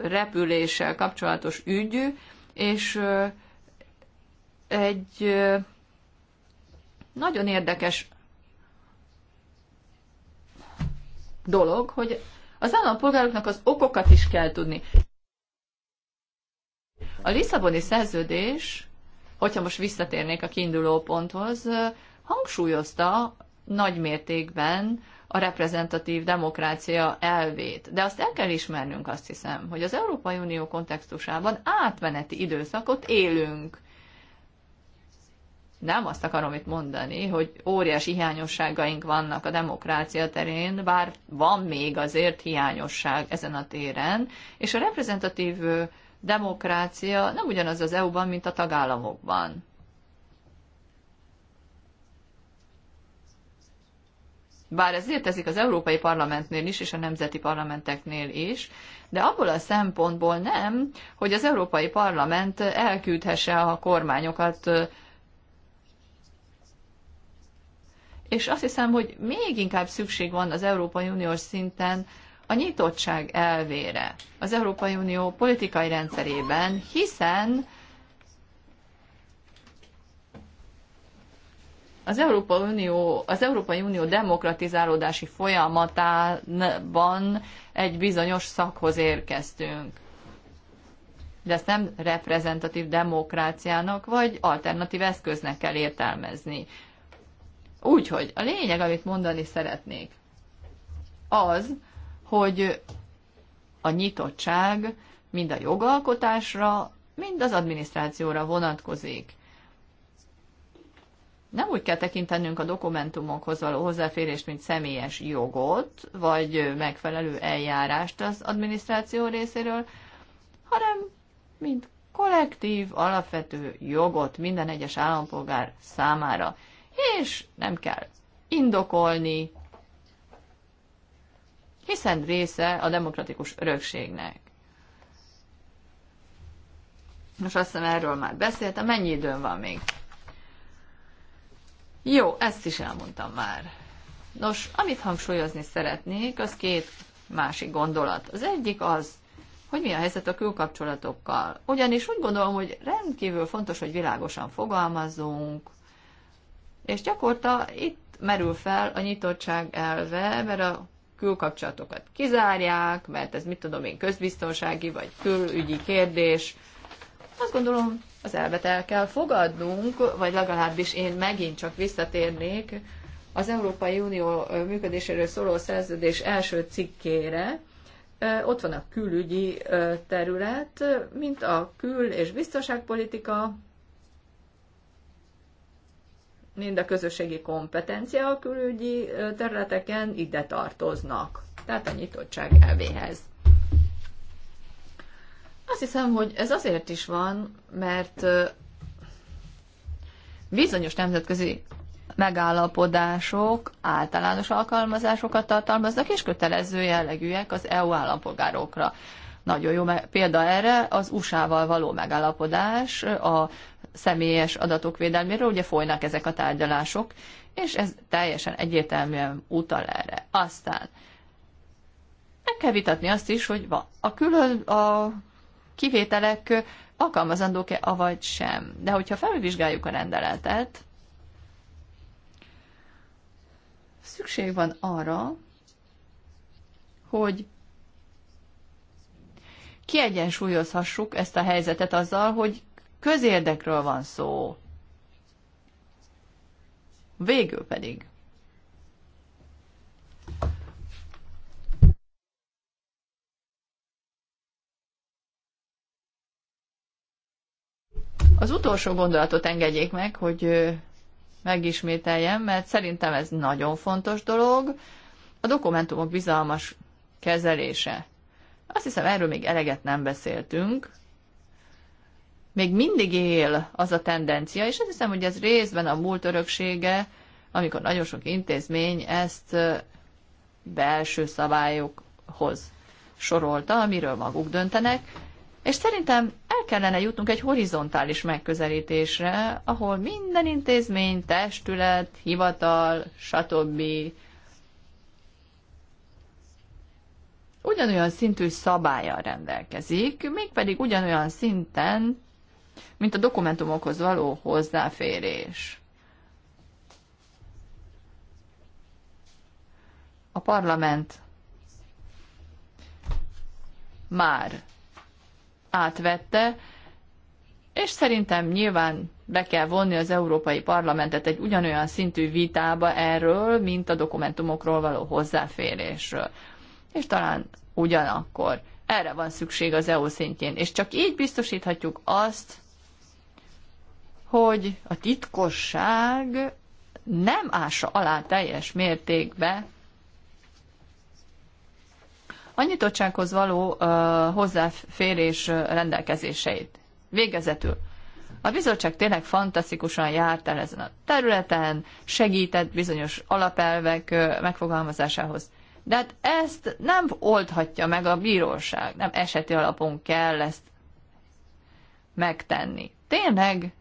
repüléssel kapcsolatos ügy, és ö, egy nagyon érdekes dolog, hogy az állampolgároknak az okokat is kell tudni. A Lisszaboni szerződés, hogyha most visszatérnék a kiinduló ponthoz, hangsúlyozta nagy mértékben a reprezentatív demokrácia elvét. De azt el kell ismernünk, azt hiszem, hogy az Európai Unió kontextusában átmeneti időszakot élünk nem azt akarom itt mondani, hogy óriási hiányosságaink vannak a demokrácia terén, bár van még azért hiányosság ezen a téren, és a reprezentatív demokrácia nem ugyanaz az EU-ban, mint a tagállamokban. Bár ez létezik az Európai Parlamentnél is, és a nemzeti parlamenteknél is, de abból a szempontból nem, hogy az Európai Parlament elküldhesse a kormányokat és azt hiszem, hogy még inkább szükség van az Európai Unió szinten a nyitottság elvére az Európai Unió politikai rendszerében, hiszen az Európai Unió, az Európai Unió demokratizálódási folyamatában egy bizonyos szakhoz érkeztünk. De ezt nem reprezentatív demokráciának, vagy alternatív eszköznek kell értelmezni. Úgyhogy a lényeg, amit mondani szeretnék, az, hogy a nyitottság mind a jogalkotásra, mind az adminisztrációra vonatkozik. Nem úgy kell tekintenünk a dokumentumokhoz való hozzáférést, mint személyes jogot, vagy megfelelő eljárást az adminisztráció részéről, hanem mint kollektív, alapvető jogot minden egyes állampolgár számára és nem kell indokolni, hiszen része a demokratikus örökségnek. Most azt hiszem erről már beszéltem, mennyi időm van még? Jó, ezt is elmondtam már. Nos, amit hangsúlyozni szeretnék, az két másik gondolat. Az egyik az, hogy mi a helyzet a külkapcsolatokkal. Ugyanis úgy gondolom, hogy rendkívül fontos, hogy világosan fogalmazzunk, és gyakorta itt merül fel a nyitottság elve, mert a külkapcsolatokat kizárják, mert ez mit tudom én, közbiztonsági vagy külügyi kérdés. Azt gondolom, az elvet el kell fogadnunk, vagy legalábbis én megint csak visszatérnék az Európai Unió működéséről szóló szerződés első cikkére. Ott van a külügyi terület, mint a kül- és biztonságpolitika, mind a közösségi kompetencia a külügyi területeken ide tartoznak. Tehát a nyitottság elvéhez. Azt hiszem, hogy ez azért is van, mert bizonyos nemzetközi megállapodások általános alkalmazásokat tartalmaznak, és kötelező jellegűek az EU állampolgárokra. Nagyon jó példa erre az USA-val való megállapodás a személyes adatok védelméről, ugye folynak ezek a tárgyalások, és ez teljesen egyértelműen utal erre. Aztán meg kell vitatni azt is, hogy a külön a kivételek alkalmazandók-e, avagy sem. De hogyha felvizsgáljuk a rendeletet, szükség van arra, hogy kiegyensúlyozhassuk ezt a helyzetet azzal, hogy közérdekről van szó. Végül pedig. Az utolsó gondolatot engedjék meg, hogy megismételjem, mert szerintem ez nagyon fontos dolog. A dokumentumok bizalmas kezelése. Azt hiszem, erről még eleget nem beszéltünk, még mindig él az a tendencia, és azt hiszem, hogy ez részben a múlt öröksége, amikor nagyon sok intézmény ezt belső szabályokhoz sorolta, amiről maguk döntenek, és szerintem el kellene jutnunk egy horizontális megközelítésre, ahol minden intézmény, testület, hivatal, stb. ugyanolyan szintű szabályal rendelkezik, mégpedig ugyanolyan szinten, mint a dokumentumokhoz való hozzáférés. A parlament már átvette, és szerintem nyilván be kell vonni az Európai Parlamentet egy ugyanolyan szintű vitába erről, mint a dokumentumokról való hozzáférésről. És talán ugyanakkor. Erre van szükség az EU szintjén, és csak így biztosíthatjuk azt, hogy a titkosság nem ássa alá teljes mértékbe a nyitottsághoz való uh, hozzáférés rendelkezéseit. Végezetül. A bizottság tényleg fantasztikusan járt el ezen a területen, segített bizonyos alapelvek megfogalmazásához. De hát ezt nem oldhatja meg a bíróság, nem eseti alapon kell ezt megtenni. Tényleg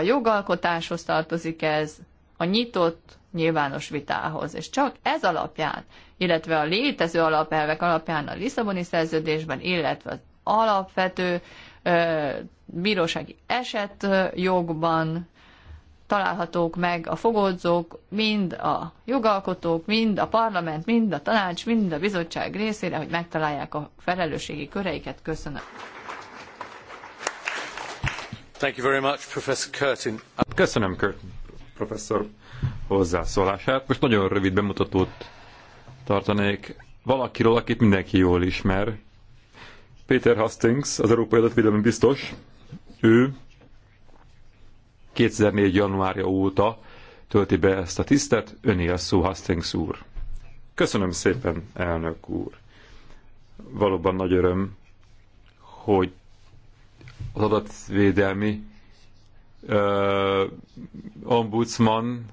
a jogalkotáshoz tartozik ez, a nyitott nyilvános vitához, és csak ez alapján, illetve a létező alapelvek alapján a Lisszaboni szerződésben, illetve az alapvető ö, bírósági eset jogban találhatók meg a fogódzók, mind a jogalkotók, mind a parlament, mind a tanács, mind a bizottság részére, hogy megtalálják a felelősségi köreiket. Köszönöm. Thank you very much, Professor Curtin. Köszönöm, Curtin professzor hozzászólását. Most nagyon rövid bemutatót tartanék valakiről, akit mindenki jól ismer. Peter Hastings, az Európai Adatvédelmi Biztos, ő 2004. januárja óta tölti be ezt a tisztet, öné a szó Hastings úr. Köszönöm szépen, elnök úr. Valóban nagy öröm, hogy az adatvédelmi uh, ombudsman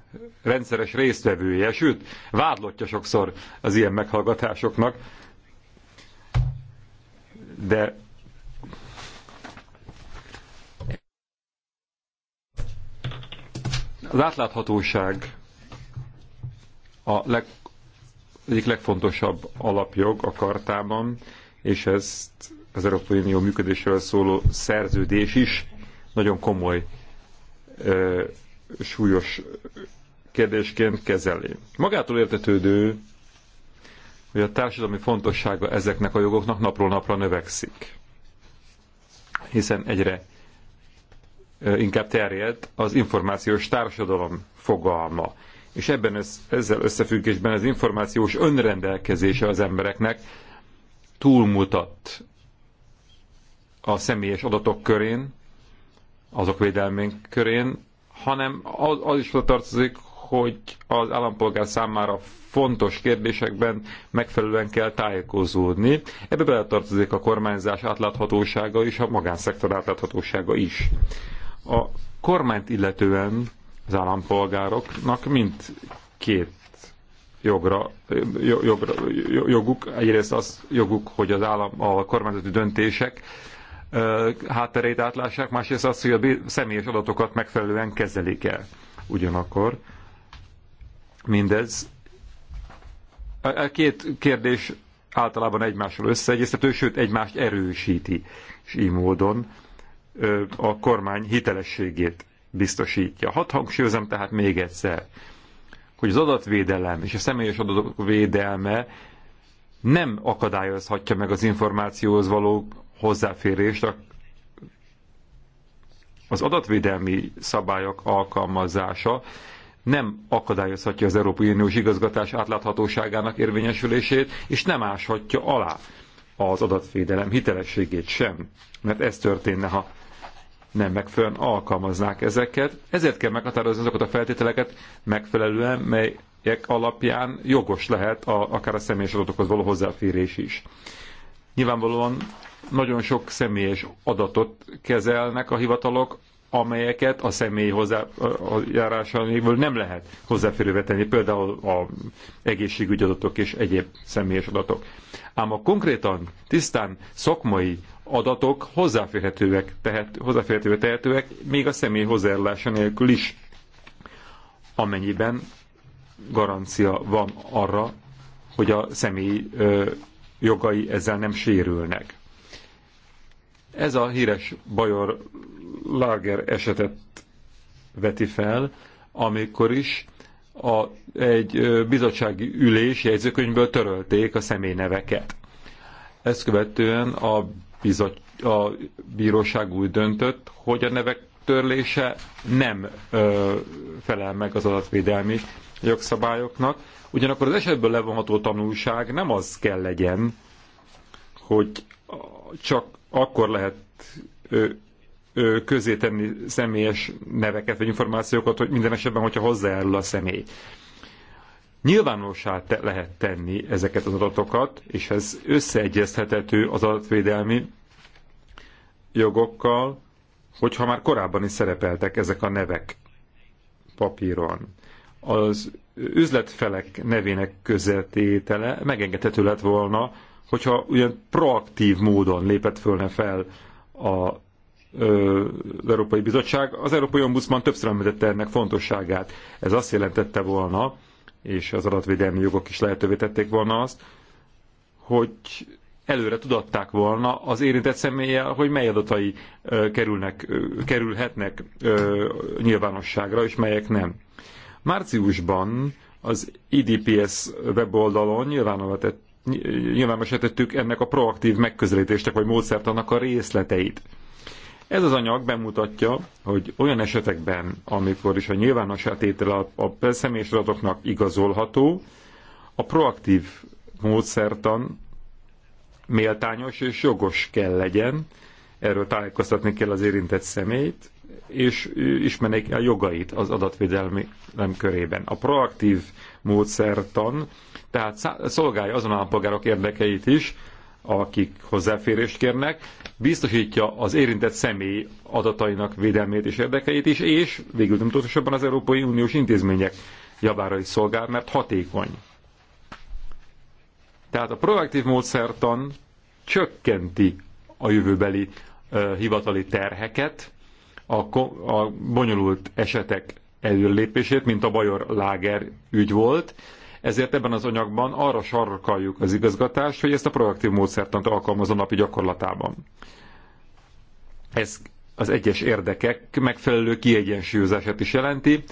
rendszeres résztvevője, sőt, vádlottja sokszor az ilyen meghallgatásoknak, de az átláthatóság a leg, egyik legfontosabb alapjog a kartában, és ezt az Európai Unió működéséről szóló szerződés is nagyon komoly, ö, súlyos kérdésként kezeli. Magától értetődő, hogy a társadalmi fontossága ezeknek a jogoknak napról napra növekszik. Hiszen egyre inkább terjed az információs társadalom fogalma. És ebben ez, ezzel összefüggésben az információs önrendelkezése az embereknek túlmutat a személyes adatok körén, azok védelmén körén, hanem az, az is oda tartozik, hogy az állampolgár számára fontos kérdésekben megfelelően kell tájékozódni. Ebbe beletartozik a kormányzás átláthatósága és a magánszektor átláthatósága is. A kormányt illetően az állampolgároknak mind két jogra, jogra, joguk, egyrészt az joguk, hogy az állam, a kormányzati döntések hátterét átlássák, másrészt az, hogy a személyes adatokat megfelelően kezelik el. Ugyanakkor mindez a két kérdés általában egymásról összeegyeztető, sőt egymást erősíti, és így módon a kormány hitelességét biztosítja. Hadd hangsúlyozom tehát még egyszer, hogy az adatvédelem és a személyes adatok védelme nem akadályozhatja meg az információhoz való hozzáférést a, az adatvédelmi szabályok alkalmazása nem akadályozhatja az Európai Uniós igazgatás átláthatóságának érvényesülését, és nem áshatja alá az adatvédelem hitelességét sem, mert ez történne, ha nem megfelelően alkalmaznák ezeket. Ezért kell meghatározni azokat a feltételeket megfelelően, melyek alapján jogos lehet a, akár a személyes adatokhoz való hozzáférés is. Nyilvánvalóan nagyon sok személyes adatot kezelnek a hivatalok, amelyeket a személy hozzájárása nélkül nem lehet hozzáférővé tenni, például a egészségügyi adatok és egyéb személyes adatok. Ám a konkrétan, tisztán szakmai adatok hozzáférhetőek, tehet, hozzáférhetőek tehetőek, még a személy hozzájárulása nélkül is, amennyiben garancia van arra, hogy a személy ö, jogai ezzel nem sérülnek. Ez a híres Bajor Lager esetet veti fel, amikor is a, egy bizottsági ülés jegyzőkönyvből törölték a személyneveket. Ezt követően a, bizot, a bíróság úgy döntött, hogy a nevek törlése nem ö, felel meg az adatvédelmi jogszabályoknak. Ugyanakkor az esetből levonható tanulság nem az kell legyen, hogy csak akkor lehet ö, ö, közé tenni személyes neveket vagy információkat, hogy minden esetben, hogyha hozzájárul a személy. Nyilvánossá te lehet tenni ezeket az adatokat, és ez összeegyeztethető az adatvédelmi jogokkal, hogyha már korábban is szerepeltek ezek a nevek papíron. Az üzletfelek nevének közeltétele megengedhető lett volna hogyha ugyan proaktív módon lépett fölne fel a az Európai Bizottság. Az Európai Ombudsman többször említette ennek fontosságát. Ez azt jelentette volna, és az adatvédelmi jogok is lehetővé tették volna azt, hogy előre tudatták volna az érintett személlyel, hogy mely adatai kerülnek, kerülhetnek nyilvánosságra, és melyek nem. Márciusban az IDPS weboldalon nyilvánulva tett nyilvánosítettük ennek a proaktív megközelítésnek vagy módszertanak a részleteit. Ez az anyag bemutatja, hogy olyan esetekben, amikor is a nyilvános tétele a személyes adatoknak igazolható, a proaktív módszertan méltányos és jogos kell legyen, erről tájékoztatni kell az érintett személyt, és ismernék a jogait az adatvédelmi nem körében. A proaktív módszertan, tehát szolgálja azon állampolgárok érdekeit is, akik hozzáférést kérnek, biztosítja az érintett személy adatainak védelmét és érdekeit is, és végül nem tudatosabban az Európai Uniós intézmények javára is szolgál, mert hatékony. Tehát a proaktív módszertan csökkenti a jövőbeli ö, hivatali terheket, a, a bonyolult esetek előlépését, mint a Bajor Láger ügy volt, ezért ebben az anyagban arra sarkaljuk az igazgatást, hogy ezt a proaktív módszertant alkalmaz a napi gyakorlatában. Ez az egyes érdekek megfelelő kiegyensúlyozását is jelenti.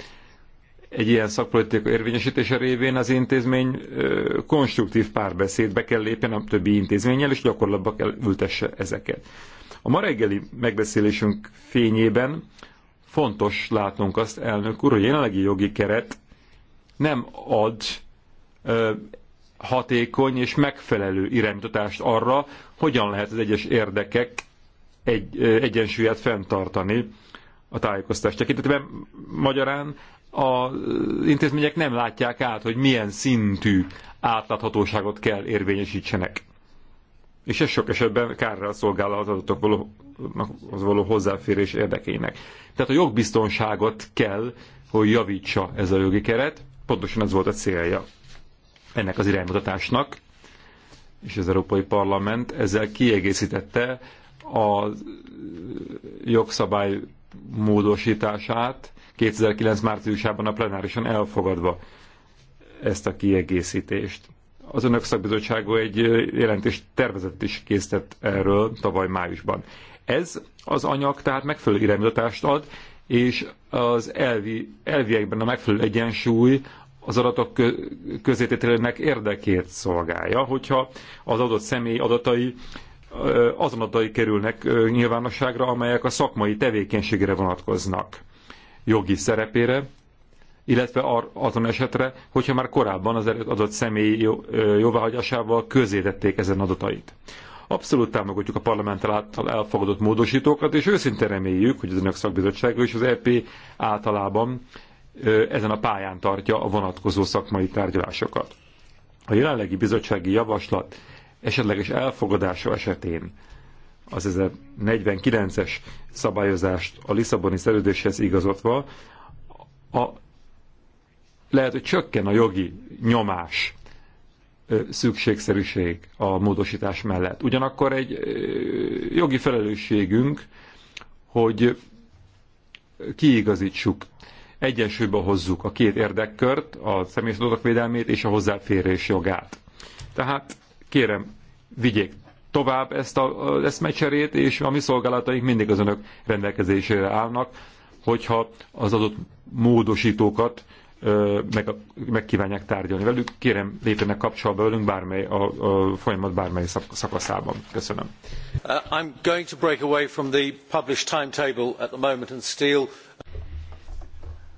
Egy ilyen szakpolitika érvényesítése révén az intézmény konstruktív párbeszédbe kell lépjen a többi intézménnyel, és gyakorlatba kell ültesse ezeket. A ma reggeli megbeszélésünk fényében Fontos látnunk azt, elnök úr, hogy a jelenlegi jogi keret nem ad ö, hatékony és megfelelő irányítatást arra, hogyan lehet az egyes érdekek egy, ö, egyensúlyát fenntartani a tájékoztatást tekintetében. Magyarán az intézmények nem látják át, hogy milyen szintű átláthatóságot kell érvényesítsenek. És ez sok esetben kárra szolgál az adatokhoz való, való hozzáférés érdekének. Tehát a jogbiztonságot kell, hogy javítsa ez a jogi keret. Pontosan ez volt a célja ennek az iránymutatásnak, és az Európai Parlament ezzel kiegészítette a jogszabály módosítását 2009. márciusában a plenárison elfogadva ezt a kiegészítést. Az Önök Szakbizottsága egy jelentést tervezett is készített erről tavaly májusban. Ez az anyag tehát megfelelő iránymutatást ad, és az elvi, elviekben a megfelelő egyensúly az adatok közétételőnek érdekét szolgálja, hogyha az adott személy adatai azon adatai kerülnek nyilvánosságra, amelyek a szakmai tevékenységére vonatkoznak, jogi szerepére, illetve azon esetre, hogyha már korábban az adott személy jóváhagyásával tették ezen adatait. Abszolút támogatjuk a parlament által elfogadott módosítókat, és őszintén reméljük, hogy az önök szakbizottsága és az EP általában ezen a pályán tartja a vonatkozó szakmai tárgyalásokat. A jelenlegi bizottsági javaslat esetleges elfogadása esetén az 49-es szabályozást a Lisszaboni szerződéshez igazodva, a, lehet, hogy csökken a jogi nyomás szükségszerűség a módosítás mellett. Ugyanakkor egy jogi felelősségünk, hogy kiigazítsuk, egyensúlyba hozzuk a két érdekkört, a személyes adatok védelmét és a hozzáférés jogát. Tehát kérem, vigyék tovább ezt a eszmecserét, és a mi szolgálataink mindig az önök rendelkezésére állnak, hogyha az adott módosítókat meg, meg kívánják tárgyalni velük. Kérem, lépjenek kapcsolatba velünk bármely, a, a folyamat bármely szakaszában. Köszönöm. Uh, I'm going to break away from the published timetable at the moment and steal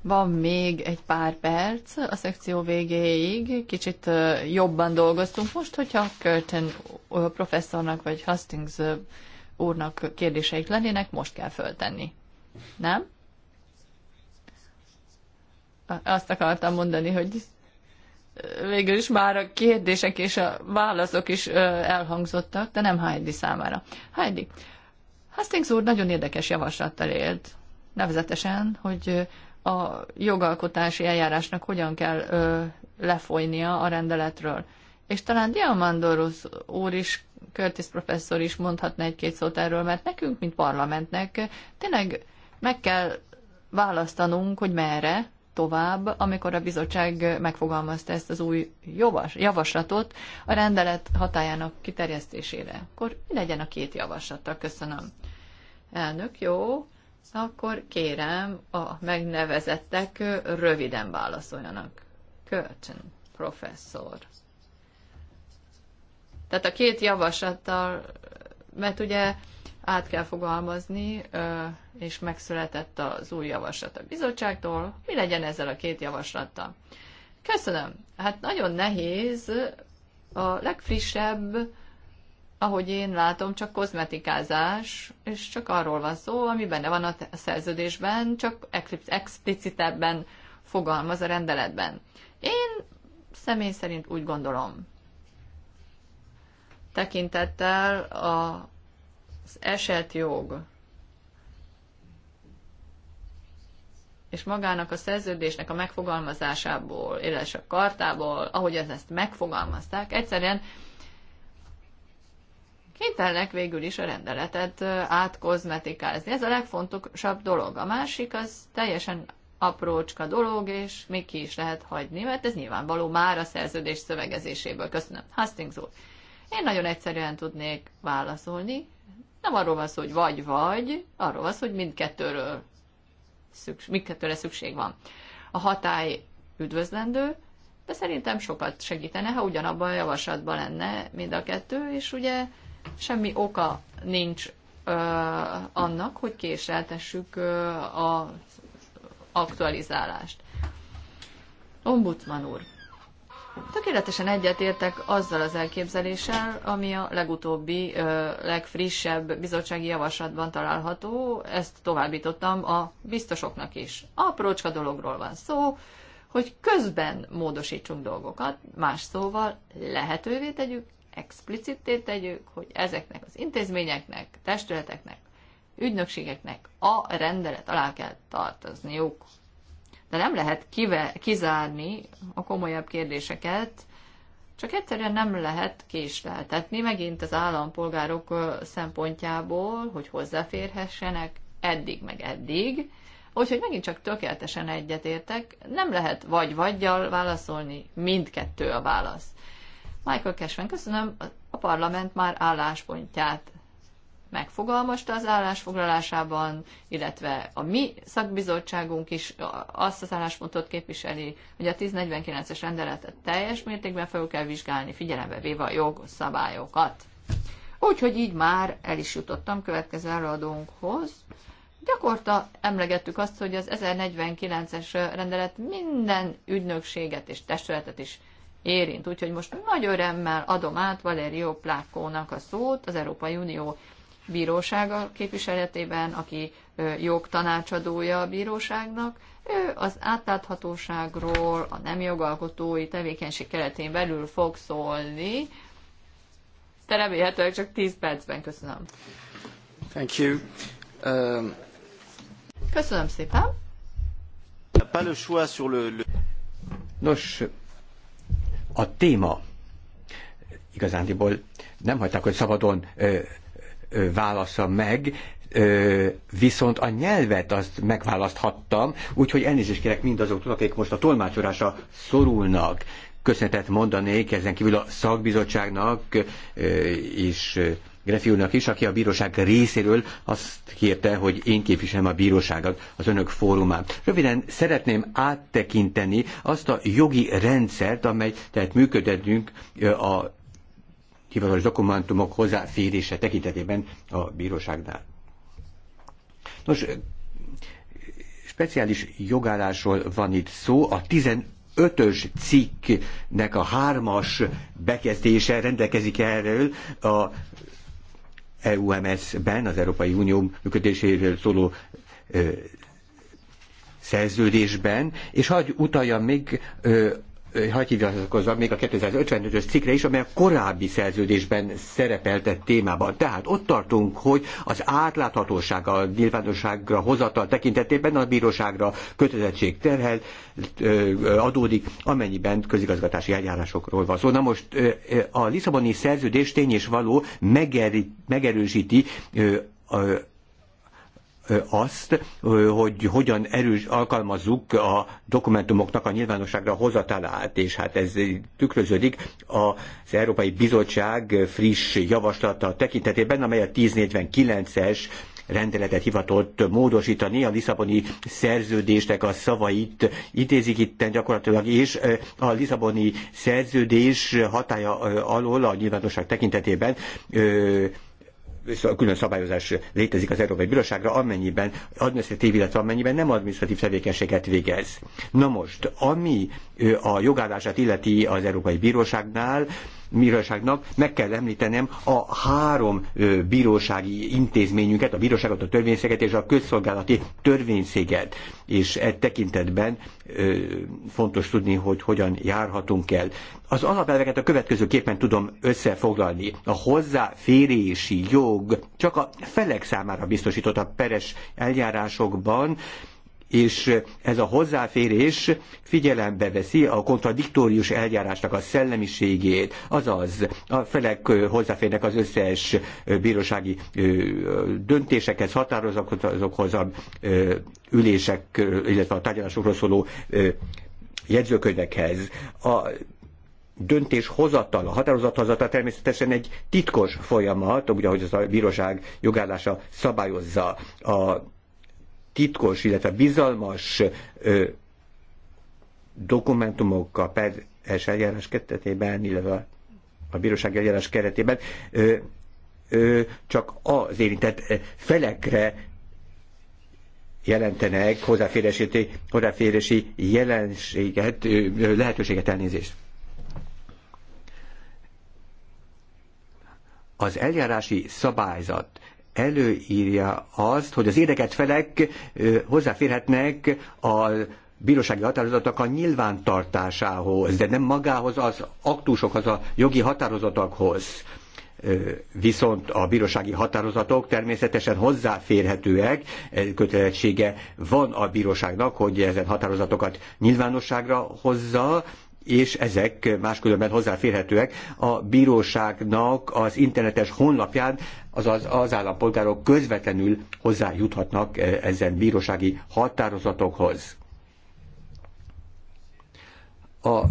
van még egy pár perc a szekció végéig, kicsit jobban dolgoztunk most, hogyha Curtin professzornak vagy Hastings úrnak kérdéseik lennének, most kell föltenni. Nem? azt akartam mondani, hogy végül is már a kérdések és a válaszok is elhangzottak, de nem Heidi számára. Heidi, Hastings úr nagyon érdekes javaslattal élt, nevezetesen, hogy a jogalkotási eljárásnak hogyan kell ö, lefolynia a rendeletről. És talán Diamandorus úr is, Curtis professzor is mondhatna egy-két szót erről, mert nekünk, mint parlamentnek tényleg meg kell választanunk, hogy merre, tovább, amikor a bizottság megfogalmazta ezt az új javas, javaslatot a rendelet hatájának kiterjesztésére. Akkor mi legyen a két javaslata? Köszönöm. Elnök, jó. Akkor kérem a megnevezettek röviden válaszoljanak. Kölcsön, professzor. Tehát a két javaslattal, mert ugye át kell fogalmazni, és megszületett az új javaslat a bizottságtól. Mi legyen ezzel a két javaslattal? Köszönöm. Hát nagyon nehéz. A legfrissebb, ahogy én látom, csak kozmetikázás, és csak arról van szó, ami benne van a szerződésben, csak explicitebben fogalmaz a rendeletben. Én személy szerint úgy gondolom, tekintettel a az eset jog és magának a szerződésnek a megfogalmazásából, illetve a kartából, ahogy ezt megfogalmazták, egyszerűen kénytelenek végül is a rendeletet átkozmetikázni. Ez a legfontosabb dolog. A másik az teljesen aprócska dolog, és még ki is lehet hagyni, mert ez nyilvánvaló már a szerződés szövegezéséből. Köszönöm. Hastings úr. Én nagyon egyszerűen tudnék válaszolni, nem arról van szó, hogy vagy-vagy, arról van szó, hogy mindkettőről szükség, mindkettőre szükség van. A hatály üdvözlendő, de szerintem sokat segítene, ha ugyanabban a javaslatban lenne mind a kettő, és ugye semmi oka nincs ö, annak, hogy késleltessük a aktualizálást. Ombudsman úr, Tökéletesen egyetértek azzal az elképzeléssel, ami a legutóbbi, legfrissebb bizottsági javaslatban található. Ezt továbbítottam a biztosoknak is. Aprócska dologról van szó, hogy közben módosítsunk dolgokat, más szóval lehetővé tegyük, explicitté tegyük, hogy ezeknek az intézményeknek, testületeknek, ügynökségeknek a rendelet alá kell tartozniuk de nem lehet kive, kizárni a komolyabb kérdéseket, csak egyszerűen nem lehet késleltetni, megint az állampolgárok szempontjából, hogy hozzáférhessenek eddig meg eddig, úgyhogy megint csak tökéletesen egyetértek, nem lehet vagy-vagyjal válaszolni, mindkettő a válasz. Michael Cashman, köszönöm, a parlament már álláspontját megfogalmazta az állásfoglalásában, illetve a mi szakbizottságunk is azt az álláspontot képviseli, hogy a 1049-es rendeletet teljes mértékben fel kell vizsgálni, figyelembe véve a jogszabályokat. Úgyhogy így már el is jutottam következő előadónkhoz. Gyakorta emlegettük azt, hogy az 1049-es rendelet minden ügynökséget és testületet is érint. Úgyhogy most nagy örömmel adom át Valerio Plákónak a szót, az Európai Unió bírósága képviseletében, aki jogtanácsadója a bíróságnak, ő az átláthatóságról, a nem jogalkotói tevékenység keretén belül fog szólni, Te remélhetőleg csak 10 percben köszönöm. Thank you. Um... Köszönöm szépen. Nos, a téma igazándiból nem hagyták, hogy szabadon válasza meg, viszont a nyelvet azt megválaszthattam, úgyhogy elnézést kérek mindazoktól, akik most a tolmácsolásra szorulnak. Köszönetet mondanék ezen kívül a szakbizottságnak és Grefi úrnak is, aki a bíróság részéről azt kérte, hogy én képviselem a bíróságot az önök fórumán. Röviden szeretném áttekinteni azt a jogi rendszert, amely tehát működhetünk a hivatalos dokumentumok hozzáférése tekintetében a bíróságnál. Nos, speciális jogállásról van itt szó, a 15-ös cikknek a hármas bekezdése rendelkezik erről a EUMS-ben, az Európai Unió működéséről szóló ö, szerződésben, és hagy utaljam még ö, hagyj hivatkozva még a 2055 ös cikkre is, amely a korábbi szerződésben szerepeltett témában. Tehát ott tartunk, hogy az átláthatóság a nyilvánosságra hozatal tekintetében a bíróságra kötelezettség terhel adódik, amennyiben közigazgatási eljárásokról van szó. Na most a Lisszaboni szerződés tény és való megerősíti azt, hogy hogyan erős alkalmazzuk a dokumentumoknak a nyilvánosságra hozatalát, és hát ez tükröződik az Európai Bizottság friss javaslata tekintetében, amely a 1049-es rendeletet hivatott módosítani, a Lisszaboni szerződésnek a szavait idézik itt gyakorlatilag, és a Lisszaboni szerződés hatája alól a nyilvánosság tekintetében külön szabályozás létezik az Európai Bíróságra, amennyiben adminisztratív, illetve amennyiben nem adminisztratív tevékenységet végez. Na most, ami a jogállását illeti az Európai Bíróságnál, bíróságnak meg kell említenem a három bírósági intézményünket, a bíróságot, a törvényszéget és a közszolgálati törvényszéget. És e tekintetben fontos tudni, hogy hogyan járhatunk el. Az alapelveket a következőképpen tudom összefoglalni. A hozzáférési jog csak a felek számára biztosított a peres eljárásokban, és ez a hozzáférés figyelembe veszi a kontradiktórius eljárásnak a szellemiségét, azaz a felek hozzáférnek az összes bírósági döntésekhez, határozatokhoz, a ülések, illetve a tárgyalásokról szóló jegyzőkönyvekhez. A döntés hozatal, a határozathozata természetesen egy titkos folyamat, ugye ahogy az a bíróság jogállása szabályozza a titkos, illetve bizalmas ö, dokumentumokkal per es eljárás kettetében, illetve a bíróság eljárás keretében ö, ö, csak az érintett felekre jelentenek hozzáférési, hozzáférési jelenséget, ö, lehetőséget elnézést. Az eljárási szabályzat előírja azt, hogy az érdeket felek hozzáférhetnek a bírósági határozatok a nyilvántartásához, de nem magához az aktusokhoz, a jogi határozatokhoz viszont a bírósági határozatok természetesen hozzáférhetőek, kötelezettsége van a bíróságnak, hogy ezen határozatokat nyilvánosságra hozza, és ezek máskülönben hozzáférhetőek a bíróságnak az internetes honlapján, azaz az állampolgárok közvetlenül hozzájuthatnak eh, ezen bírósági határozatokhoz. A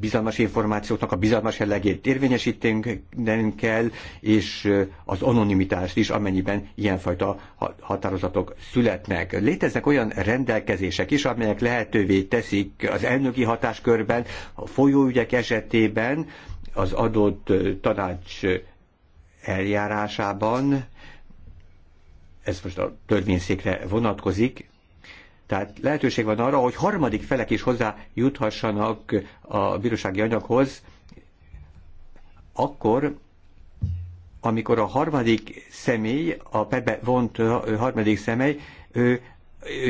bizalmas információknak a bizalmas jellegét érvényesítenünk kell, és az anonimitást is, amennyiben ilyenfajta határozatok születnek. Léteznek olyan rendelkezések is, amelyek lehetővé teszik az elnöki hatáskörben, a folyóügyek esetében, az adott tanács eljárásában, ez most a törvényszékre vonatkozik, tehát lehetőség van arra, hogy harmadik felek is hozzá juthassanak a bírósági anyaghoz, akkor, amikor a harmadik személy, a pebe vont harmadik személy, ő,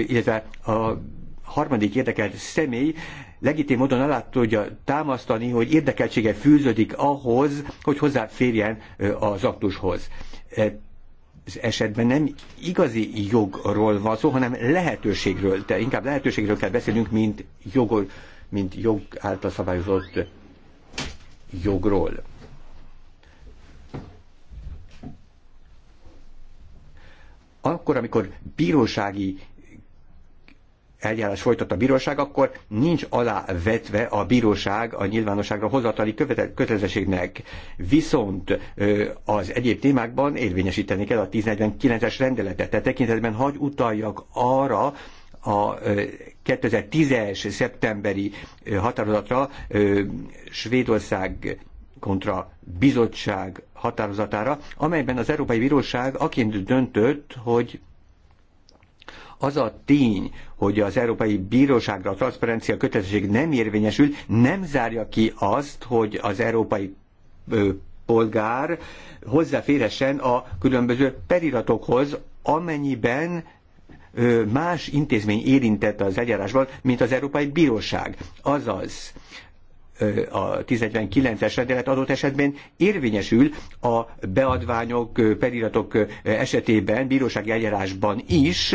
illetve a harmadik érdekelt személy legitim módon alá tudja támasztani, hogy érdekeltsége fűződik ahhoz, hogy hozzáférjen az aktushoz. E, esetben nem igazi jogról van szó, hanem lehetőségről. De inkább lehetőségről kell beszélnünk, mint jogor, mint jog által szabályozott jogról. Akkor, amikor bírósági eljárás folytat a bíróság, akkor nincs vetve a bíróság a nyilvánosságra hozatali kötelezettségnek. Viszont az egyéb témákban érvényesíteni kell a 1049-es rendeletet. Tehát tekintetben hagy utaljak arra, a 2010-es szeptemberi határozatra Svédország kontra bizottság határozatára, amelyben az Európai Bíróság aként döntött, hogy az a tény, hogy az Európai Bíróságra a transzparencia kötelezettség nem érvényesül, nem zárja ki azt, hogy az Európai polgár hozzáférhessen a különböző periratokhoz, amennyiben más intézmény érintett az eljárásban, mint az Európai Bíróság. Azaz, a 1049-es rendelet adott esetben érvényesül a beadványok, periratok esetében, bírósági eljárásban is,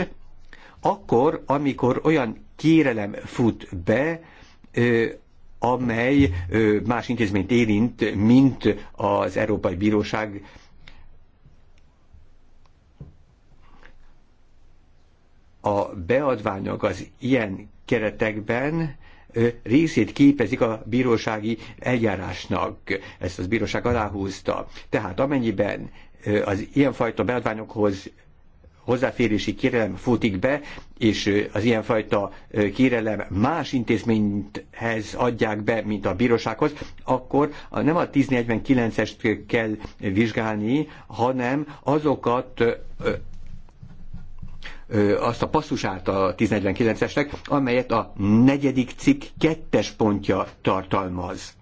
akkor, amikor olyan kérelem fut be, amely más intézményt érint, mint az Európai Bíróság a beadványok az ilyen keretekben részét képezik a bírósági eljárásnak. Ezt az bíróság aláhúzta. Tehát amennyiben az ilyenfajta beadványokhoz hozzáférési kérelem futik be, és az ilyenfajta kérelem más intézményhez adják be, mint a bírósághoz, akkor nem a 1049-est kell vizsgálni, hanem azokat azt a passzusát a 1049-esnek, amelyet a negyedik cikk kettes pontja tartalmaz.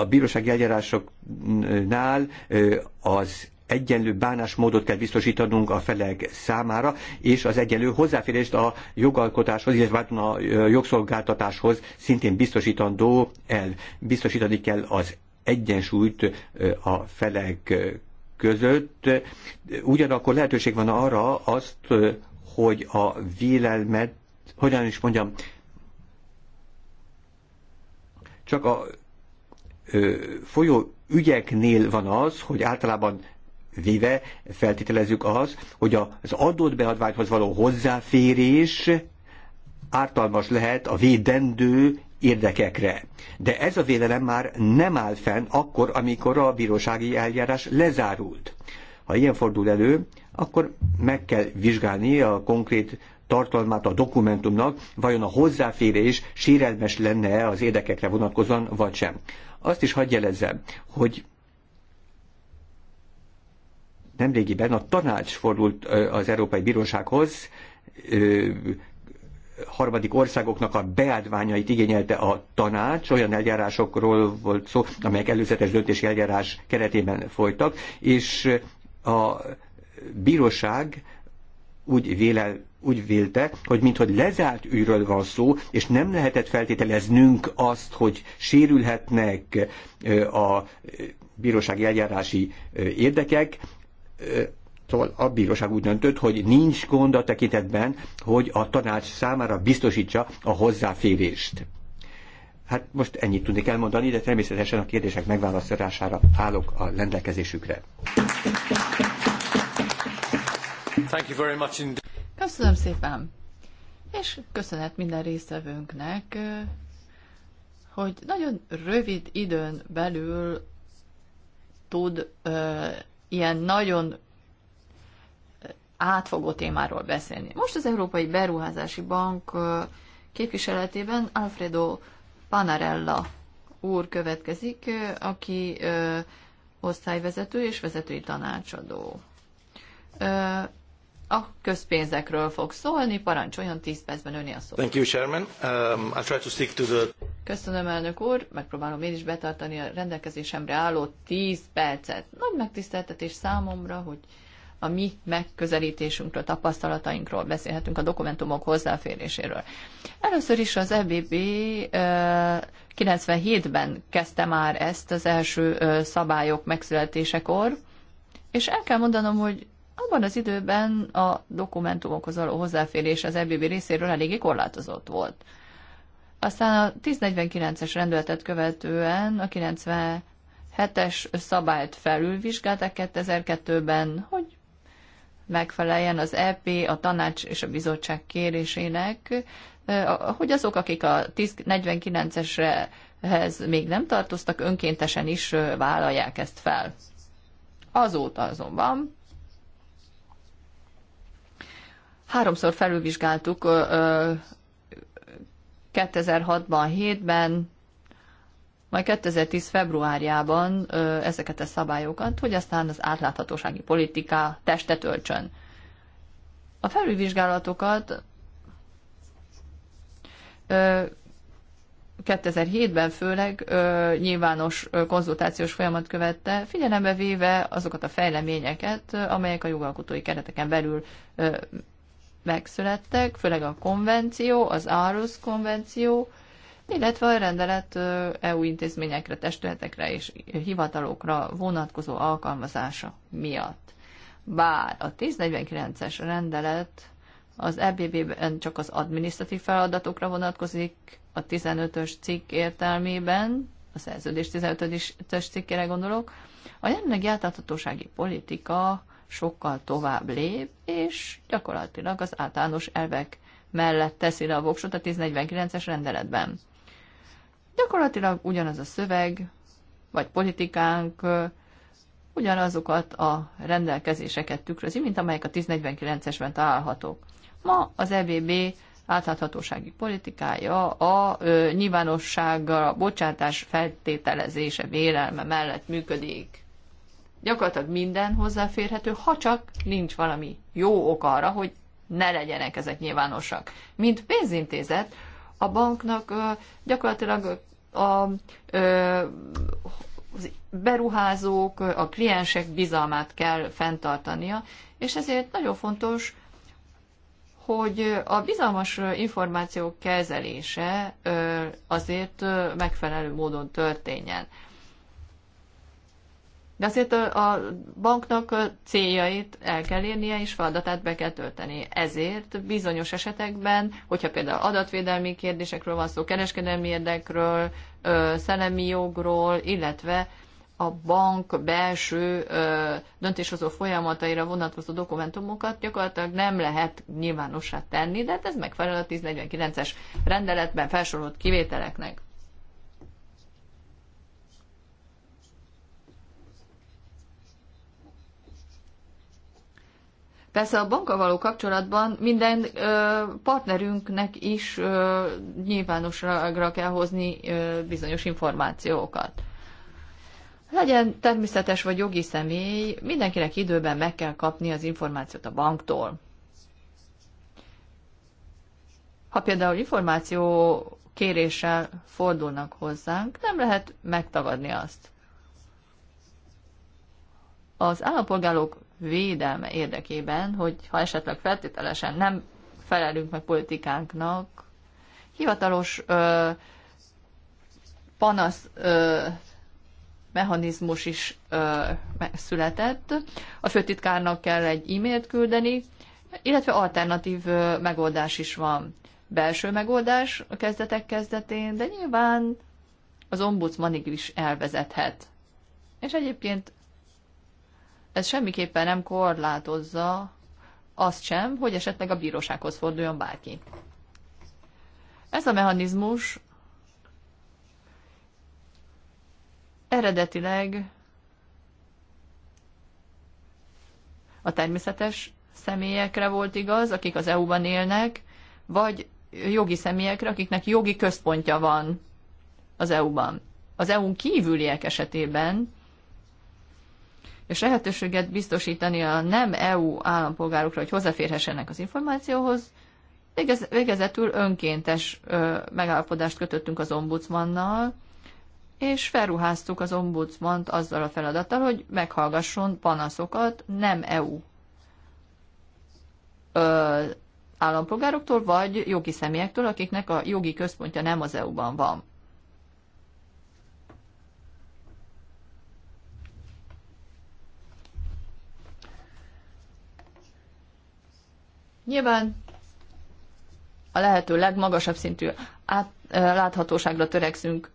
a bírósági eljárásoknál az egyenlő bánásmódot kell biztosítanunk a felek számára, és az egyenlő hozzáférést a jogalkotáshoz, illetve hát a jogszolgáltatáshoz szintén biztosítandó el. Biztosítani kell az egyensúlyt a felek között. Ugyanakkor lehetőség van arra azt, hogy a vélelmet, hogyan is mondjam, csak a folyó ügyeknél van az, hogy általában véve feltételezzük az, hogy az adott beadványhoz való hozzáférés ártalmas lehet a védendő érdekekre. De ez a vélelem már nem áll fenn akkor, amikor a bírósági eljárás lezárult. Ha ilyen fordul elő, akkor meg kell vizsgálni a konkrét tartalmát a dokumentumnak, vajon a hozzáférés sérelmes lenne az érdekekre vonatkozóan, vagy sem. Azt is hagyj jelezzem, hogy nemrégiben a tanács fordult az Európai Bírósághoz, harmadik országoknak a beadványait igényelte a tanács, olyan eljárásokról volt szó, amelyek előzetes döntési eljárás keretében folytak, és a bíróság úgy vélel, úgy vélte, hogy minthogy lezárt űről van szó, és nem lehetett feltételeznünk azt, hogy sérülhetnek a bírósági eljárási érdekek, Szóval a bíróság úgy döntött, hogy nincs gond a tekintetben, hogy a tanács számára biztosítsa a hozzáférést. Hát most ennyit tudnék elmondani, de természetesen a kérdések megválaszolására állok a rendelkezésükre. Thank you very much indeed. Köszönöm szépen! És köszönet minden résztvevőnknek, hogy nagyon rövid időn belül tud ö, ilyen nagyon átfogó témáról beszélni. Most az Európai Beruházási Bank képviseletében Alfredo Panarella úr következik, aki ö, osztályvezető és vezetői tanácsadó. Ö, a közpénzekről fog szólni, parancsoljon 10 percben öné a szó. Thank you, Chairman. Um, I'll try to stick to the... Köszönöm, elnök úr. Megpróbálom én is betartani a rendelkezésemre álló 10 percet. Nagy megtiszteltetés számomra, hogy a mi megközelítésünkről, tapasztalatainkról beszélhetünk a dokumentumok hozzáféréséről. Először is az EBB 97-ben kezdte már ezt az első szabályok megszületésekor, és el kell mondanom, hogy abban az időben a dokumentumokhoz való hozzáférés az EBB részéről eléggé korlátozott volt. Aztán a 1049-es rendeletet követően a 97-es szabályt felülvizsgálták 2002-ben, hogy megfeleljen az EP, a tanács és a bizottság kérésének, hogy azok, akik a 1049-eshez még nem tartoztak, önkéntesen is vállalják ezt fel. Azóta azonban Háromszor felülvizsgáltuk 2006-ban, 7-ben, majd 2010 februárjában ezeket a szabályokat, hogy aztán az átláthatósági politika testet öltsön. A felülvizsgálatokat 2007-ben főleg nyilvános konzultációs folyamat követte, figyelembe véve azokat a fejleményeket, amelyek a jogalkotói kereteken belül megszülettek, főleg a konvenció, az ARUS konvenció, illetve a rendelet EU intézményekre, testületekre és hivatalokra vonatkozó alkalmazása miatt. Bár a 1049-es rendelet az EBB-ben csak az adminisztratív feladatokra vonatkozik, a 15-ös cikk értelmében, a szerződés 15-ös cikkére gondolok, a jelenlegi átláthatósági politika sokkal tovább lép, és gyakorlatilag az általános elvek mellett teszi le a voksot a 1049-es rendeletben. Gyakorlatilag ugyanaz a szöveg, vagy politikánk ugyanazokat a rendelkezéseket tükrözi, mint amelyek a 1049-esben találhatók. Ma az EBB átláthatósági politikája a ö, a bocsátás feltételezése, vélelme mellett működik. Gyakorlatilag minden hozzáférhető, ha csak nincs valami jó ok arra, hogy ne legyenek ezek nyilvánosak. Mint pénzintézet, a banknak gyakorlatilag a, beruházók, a kliensek bizalmát kell fenntartania, és ezért nagyon fontos, hogy a bizalmas információk kezelése azért megfelelő módon történjen. De azért a banknak céljait el kell érnie, és feladatát be kell tölteni. Ezért bizonyos esetekben, hogyha például adatvédelmi kérdésekről van szó, kereskedelmi érdekről, szellemi jogról, illetve a bank belső ö, döntéshozó folyamataira vonatkozó dokumentumokat gyakorlatilag nem lehet nyilvánossá tenni, de hát ez megfelel a 1049-es rendeletben felsorolt kivételeknek. Persze a banka való kapcsolatban minden ö, partnerünknek is ö, nyilvánosra kell hozni ö, bizonyos információkat. Legyen természetes vagy jogi személy, mindenkinek időben meg kell kapni az információt a banktól. Ha például információ kéréssel fordulnak hozzánk, nem lehet megtagadni azt. Az állampolgárok védelme érdekében, hogy ha esetleg feltételesen nem felelünk meg politikánknak, hivatalos ö, panasz ö, mechanizmus is ö, született. A főtitkárnak kell egy e-mailt küldeni, illetve alternatív ö, megoldás is van. Belső megoldás a kezdetek kezdetén, de nyilván az ombudsmanig is elvezethet. És egyébként ez semmiképpen nem korlátozza azt sem, hogy esetleg a bírósághoz forduljon bárki. Ez a mechanizmus eredetileg a természetes személyekre volt igaz, akik az EU-ban élnek, vagy jogi személyekre, akiknek jogi központja van az EU-ban. Az EU-n kívüliek esetében és lehetőséget biztosítani a nem EU állampolgárokra, hogy hozzáférhessenek az információhoz. Végez, végezetül önkéntes ö, megállapodást kötöttünk az ombudsmannal, és felruháztuk az ombudsmant azzal a feladattal, hogy meghallgasson panaszokat nem EU ö, állampolgároktól, vagy jogi személyektől, akiknek a jogi központja nem az EU-ban van. Nyilván a lehető legmagasabb szintű át, láthatóságra törekszünk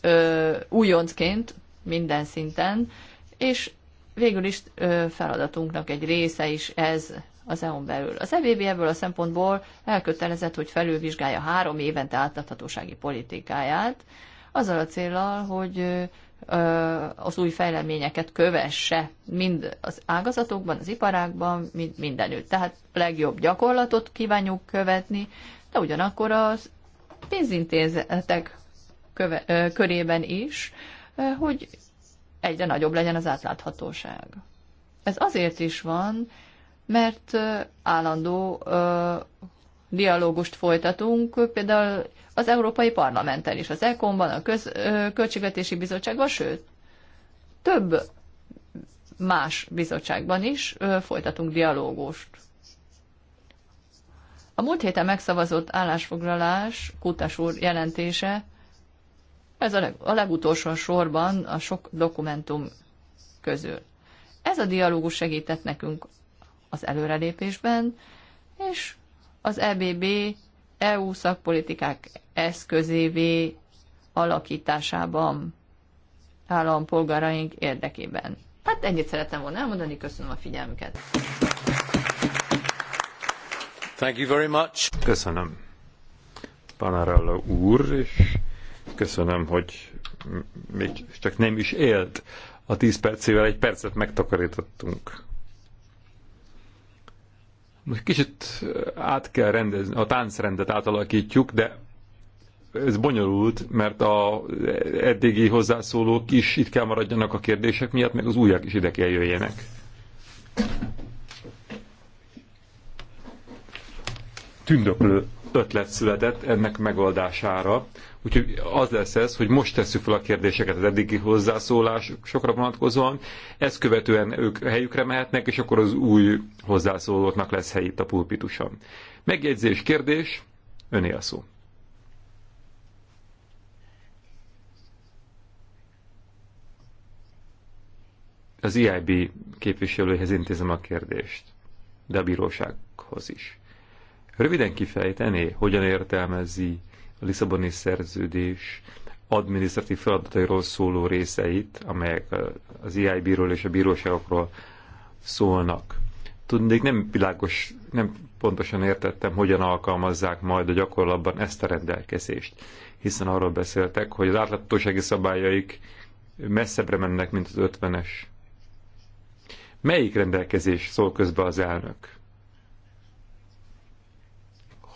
ö, újoncként minden szinten, és végül is ö, feladatunknak egy része is ez az EON belül. Az EVB ebből a szempontból elkötelezett, hogy felülvizsgálja három évente átláthatósági politikáját, azzal a célral, hogy az új fejleményeket kövesse, mind az ágazatokban, az iparákban, mind mindenütt. Tehát legjobb gyakorlatot kívánjuk követni, de ugyanakkor az pénzintézetek köve, körében is, hogy egyre nagyobb legyen az átláthatóság. Ez azért is van, mert állandó dialógust folytatunk, például az Európai Parlamenten is, az econ ban a Köz, Költségvetési Bizottságban, sőt, több más bizottságban is folytatunk dialógust. A múlt héten megszavazott állásfoglalás, Kutas úr jelentése, ez a, leg, a legutolsó sorban a sok dokumentum közül. Ez a dialógus segített nekünk az előrelépésben, és az EBB EU szakpolitikák eszközévé alakításában állampolgáraink érdekében. Hát ennyit szeretem volna elmondani, köszönöm a figyelmüket. Thank you very much. Köszönöm. Panarello úr, és köszönöm, hogy még csak nem is élt a tíz percével, egy percet megtakarítottunk. Most kicsit eh, át kell rendezni, a táncrendet átalakítjuk, de ez bonyolult, mert a eddigi hozzászólók is itt kell maradjanak a kérdések miatt, meg az újak is ide kell jöjjenek. Tündöklő ötlet született ennek megoldására. Úgyhogy az lesz ez, hogy most tesszük fel a kérdéseket az eddigi hozzászólásokra vonatkozóan, ezt követően ők helyükre mehetnek, és akkor az új hozzászólóknak lesz hely itt a pulpituson. Megjegyzés, kérdés, öné a szó. Az e IIB képviselőhez intézem a kérdést, de a bírósághoz is. Röviden kifejtené, hogyan értelmezi a Lisszaboni szerződés adminisztratív feladatairól szóló részeit, amelyek az EIB-ról és a bíróságokról szólnak. Tudnék, nem világos, nem pontosan értettem, hogyan alkalmazzák majd a gyakorlatban ezt a rendelkezést, hiszen arról beszéltek, hogy az átláthatósági szabályaik messzebbre mennek, mint az ötvenes. Melyik rendelkezés szól közben az elnök?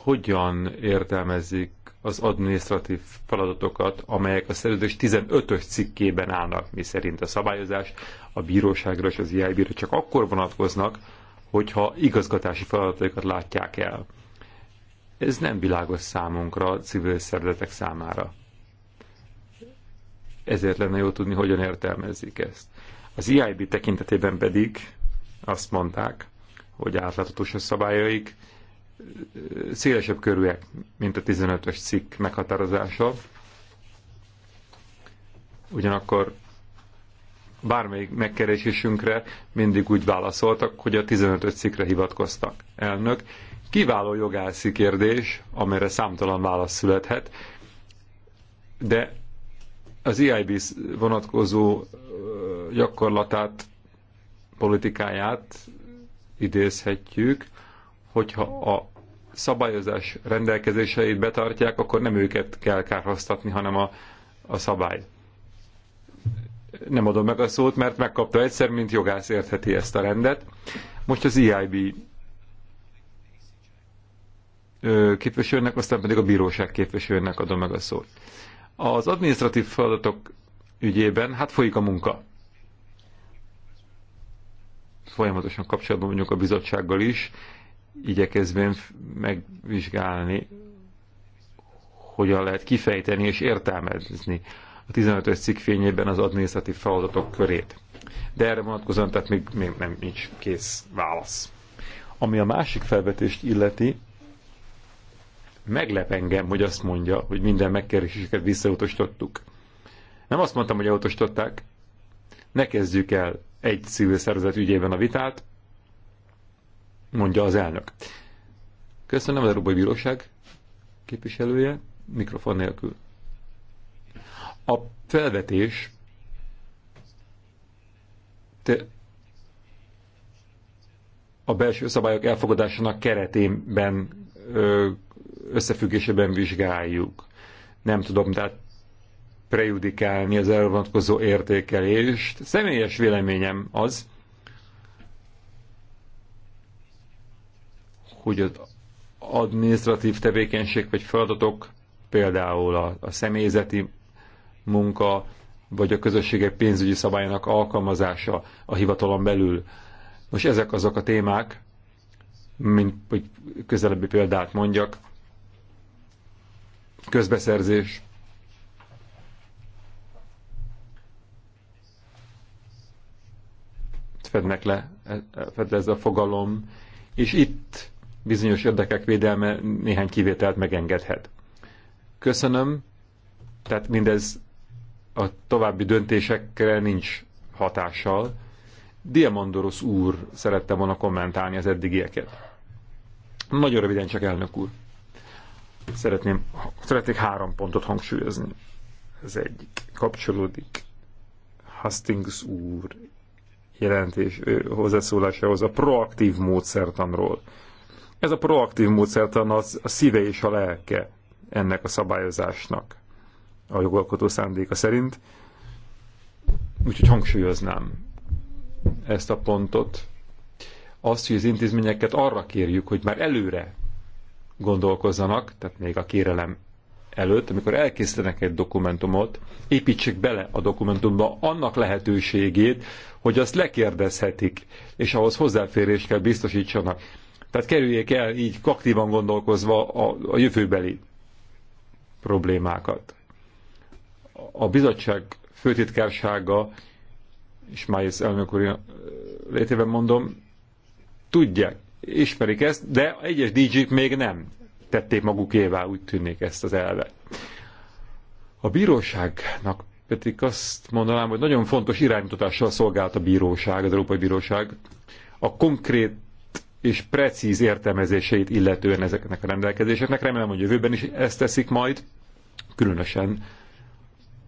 hogyan értelmezik az adminisztratív feladatokat, amelyek a szerződés 15-ös cikkében állnak, mi szerint a szabályozás a bíróságra és az IAB-ra csak akkor vonatkoznak, hogyha igazgatási feladatokat látják el. Ez nem világos számunkra, civil szervezetek számára. Ezért lenne jó tudni, hogyan értelmezik ezt. Az IIB tekintetében pedig azt mondták, hogy átláthatós a szabályaik, szélesebb körűek, mint a 15-ös cikk meghatározása. Ugyanakkor bármelyik megkeresésünkre mindig úgy válaszoltak, hogy a 15-ös cikkre hivatkoztak. Elnök, kiváló jogászi kérdés, amire számtalan válasz születhet, de az EIB vonatkozó gyakorlatát, politikáját idézhetjük, hogyha a szabályozás rendelkezéseit betartják, akkor nem őket kell kárhoztatni, hanem a, a szabály. Nem adom meg a szót, mert megkapta egyszer, mint jogász értheti ezt a rendet. Most az EIB képviselőnek, aztán pedig a bíróság képviselőnek adom meg a szót. Az administratív feladatok ügyében hát folyik a munka. Folyamatosan kapcsolatban vagyunk a bizottsággal is, igyekezvén megvizsgálni, hogyan lehet kifejteni és értelmezni a 15-ös cikk fényében az adminisztratív feladatok körét. De erre vonatkozóan tehát még, még nem nincs kész válasz. Ami a másik felvetést illeti, meglep engem, hogy azt mondja, hogy minden megkereséseket visszautasítottuk. Nem azt mondtam, hogy elutasították. Ne kezdjük el egy civil szervezet ügyében a vitát mondja az elnök. Köszönöm, az Európai Bíróság képviselője, mikrofon nélkül. A felvetés te a belső szabályok elfogadásának keretében összefüggésében vizsgáljuk. Nem tudom, tehát prejudikálni az elvonatkozó értékelést. Személyes véleményem az, hogy az administratív tevékenység vagy feladatok, például a, a személyzeti munka, vagy a közösségek pénzügyi szabályának alkalmazása a hivatalon belül. Most ezek azok a témák, mint hogy közelebbi példát mondjak, közbeszerzés, fednek le, fed le ez a fogalom, és itt bizonyos érdekek védelme néhány kivételt megengedhet. Köszönöm, tehát mindez a további döntésekre nincs hatással. Diamandoros úr szerette volna kommentálni az eddigieket. Nagyon röviden csak elnök úr. Szeretném, szeretnék három pontot hangsúlyozni. Az egyik kapcsolódik Hastings úr jelentés hozzászólásához a proaktív módszertanról ez a proaktív módszertan az a szíve és a lelke ennek a szabályozásnak a jogalkotó szándéka szerint. Úgyhogy hangsúlyoznám ezt a pontot. Azt, hogy az intézményeket arra kérjük, hogy már előre gondolkozzanak, tehát még a kérelem előtt, amikor elkészítenek egy dokumentumot, építsék bele a dokumentumba annak lehetőségét, hogy azt lekérdezhetik, és ahhoz hozzáférést kell biztosítsanak. Tehát kerüljék el így aktívan gondolkozva a, a jövőbeli problémákat. A bizottság főtitkársága, és Májész elnök úr létében mondom, tudják, ismerik ezt, de egyes dj még nem tették magukévá, úgy tűnik ezt az elvet. A bíróságnak pedig azt mondanám, hogy nagyon fontos iránymutatással szolgált a bíróság, az Európai Bíróság, a konkrét és precíz értelmezéseit illetően ezeknek a rendelkezéseknek. Remélem, hogy jövőben is ezt teszik majd, különösen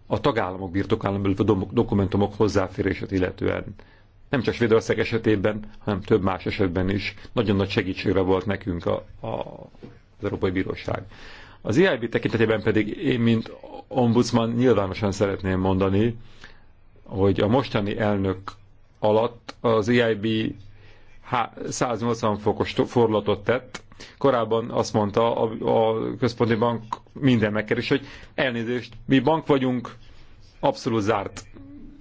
a tagállamok birtokában a dokumentumok hozzáférését illetően. Nem csak Svédország esetében, hanem több más esetben is nagyon nagy segítségre volt nekünk a, a, az Európai Bíróság. Az EIB tekintetében pedig én, mint ombudsman nyilvánosan szeretném mondani, hogy a mostani elnök alatt az EIB 180 fokos forlatot tett. Korábban azt mondta a, a központi bank minden megkeres, hogy elnézést, mi bank vagyunk, abszolút zárt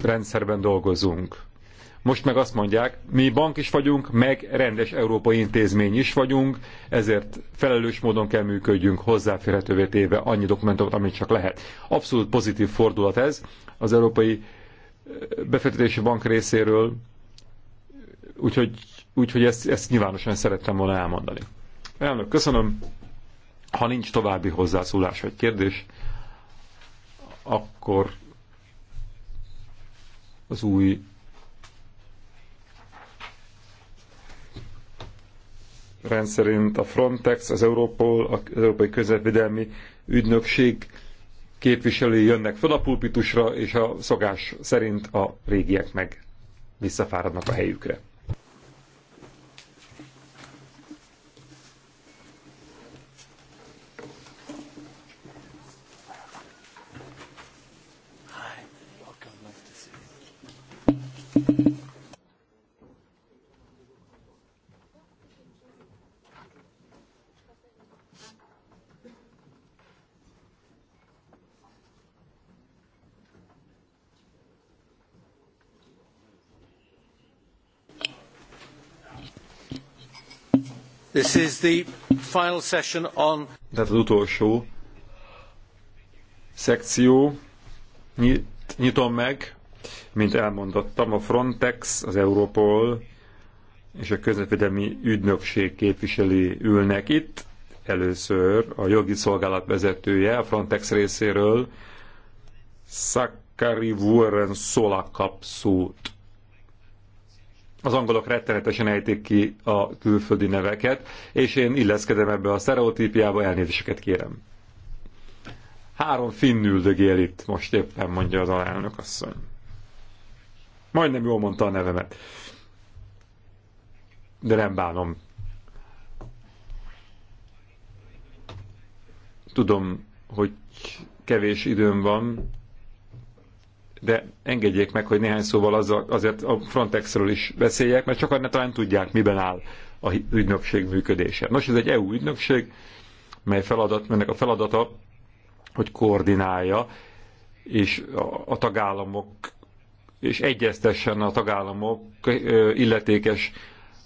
rendszerben dolgozunk. Most meg azt mondják, mi bank is vagyunk, meg rendes európai intézmény is vagyunk, ezért felelős módon kell működjünk, hozzáférhetővé téve annyi dokumentumot, amit csak lehet. Abszolút pozitív fordulat ez az Európai Befektetési Bank részéről, úgyhogy Úgyhogy ezt, ezt nyilvánosan szerettem volna elmondani. Elnök, köszönöm. Ha nincs további hozzászólás vagy kérdés, akkor az új rendszerint a Frontex, az Europol, az Európai Közvetvédelmi Ügynökség képviselői jönnek fel a pulpitusra, és a szokás szerint a régiek meg visszafáradnak a helyükre. This is the final session on... Tehát az utolsó szekció. Nyit, nyitom meg, mint elmondottam, a Frontex, az Europol és a közvetvédelmi ügynökség képviselői ülnek itt. Először a jogi szolgálat vezetője a Frontex részéről, Szakari Vuoren Szolakap az angolok rettenetesen ejtik ki a külföldi neveket, és én illeszkedem ebbe a sztereotípiába, elnézéseket kérem. Három finn üldögél itt most éppen, mondja az alelnök asszony. Majdnem jól mondta a nevemet. De nem bánom. Tudom, hogy kevés időm van, de engedjék meg, hogy néhány szóval az a, azért a Frontexről is beszéljek, mert sokan talán tudják, miben áll a ügynökség működése. Nos, ez egy EU ügynökség, mely feladat, melynek a feladata, hogy koordinálja és a, a tagállamok és egyeztessen a tagállamok illetékes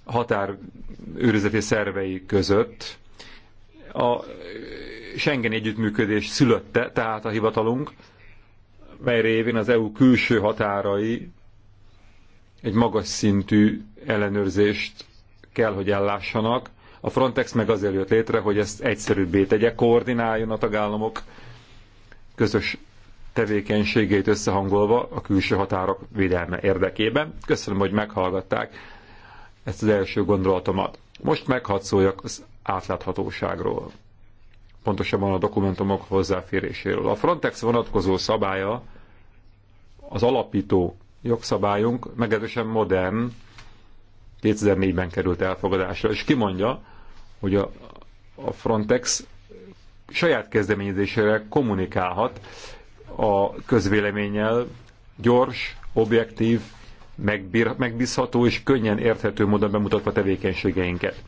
határőrizeti szervei között. A Schengen együttműködés szülötte, tehát a hivatalunk, mely révén az EU külső határai egy magas szintű ellenőrzést kell, hogy ellássanak. A Frontex meg azért jött létre, hogy ezt egyszerűbbé tegye, koordináljon a tagállamok közös tevékenységét összehangolva a külső határok védelme érdekében. Köszönöm, hogy meghallgatták ezt az első gondolatomat. Most meghatszoljak az átláthatóságról pontosabban a dokumentumok hozzáféréséről. A Frontex vonatkozó szabálya, az alapító jogszabályunk meglehetősen modern, 2004-ben került elfogadásra, és kimondja, hogy a, a Frontex saját kezdeményezésére kommunikálhat a közvéleménnyel gyors, objektív, megbír, megbízható és könnyen érthető módon bemutatva tevékenységeinket.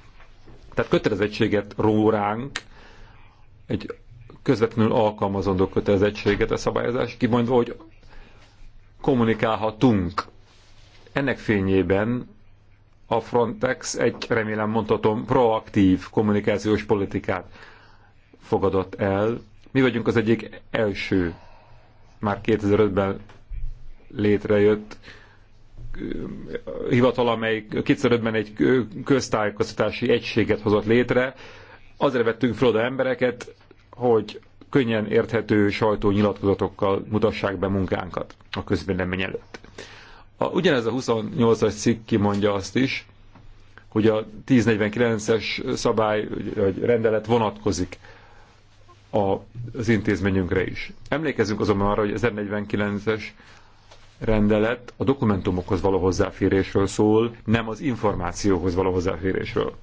Tehát kötelezettséget ró ránk, egy közvetlenül alkalmazandó kötelezettséget a szabályozás, kimondva, hogy kommunikálhatunk. Ennek fényében a Frontex egy, remélem mondhatom, proaktív kommunikációs politikát fogadott el. Mi vagyunk az egyik első, már 2005-ben létrejött hivatal, amely 2005-ben egy köztájékoztatási egységet hozott létre, Azért vettünk fel oda embereket, hogy könnyen érthető sajtónyilatkozatokkal mutassák be munkánkat a közvélemény előtt. A, ugyanez a 28-as cikk kimondja azt is, hogy a 1049-es szabály vagy rendelet vonatkozik a, az intézményünkre is. Emlékezzünk azonban arra, hogy a 1049-es rendelet a dokumentumokhoz való hozzáférésről szól, nem az információhoz való hozzáférésről.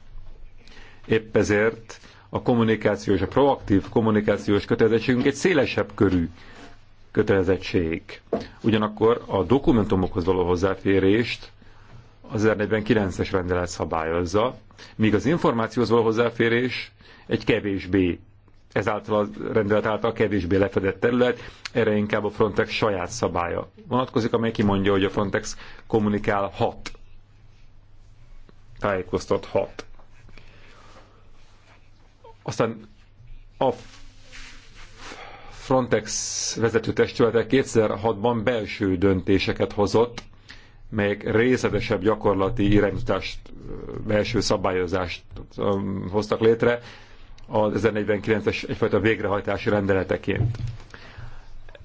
Épp ezért a kommunikációs, a proaktív kommunikációs kötelezettségünk egy szélesebb körű kötelezettség. Ugyanakkor a dokumentumokhoz való hozzáférést az 1049-es rendelet szabályozza, míg az információhoz való hozzáférés egy kevésbé, ezáltal a rendelet által kevésbé lefedett terület, erre inkább a Frontex saját szabálya vonatkozik, amely kimondja, hogy a Frontex kommunikálhat, tájékoztathat. Aztán a Frontex vezető testülete 2006-ban belső döntéseket hozott, melyek részletesebb gyakorlati irányítást, belső szabályozást um, hoztak létre az 1049-es egyfajta végrehajtási rendeleteként.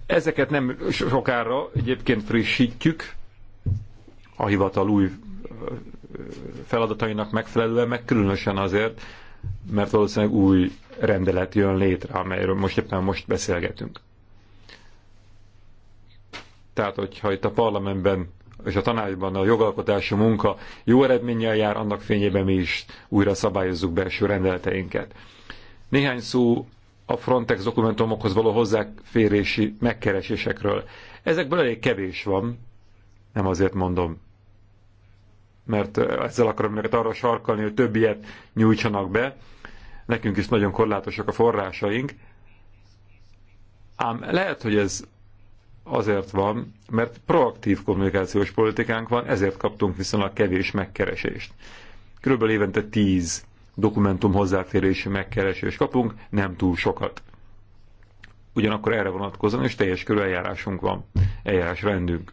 Ezeket nem sokára egyébként frissítjük, a hivatal új feladatainak megfelelően, meg különösen azért, mert valószínűleg új rendelet jön létre, amelyről most éppen most beszélgetünk. Tehát, hogyha itt a parlamentben és a tanácsban a jogalkotási munka jó eredménnyel jár, annak fényében mi is újra szabályozzuk belső rendeleteinket. Néhány szó a Frontex dokumentumokhoz való hozzáférési megkeresésekről. Ezekből elég kevés van, nem azért mondom, mert ezzel akarom őket arra sarkalni, hogy többiet nyújtsanak be. Nekünk is nagyon korlátosak a forrásaink. Ám lehet, hogy ez azért van, mert proaktív kommunikációs politikánk van, ezért kaptunk viszonylag kevés megkeresést. Körülbelül évente tíz dokumentum hozzáférési megkeresést kapunk, nem túl sokat. Ugyanakkor erre vonatkozóan és teljes körű eljárásunk van, eljárásrendünk.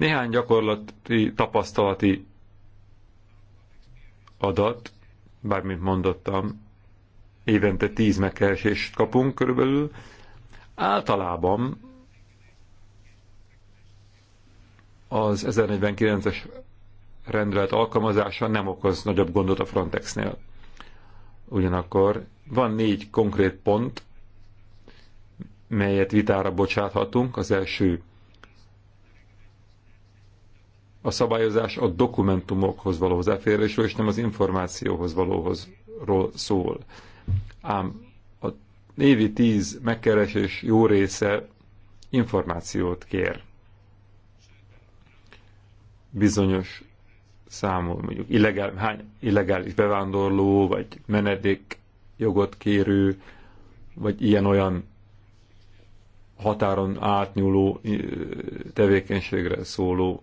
Néhány gyakorlati, tapasztalati adat, bármint mondottam, évente tíz megkeresést kapunk körülbelül. Általában az 1049-es rendelet alkalmazása nem okoz nagyobb gondot a Frontexnél. Ugyanakkor van négy konkrét pont, melyet vitára bocsáthatunk. Az első a szabályozás a dokumentumokhoz való hozzáférésről, és nem az információhoz valóhoz szól. Ám a évi tíz megkeresés jó része információt kér. Bizonyos számú, mondjuk illegál, hány illegális bevándorló, vagy menedék jogot kérő, vagy ilyen-olyan határon átnyúló tevékenységre szóló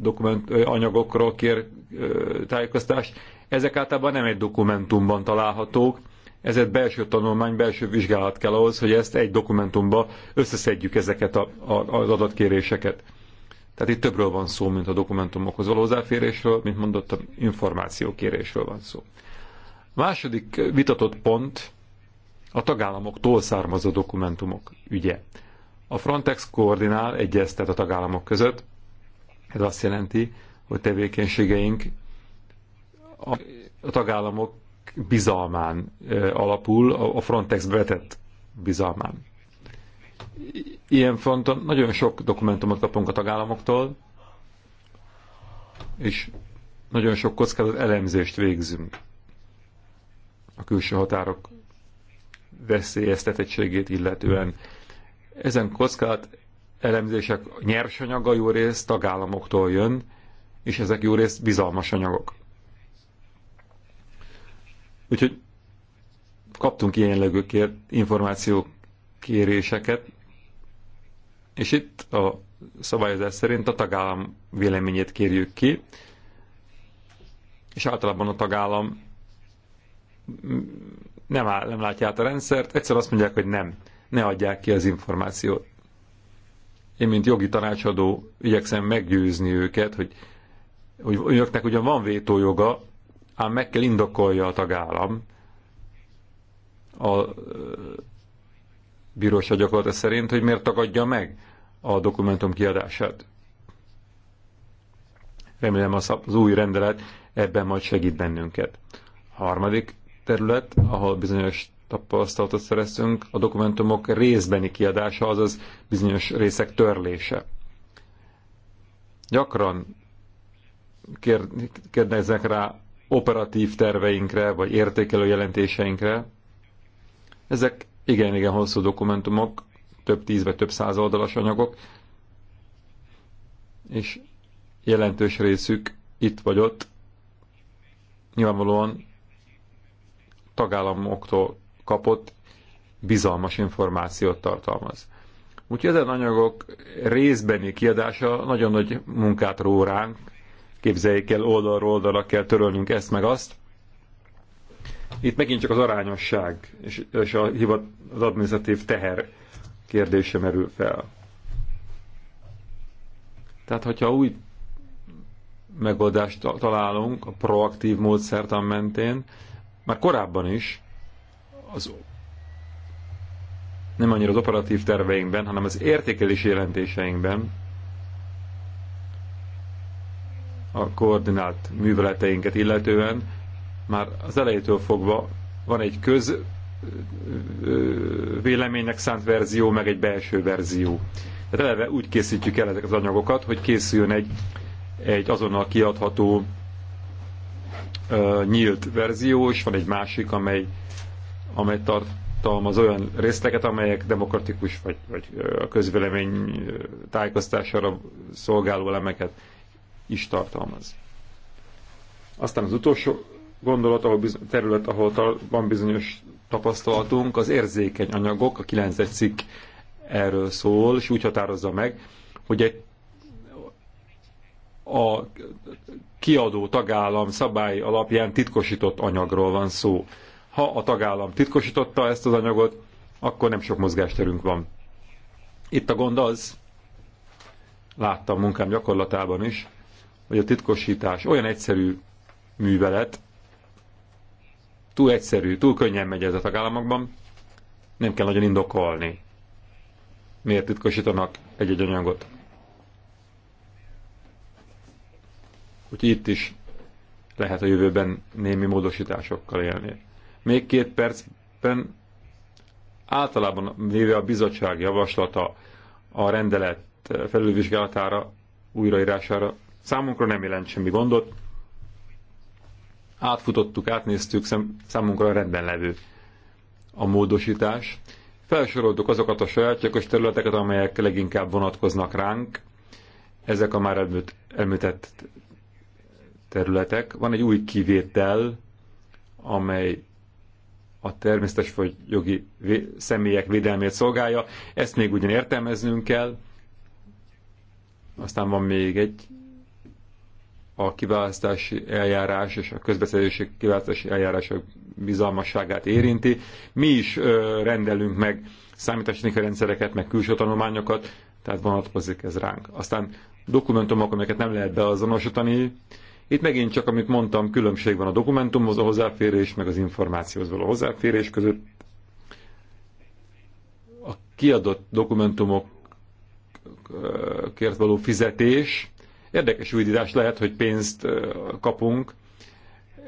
dokument, anyagokról kér tájékoztatást. Ezek általában nem egy dokumentumban találhatók, ezért belső tanulmány, belső vizsgálat kell ahhoz, hogy ezt egy dokumentumba összeszedjük ezeket a, a, az adatkéréseket. Tehát itt többről van szó, mint a dokumentumokhoz való hozzáférésről, mint mondottam, információkérésről van szó. A második vitatott pont a tagállamoktól származó dokumentumok ügye. A Frontex koordinál, egyeztet a tagállamok között, ez azt jelenti, hogy tevékenységeink a tagállamok bizalmán alapul, a Frontex vetett bizalmán. Ilyen fronton nagyon sok dokumentumot kapunk a tagállamoktól, és nagyon sok kockázat elemzést végzünk a külső határok veszélyeztetettségét illetően. Ezen kockázat elemzések nyersanyaga jó részt tagállamoktól jön, és ezek jó részt bizalmas anyagok. Úgyhogy kaptunk ilyen legőkért információk kéréseket, és itt a szabályozás szerint a tagállam véleményét kérjük ki, és általában a tagállam nem, áll, nem látja át a rendszert, egyszer azt mondják, hogy nem, ne adják ki az információt. Én, mint jogi tanácsadó, igyekszem meggyőzni őket, hogy, hogy önöknek ugyan van vétójoga, ám meg kell indokolja a tagállam a bíróság gyakorlata szerint, hogy miért tagadja meg a dokumentum kiadását. Remélem az új rendelet ebben majd segít bennünket. Harmadik terület, ahol bizonyos tapasztalatot szereztünk, a dokumentumok részbeni kiadása, azaz bizonyos részek törlése. Gyakran kérdeznek rá operatív terveinkre, vagy értékelő jelentéseinkre. Ezek igen-igen hosszú dokumentumok, több tíz vagy több száz oldalas anyagok, és jelentős részük itt vagy ott nyilvánvalóan tagállamoktól kapott bizalmas információt tartalmaz. Úgyhogy ezen anyagok részbeni kiadása nagyon nagy munkát ró ránk, képzeljék el oldalról oldalra kell törölnünk ezt meg azt. Itt megint csak az arányosság és, a hivat, az administratív teher kérdése merül fel. Tehát, hogyha új megoldást találunk a proaktív módszertan mentén, már korábban is az nem annyira az operatív terveinkben, hanem az értékelési jelentéseinkben a koordinált műveleteinket illetően már az elejétől fogva van egy köz véleménynek szánt verzió, meg egy belső verzió. Tehát eleve úgy készítjük el ezeket az anyagokat, hogy készüljön egy, egy azonnal kiadható uh, nyílt verzió, és van egy másik, amely amely tartalmaz olyan részleket, amelyek demokratikus vagy, vagy a közvélemény tájékoztására szolgáló elemeket is tartalmaz. Aztán az utolsó gondolat, ahol bizony, terület, ahol van bizonyos tapasztalatunk, az érzékeny anyagok, a 9 cikk erről szól, és úgy határozza meg, hogy egy a kiadó tagállam szabály alapján titkosított anyagról van szó. Ha a tagállam titkosította ezt az anyagot, akkor nem sok mozgásterünk van. Itt a gond az, láttam munkám gyakorlatában is, hogy a titkosítás olyan egyszerű művelet, túl egyszerű, túl könnyen megy ez a tagállamokban, nem kell nagyon indokolni, miért titkosítanak egy-egy anyagot. Úgyhogy itt is lehet a jövőben némi módosításokkal élni. Még két percben általában véve a bizottság javaslata a rendelet felülvizsgálatára, újraírására számunkra nem jelent semmi gondot. Átfutottuk, átnéztük számunkra rendben levő a módosítás. Felsoroltuk azokat a sajátjákos területeket, amelyek leginkább vonatkoznak ránk. Ezek a már elműt, elműtett területek. Van egy új kivétel, amely a természetes vagy jogi személyek védelmét szolgálja. Ezt még ugyan értelmeznünk kell. Aztán van még egy a kiválasztási eljárás és a közbeszerzési kiválasztási eljárások bizalmasságát érinti. Mi is ö, rendelünk meg számítástechnikai rendszereket, meg külső tanulmányokat, tehát vonatkozik ez ránk. Aztán dokumentumok, amiket nem lehet beazonosítani, itt megint csak, amit mondtam, különbség van a dokumentumhoz a hozzáférés, meg az információhoz való hozzáférés között. A kiadott dokumentumokért való fizetés érdekes újítás lehet, hogy pénzt kapunk,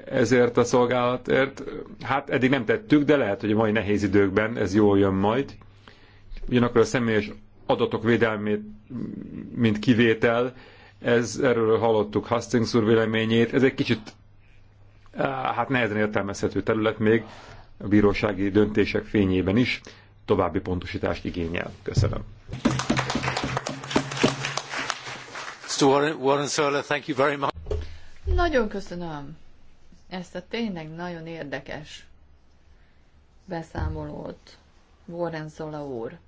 ezért a szolgálatért. Hát eddig nem tettük, de lehet, hogy a mai nehéz időkben ez jól jön majd. Ugyanakkor a személyes adatok védelmét, mint kivétel, ez, erről hallottuk Hastings úr véleményét. Ez egy kicsit hát nehezen értelmezhető terület még a bírósági döntések fényében is további pontosítást igényel. Köszönöm. Warren thank you very much. Nagyon köszönöm ezt a tényleg nagyon érdekes beszámolót, Warren Zola úr.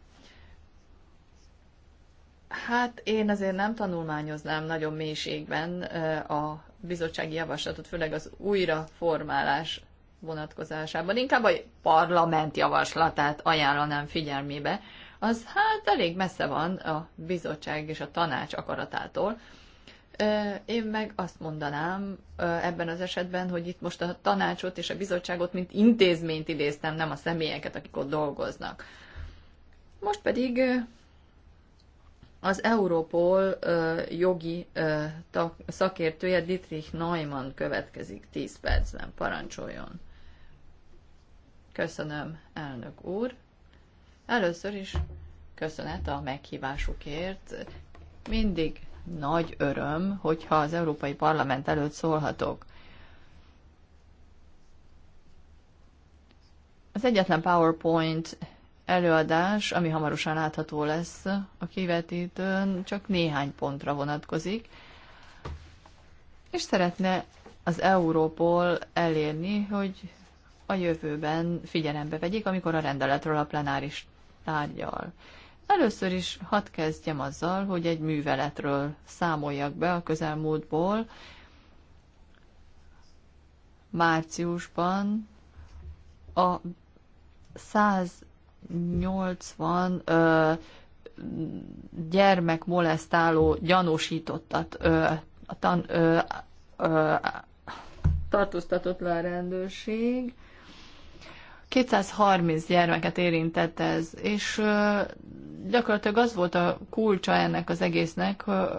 Hát én azért nem tanulmányoznám nagyon mélységben a bizottsági javaslatot, főleg az újraformálás vonatkozásában. Inkább a parlament javaslatát ajánlanám figyelmébe. Az hát elég messze van a bizottság és a tanács akaratától. Én meg azt mondanám ebben az esetben, hogy itt most a tanácsot és a bizottságot, mint intézményt idéztem, nem a személyeket, akik ott dolgoznak. Most pedig az Europol jogi szakértője Dietrich Neumann következik 10 percben. Parancsoljon! Köszönöm, elnök úr! Először is köszönet a meghívásukért. Mindig nagy öröm, hogyha az Európai Parlament előtt szólhatok. Az egyetlen PowerPoint előadás, ami hamarosan látható lesz a kivetítőn, csak néhány pontra vonatkozik, és szeretne az Európol elérni, hogy a jövőben figyelembe vegyék, amikor a rendeletről a plenáris tárgyal. Először is hadd kezdjem azzal, hogy egy műveletről számoljak be a közelmúltból. Márciusban a 100 80 ö, molesztáló gyanúsítottat ö, a tan, ö, ö, tartóztatott le a rendőrség. 230 gyermeket érintett ez, és ö, gyakorlatilag az volt a kulcsa ennek az egésznek, ö,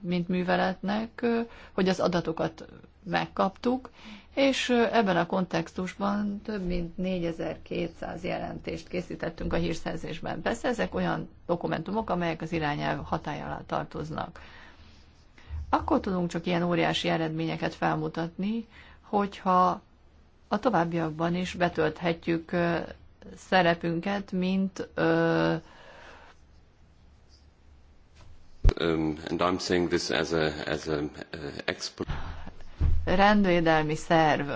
mint műveletnek, ö, hogy az adatokat megkaptuk, és ebben a kontextusban több mint 4200 jelentést készítettünk a hírszerzésben. Persze ezek olyan dokumentumok, amelyek az irányelv hatája alá tartoznak. Akkor tudunk csak ilyen óriási eredményeket felmutatni, hogyha a továbbiakban is betölthetjük szerepünket, mint ö, um, and I'm saying this as a, as a, uh, expert rendvédelmi szerv.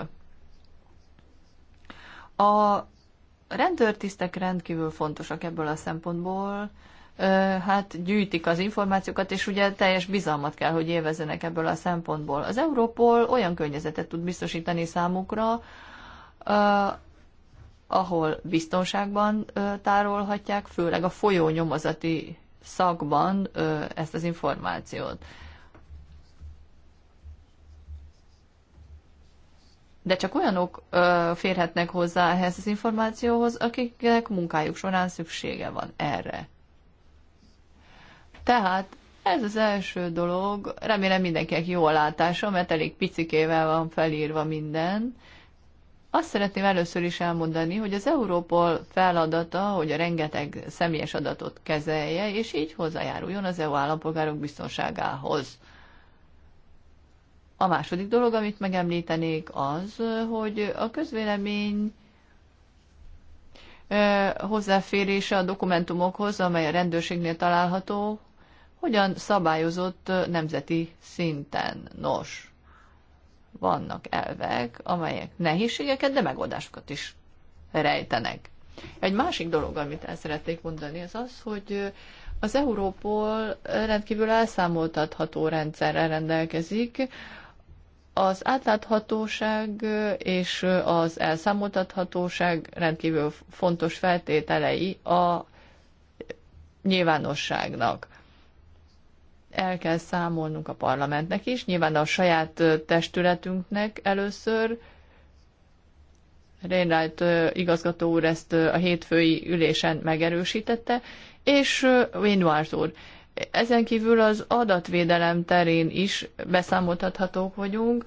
A rendőrtisztek rendkívül fontosak ebből a szempontból, hát gyűjtik az információkat, és ugye teljes bizalmat kell, hogy élvezenek ebből a szempontból. Az Európol olyan környezetet tud biztosítani számukra, ahol biztonságban tárolhatják, főleg a folyó nyomozati szakban ezt az információt. de csak olyanok ö, férhetnek hozzá ehhez az információhoz, akiknek munkájuk során szüksége van erre. Tehát ez az első dolog, remélem mindenkinek jó a látása, mert elég picikével van felírva minden. Azt szeretném először is elmondani, hogy az Európol feladata, hogy a rengeteg személyes adatot kezelje, és így hozzájáruljon az EU állampolgárok biztonságához. A második dolog, amit megemlítenék, az, hogy a közvélemény hozzáférése a dokumentumokhoz, amely a rendőrségnél található, hogyan szabályozott nemzeti szinten. Nos, vannak elvek, amelyek nehézségeket, de megoldásokat is rejtenek. Egy másik dolog, amit el szeretnék mondani, az az, hogy az Európol rendkívül elszámoltatható rendszerrel rendelkezik, az átláthatóság és az elszámoltathatóság rendkívül fontos feltételei a nyilvánosságnak. El kell számolnunk a parlamentnek is, nyilván a saját testületünknek először. Reinhardt igazgató úr ezt a hétfői ülésen megerősítette, és Winward úr. Ezen kívül az adatvédelem terén is beszámoltathatók vagyunk.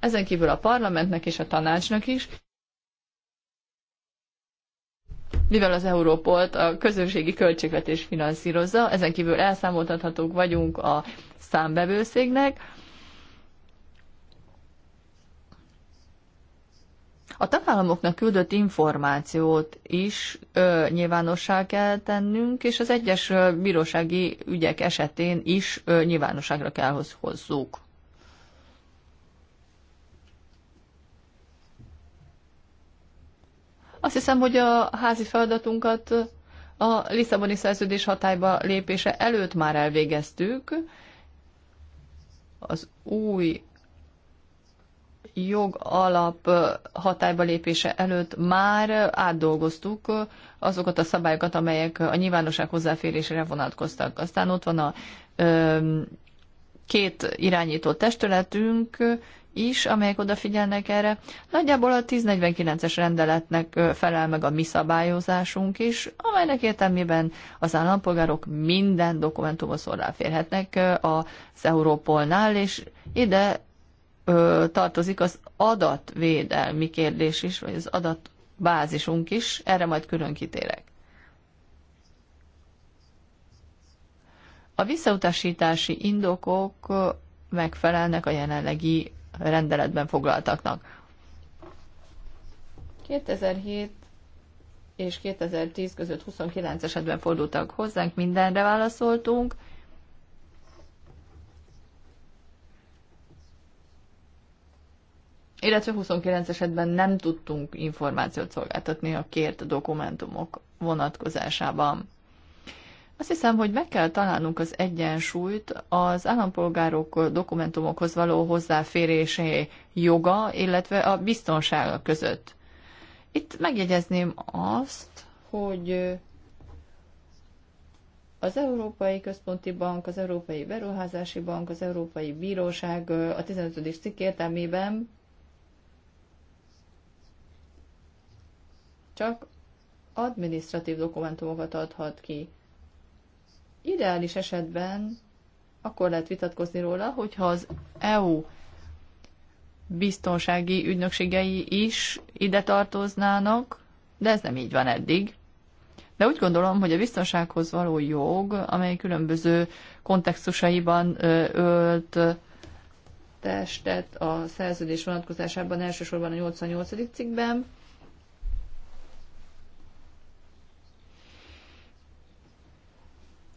Ezen kívül a parlamentnek és a tanácsnak is. Mivel az Európolt a közösségi költségvetés finanszírozza, ezen kívül elszámoltathatók vagyunk a számbevőszégnek, A tagállamoknak küldött információt is ö, nyilvánossá kell tennünk, és az egyes bírósági ügyek esetén is ö, nyilvánosságra kell hozzuk. Azt hiszem, hogy a házi feladatunkat a Lisszaboni szerződés hatályba lépése előtt már elvégeztük. Az új jogalap hatályba lépése előtt már átdolgoztuk azokat a szabályokat, amelyek a nyilvánosság hozzáférésére vonatkoztak. Aztán ott van a két irányító testületünk is, amelyek odafigyelnek erre. Nagyjából a 1049-es rendeletnek felel meg a mi szabályozásunk is, amelynek értelmében az állampolgárok minden dokumentumhoz hozzáférhetnek az Európolnál, és ide ö, tartozik az adatvédelmi kérdés is, vagy az adatbázisunk is, erre majd külön kitérek. A visszautasítási indokok megfelelnek a jelenlegi rendeletben foglaltaknak. 2007 és 2010 között 29 esetben fordultak hozzánk, mindenre válaszoltunk, illetve 29 esetben nem tudtunk információt szolgáltatni a kért dokumentumok vonatkozásában. Azt hiszem, hogy meg kell találnunk az egyensúlyt az állampolgárok dokumentumokhoz való hozzáférésé joga, illetve a biztonsága között. Itt megjegyezném azt, hogy az Európai Központi Bank, az Európai Beruházási Bank, az Európai Bíróság a 15. cikk értelmében csak administratív dokumentumokat adhat ki. Ideális esetben akkor lehet vitatkozni róla, hogyha az EU biztonsági ügynökségei is ide tartoznának, de ez nem így van eddig. De úgy gondolom, hogy a biztonsághoz való jog, amely különböző kontextusaiban ölt testet a szerződés vonatkozásában, elsősorban a 88. cikkben,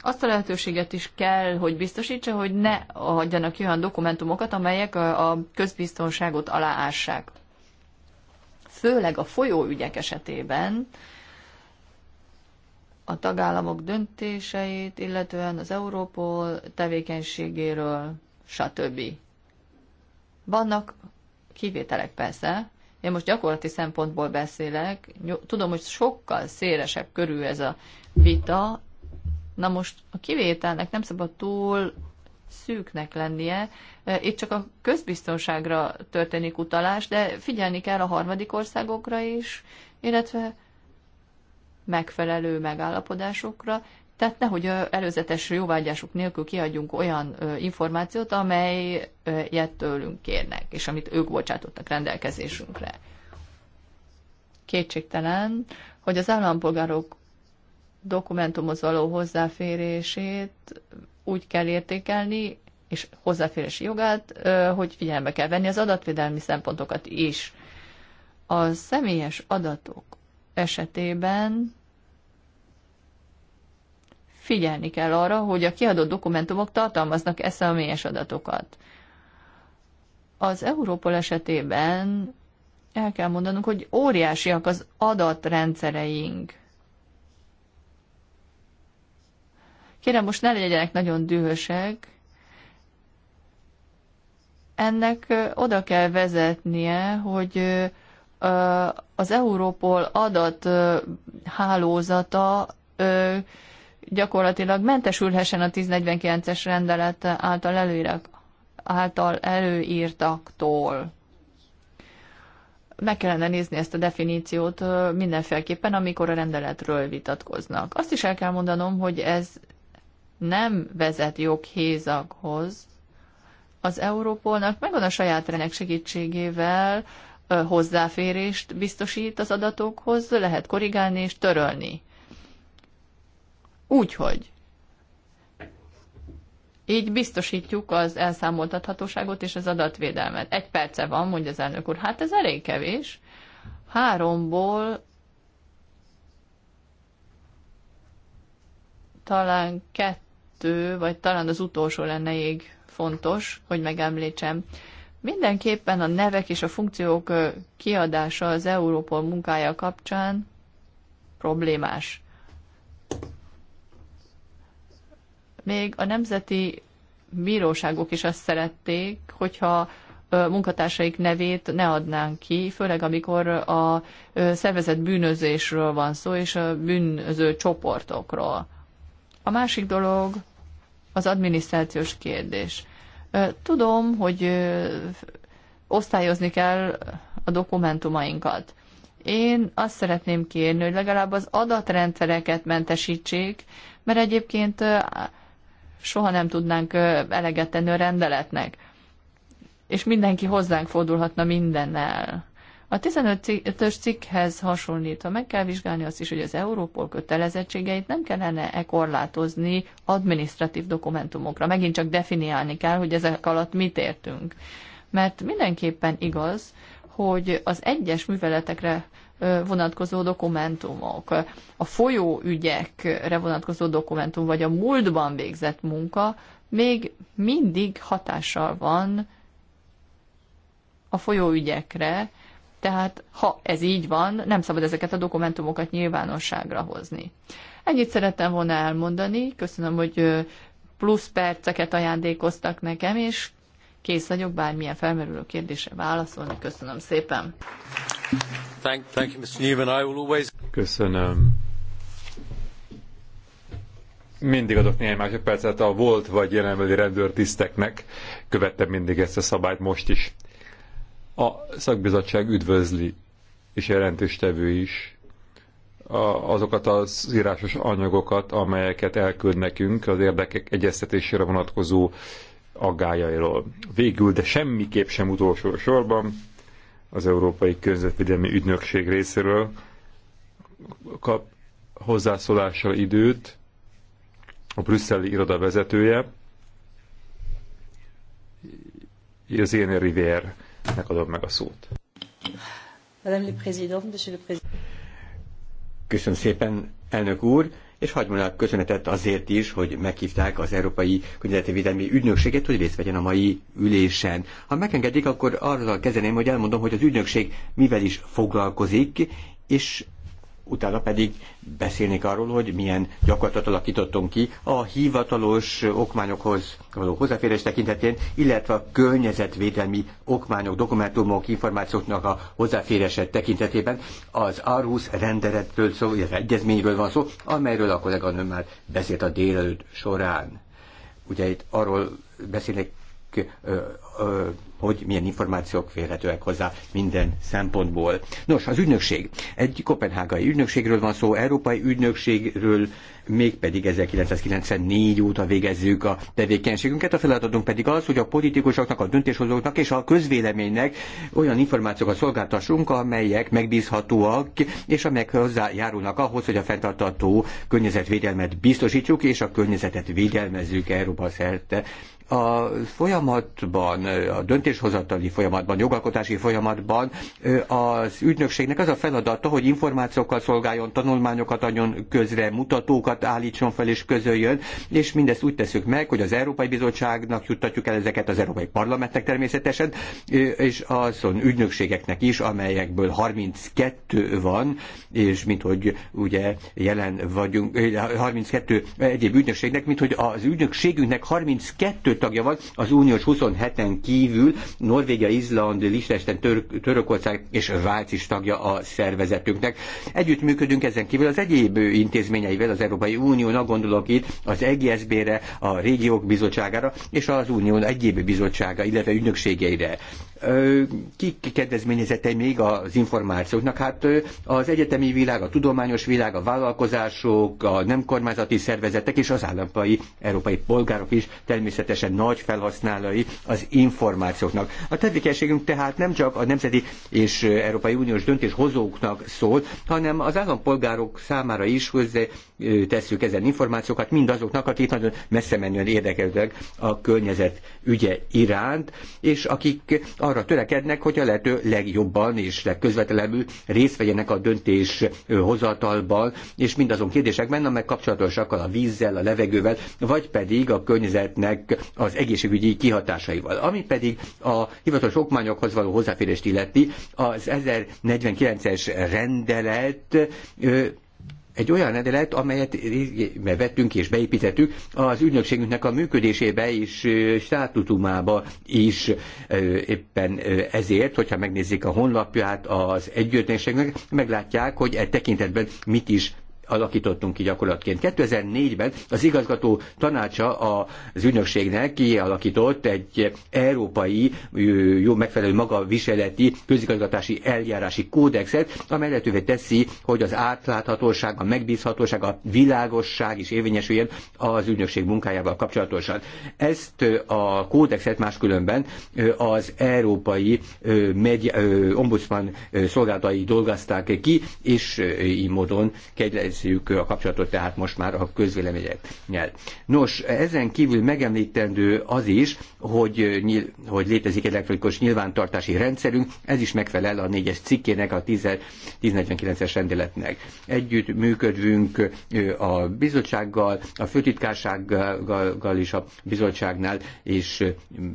azt a lehetőséget is kell, hogy biztosítsa, hogy ne adjanak olyan dokumentumokat, amelyek a közbiztonságot aláássák. Főleg a folyóügyek esetében a tagállamok döntéseit, illetően az Európol tevékenységéről, stb. Vannak kivételek persze, én most gyakorlati szempontból beszélek, tudom, hogy sokkal szélesebb körül ez a vita, Na most a kivételnek nem szabad túl szűknek lennie. E, itt csak a közbiztonságra történik utalás, de figyelni kell a harmadik országokra is, illetve megfelelő megállapodásokra, tehát nehogy előzetes jóvágyásuk nélkül kiadjunk olyan információt, amelyet tőlünk kérnek, és amit ők bocsátottak rendelkezésünkre. Kétségtelen, hogy az állampolgárok dokumentumhoz való hozzáférését úgy kell értékelni, és hozzáférési jogát, hogy figyelembe kell venni az adatvédelmi szempontokat is. A személyes adatok esetében figyelni kell arra, hogy a kiadott dokumentumok tartalmaznak-e személyes adatokat. Az Európol esetében el kell mondanunk, hogy óriásiak az adatrendszereink. Kérem, most ne legyenek nagyon dühösek. Ennek oda kell vezetnie, hogy az Európol adat hálózata gyakorlatilag mentesülhessen a 1049-es rendelet által, előírek, által előírtaktól. Meg kellene nézni ezt a definíciót mindenféleképpen, amikor a rendeletről vitatkoznak. Azt is el kell mondanom, hogy ez nem vezet joghézaghoz. Az Európolnak megvan a saját renek segítségével hozzáférést biztosít az adatokhoz, lehet korrigálni és törölni. Úgyhogy így biztosítjuk az elszámoltathatóságot és az adatvédelmet. Egy perce van, mondja az elnök úr. Hát ez elég kevés. Háromból talán kettő kettő, vagy talán az utolsó lenne még fontos, hogy megemlítsem. Mindenképpen a nevek és a funkciók kiadása az Európol munkája kapcsán problémás. Még a nemzeti bíróságok is azt szerették, hogyha munkatársaik nevét ne adnánk ki, főleg amikor a szervezet bűnözésről van szó, és a bűnöző csoportokról. A másik dolog az adminisztrációs kérdés. Tudom, hogy osztályozni kell a dokumentumainkat. Én azt szeretném kérni, hogy legalább az adatrendszereket mentesítsék, mert egyébként soha nem tudnánk eleget tenni a rendeletnek. És mindenki hozzánk fordulhatna mindennel. A 15-ös cikkhez hasonlítva meg kell vizsgálni azt is, hogy az Európol kötelezettségeit nem kellene-e korlátozni administratív dokumentumokra. Megint csak definiálni kell, hogy ezek alatt mit értünk. Mert mindenképpen igaz, hogy az egyes műveletekre vonatkozó dokumentumok, a folyóügyekre vonatkozó dokumentum, vagy a múltban végzett munka még mindig hatással van a folyóügyekre, tehát ha ez így van, nem szabad ezeket a dokumentumokat nyilvánosságra hozni. Ennyit szerettem volna elmondani, köszönöm, hogy plusz perceket ajándékoztak nekem, és kész vagyok bármilyen felmerülő kérdésre válaszolni. Köszönöm szépen. Thank, thank you, Mr. Newman. I will always... Köszönöm. Mindig adok néhány másodpercet a volt vagy jelenbeli rendőrtiszteknek. Követtem mindig ezt a szabályt most is. A szakbizottság üdvözli, és jelentéstevő is, a azokat az írásos anyagokat, amelyeket elküld nekünk az érdekek egyeztetésére vonatkozó aggájairól. Végül, de semmiképp sem utolsó sorban az Európai Környezetvédelmi Ügynökség részéről kap hozzászólásra időt a brüsszeli iroda vezetője, az Rivière nek adom meg a szót. Madame le Président, Monsieur le Président. Köszönöm szépen, elnök úr, és hagyd mondjak köszönetet azért is, hogy meghívták az Európai Környezetvédelmi Ügynökséget, hogy részt vegyen a mai ülésen. Ha megengedik, akkor arra kezdeném, hogy elmondom, hogy az ügynökség mivel is foglalkozik, és utána pedig beszélnék arról, hogy milyen gyakorlatot alakítottunk ki a hivatalos okmányokhoz való hozzáférés tekintetén, illetve a környezetvédelmi okmányok, dokumentumok, információknak a hozzáférése tekintetében az Arhus rendeletről szó, illetve egyezményről van szó, amelyről a kolléganőm már beszélt a délelőtt során. Ugye itt arról beszélek hogy milyen információk férhetőek hozzá minden szempontból. Nos, az ügynökség. Egy kopenhágai ügynökségről van szó, európai ügynökségről, mégpedig 1994 óta végezzük a tevékenységünket. A feladatunk pedig az, hogy a politikusoknak, a döntéshozóknak és a közvéleménynek olyan információkat szolgáltassunk, amelyek megbízhatóak, és amelyek hozzájárulnak ahhoz, hogy a fenntartató környezetvédelmet biztosítsuk, és a környezetet védelmezzük Európa szerte a folyamatban, a döntéshozatali folyamatban, jogalkotási folyamatban az ügynökségnek az a feladata, hogy információkkal szolgáljon, tanulmányokat adjon közre, mutatókat állítson fel és közöljön, és mindezt úgy teszünk meg, hogy az Európai Bizottságnak juttatjuk el ezeket, az Európai Parlamentnek természetesen, és azon ügynökségeknek is, amelyekből 32 van, és mint hogy ugye jelen vagyunk, 32 egyéb ügynökségnek, mint hogy az ügynökségünknek 32 tagja van, az uniós 27-en kívül Norvégia, Izland, Liechtenstein, Tör- Törökország és Vác is tagja a szervezetünknek. Együttműködünk ezen kívül az egyéb intézményeivel az Európai Uniónak, gondolok itt az EGSB-re, a Régiók Bizottságára és az Unió egyéb bizottsága, illetve ügynökségeire kik kedvezményezete még az információknak? Hát az egyetemi világ, a tudományos világ, a vállalkozások, a nem kormányzati szervezetek és az állampai európai polgárok is természetesen különösen nagy felhasználói az információknak. A tevékenységünk tehát nem csak a nemzeti és Európai Uniós döntéshozóknak szól, hanem az állampolgárok számára is hozzá tesszük ezen információkat, mindazoknak, akik nagyon messze menően érdekeltek a környezet ügye iránt, és akik arra törekednek, hogy a lehető legjobban és legközvetelebbül részt vegyenek a döntés hozatalban, és mindazon kérdésekben, amelyek kapcsolatosak a vízzel, a levegővel, vagy pedig a környezetnek az egészségügyi kihatásaival. Ami pedig a hivatalos okmányokhoz való hozzáférést illeti, az 1049-es rendelet egy olyan rendelet, amelyet vettünk és beépítettük az ügynökségünknek a működésébe és státutumába is éppen ezért, hogyha megnézzék a honlapját az együttnéségnek, meglátják, hogy e tekintetben mit is alakítottunk ki gyakorlatként. 2004-ben az igazgató tanácsa az ügynökségnek kialakított egy európai, jó megfelelő maga viseleti közigazgatási eljárási kódexet, amely lehetővé teszi, hogy az átláthatóság, a megbízhatóság, a világosság is érvényesüljön az ügynökség munkájával kapcsolatosan. Ezt a kódexet máskülönben az európai media, ombudsman szolgálatai dolgozták ki, és így módon kegyelmezik felveszünk a kapcsolatot tehát most már a közvéleményeknél. Nos, ezen kívül megemlítendő az is, hogy, nyil, hogy létezik elektronikus nyilvántartási rendszerünk, ez is megfelel a négyes cikkének, a 1049-es rendeletnek. Együtt működvünk a bizottsággal, a főtitkársággal is a bizottságnál, és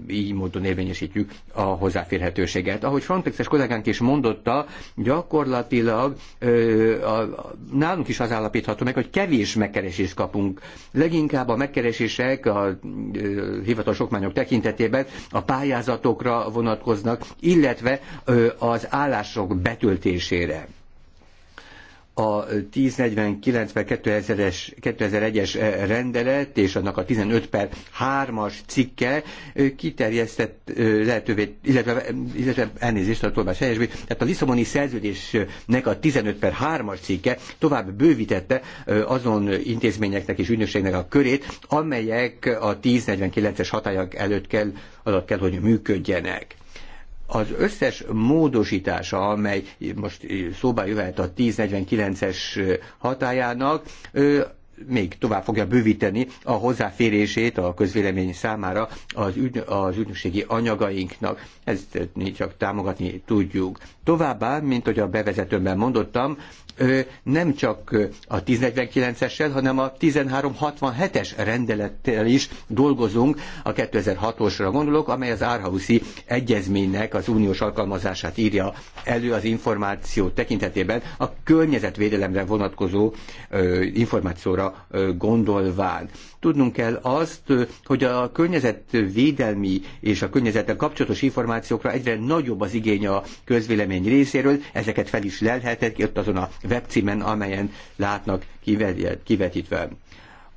így módon érvényesítjük a hozzáférhetőséget. Ahogy Frontex-es kollégánk is mondotta, gyakorlatilag a, a, nálunk is az az állapítható meg, hogy kevés megkeresést kapunk. Leginkább a megkeresések a hivatalos okmányok tekintetében a pályázatokra vonatkoznak, illetve az állások betöltésére a 1049 per es 2001-es eh, rendelet és annak a 15 per 3-as cikke eh, kiterjesztett eh, lehetővé, illetve, illetve elnézést a tolvás helyesbé, tehát a Lisszaboni szerződésnek a 15 per 3-as cikke tovább bővítette azon intézményeknek és ügynökségnek a körét, amelyek a 1049-es hatályok előtt kell, alatt kell, hogy működjenek az összes módosítása, amely most szóba jöhet a 1049-es hatájának, még tovább fogja bővíteni a hozzáférését a közvélemény számára az, ügy, az ügynökségi anyagainknak. Ezt csak támogatni tudjuk. Továbbá, mint hogy a bevezetőmben mondottam, nem csak a 1049-essel, hanem a 1367-es rendelettel is dolgozunk, a 2006-osra gondolok, amely az Árhauszi Egyezménynek az uniós alkalmazását írja elő az információ tekintetében, a környezetvédelemre vonatkozó információra gondolván. Tudnunk kell azt, hogy a környezetvédelmi és a környezettel kapcsolatos információkra egyre nagyobb az igény a közvélemény részéről, ezeket fel is lelhetek ott azon a webcímen, amelyen látnak kivetítve.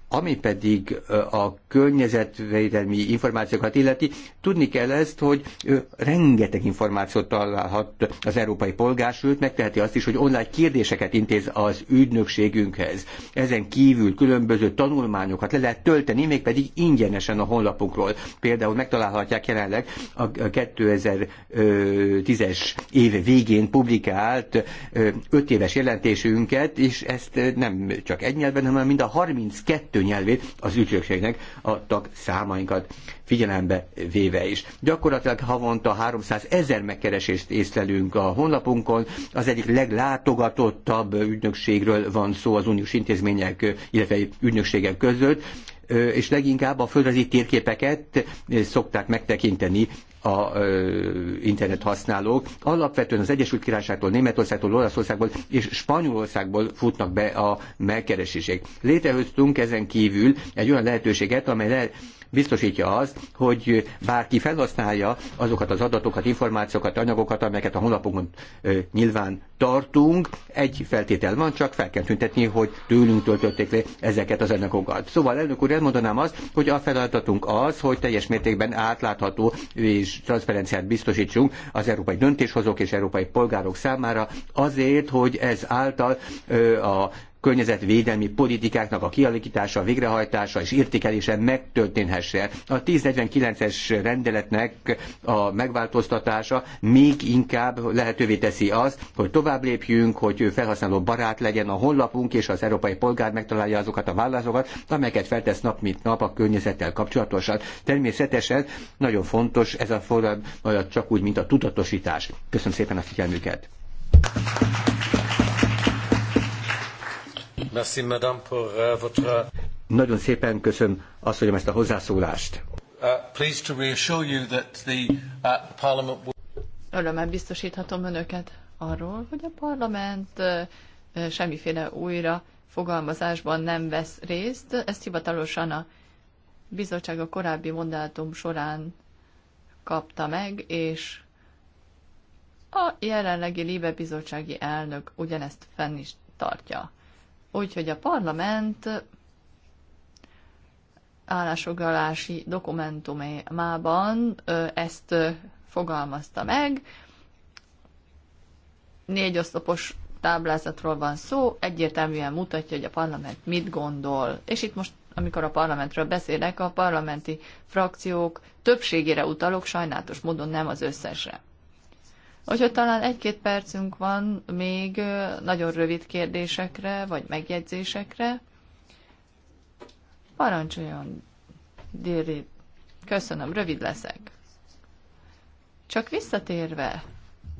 Ami pedig a környezetvédelmi információkat illeti, tudni kell ezt, hogy rengeteg információt találhat az európai polgár, sőt megteheti azt is, hogy online kérdéseket intéz az ügynökségünkhez. Ezen kívül különböző tanulmányokat le lehet tölteni, mégpedig ingyenesen a honlapunkról. Például megtalálhatják jelenleg a 2010-es év végén publikált 5 éves jelentésünket, és ezt nem csak egy nyelven, hanem mind a 32 nyelvét az ügynökségnek a tag számainkat figyelembe véve is. Gyakorlatilag havonta 300 ezer megkeresést észlelünk a honlapunkon. Az egyik leglátogatottabb ügynökségről van szó az uniós intézmények, illetve ügynökségek között és leginkább a földrajzi térképeket szokták megtekinteni a ö, internet használók. Alapvetően az Egyesült Királyságtól, Németországtól, Olaszországból és Spanyolországból futnak be a megkeresések. Létrehoztunk ezen kívül egy olyan lehetőséget, amely le, biztosítja az, hogy bárki felhasználja azokat az adatokat, információkat, anyagokat, amelyeket a honlapunkon ö, nyilván tartunk. Egy feltétel van, csak fel kell tüntetni, hogy tőlünk töltötték le ezeket az anyagokat. Szóval elnök úr, elmondanám azt, hogy a feladatunk az, hogy teljes mértékben átlátható és és transzferenciát biztosítsunk az európai döntéshozók és európai polgárok számára azért, hogy ez által a környezetvédelmi politikáknak a kialakítása, végrehajtása és értékelése megtörténhesse. A 1049-es rendeletnek a megváltoztatása még inkább lehetővé teszi azt, hogy tovább lépjünk, hogy felhasználó barát legyen a honlapunk, és az európai polgár megtalálja azokat a válaszokat, amelyeket feltesz nap mint nap a környezettel kapcsolatosan. Természetesen nagyon fontos ez a forradalom, csak úgy, mint a tudatosítás. Köszönöm szépen a figyelmüket! Merci, madame, pour, uh, votre... Nagyon szépen köszönöm azt, hogy ezt a hozzászólást. Uh, pleased to reassure you that the uh, parliament Örömmel biztosíthatom önöket arról, hogy a parlament semmiféle újra fogalmazásban nem vesz részt. Ezt hivatalosan a bizottság a korábbi mandátum során kapta meg, és a jelenlegi Libe bizottsági elnök ugyanezt fenn is tartja. Úgyhogy a parlament állásfoglalási dokumentumában ezt fogalmazta meg. Négy oszlopos táblázatról van szó, egyértelműen mutatja, hogy a parlament mit gondol. És itt most, amikor a parlamentről beszélek, a parlamenti frakciók többségére utalok, sajnálatos módon nem az összesre. Hogyha talán egy-két percünk van még nagyon rövid kérdésekre vagy megjegyzésekre, parancsoljon, Déri. Köszönöm, rövid leszek. Csak visszatérve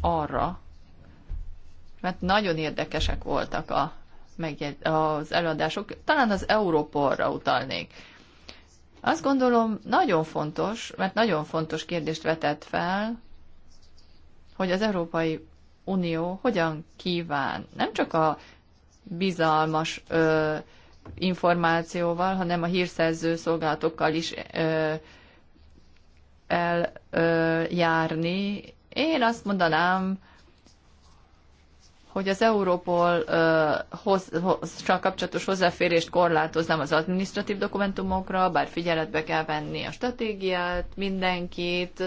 arra, mert nagyon érdekesek voltak a, az előadások, talán az Európorra utalnék. Azt gondolom nagyon fontos, mert nagyon fontos kérdést vetett fel, hogy az Európai Unió hogyan kíván nem csak a bizalmas ö, információval, hanem a hírszerző szolgálatokkal is ö, eljárni. Én azt mondanám, hogy az Európol csak hoz, kapcsolatos hozzáférést korlátoznám az administratív dokumentumokra, bár figyeletbe kell venni a stratégiát, mindenkit,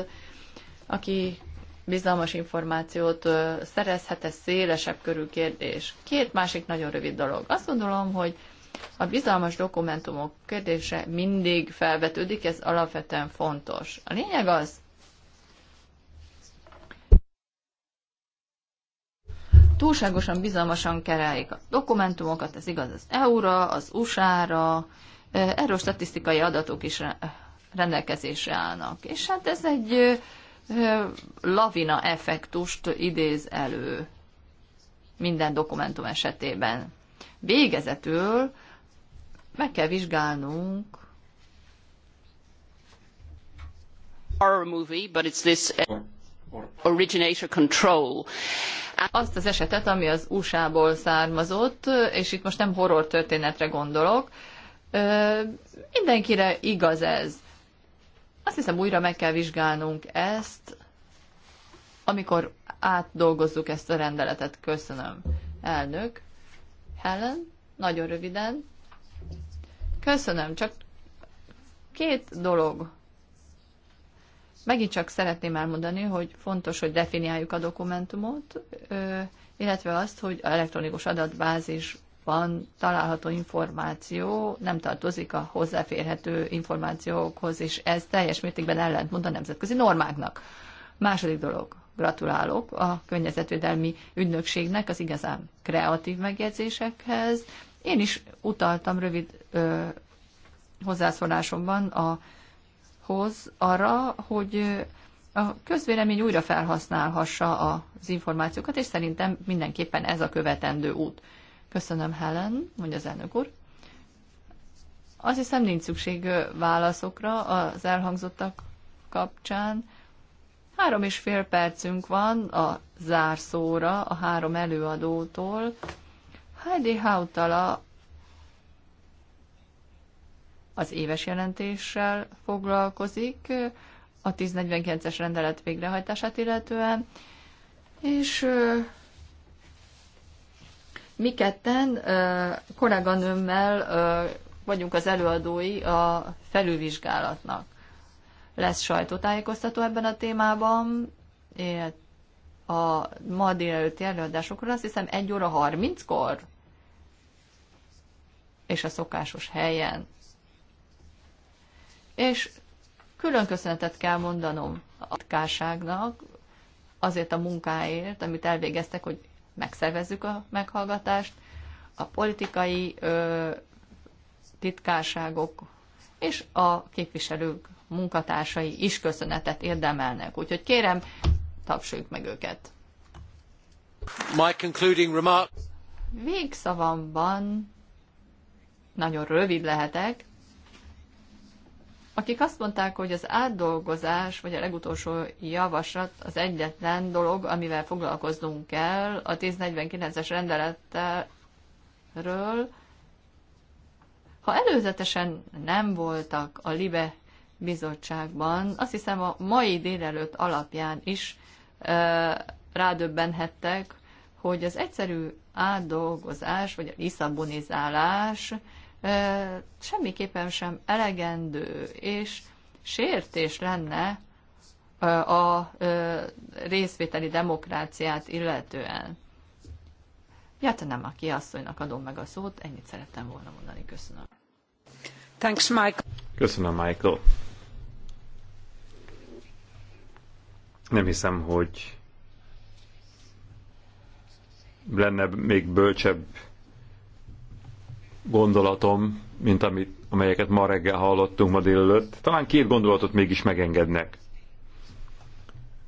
aki bizalmas információt szerezhet, ez szélesebb körű kérdés. Két másik nagyon rövid dolog. Azt gondolom, hogy a bizalmas dokumentumok kérdése mindig felvetődik, ez alapvetően fontos. A lényeg az, túlságosan bizalmasan kerelik a dokumentumokat, ez igaz az EU-ra, az USA-ra, erről statisztikai adatok is rendelkezésre állnak. És hát ez egy lavina effektust idéz elő minden dokumentum esetében. Végezetül meg kell vizsgálnunk horror movie, but it's this originator control. Azt az esetet, ami az USA-ból származott, és itt most nem horror történetre gondolok, mindenkire igaz ez. Azt hiszem, újra meg kell vizsgálnunk ezt, amikor átdolgozzuk ezt a rendeletet. Köszönöm, elnök. Helen, nagyon röviden. Köszönöm, csak két dolog. Megint csak szeretném elmondani, hogy fontos, hogy definiáljuk a dokumentumot, illetve azt, hogy a elektronikus adatbázis van található információ nem tartozik a hozzáférhető információkhoz, és ez teljes mértékben ellentmond a nemzetközi normáknak. Második dolog, gratulálok a környezetvédelmi ügynökségnek az igazán kreatív megjegyzésekhez. Én is utaltam rövid ö, hozzászólásomban a, hoz arra, hogy a közvélemény újra felhasználhassa az információkat, és szerintem mindenképpen ez a követendő út. Köszönöm, Helen, mondja az elnök úr. Azt hiszem, nincs szükség válaszokra az elhangzottak kapcsán. Három és fél percünk van a zárszóra a három előadótól. Heidi Hautala az éves jelentéssel foglalkozik, a 1049-es rendelet végrehajtását illetően, és mi ketten kolléganőmmel vagyunk az előadói a felülvizsgálatnak. Lesz sajtótájékoztató ebben a témában, a ma délelőtti előadásokról azt hiszem 1 óra 30-kor, és a szokásos helyen. És külön köszönetet kell mondanom a titkárságnak azért a munkáért, amit elvégeztek, hogy megszervezzük a meghallgatást, a politikai ö, titkárságok és a képviselők munkatársai is köszönetet érdemelnek. Úgyhogy kérem, tapsoljuk meg őket. My concluding remark... Végszavamban nagyon rövid lehetek, akik azt mondták, hogy az átdolgozás, vagy a legutolsó javaslat az egyetlen dolog, amivel foglalkoznunk kell a 1049-es rendelettelről, ha előzetesen nem voltak a LIBE bizottságban, azt hiszem a mai délelőtt alapján is e, rádöbbenhettek, hogy az egyszerű átdolgozás, vagy a liszabonizálás semmiképpen sem elegendő, és sértés lenne a részvételi demokráciát illetően. nem a kiasszonynak adom meg a szót, ennyit szerettem volna mondani. Köszönöm. Thanks, Michael. Köszönöm, Michael. Nem hiszem, hogy lenne még bölcsebb gondolatom, mint amit, amelyeket ma reggel hallottunk ma délelőtt. Talán két gondolatot mégis megengednek.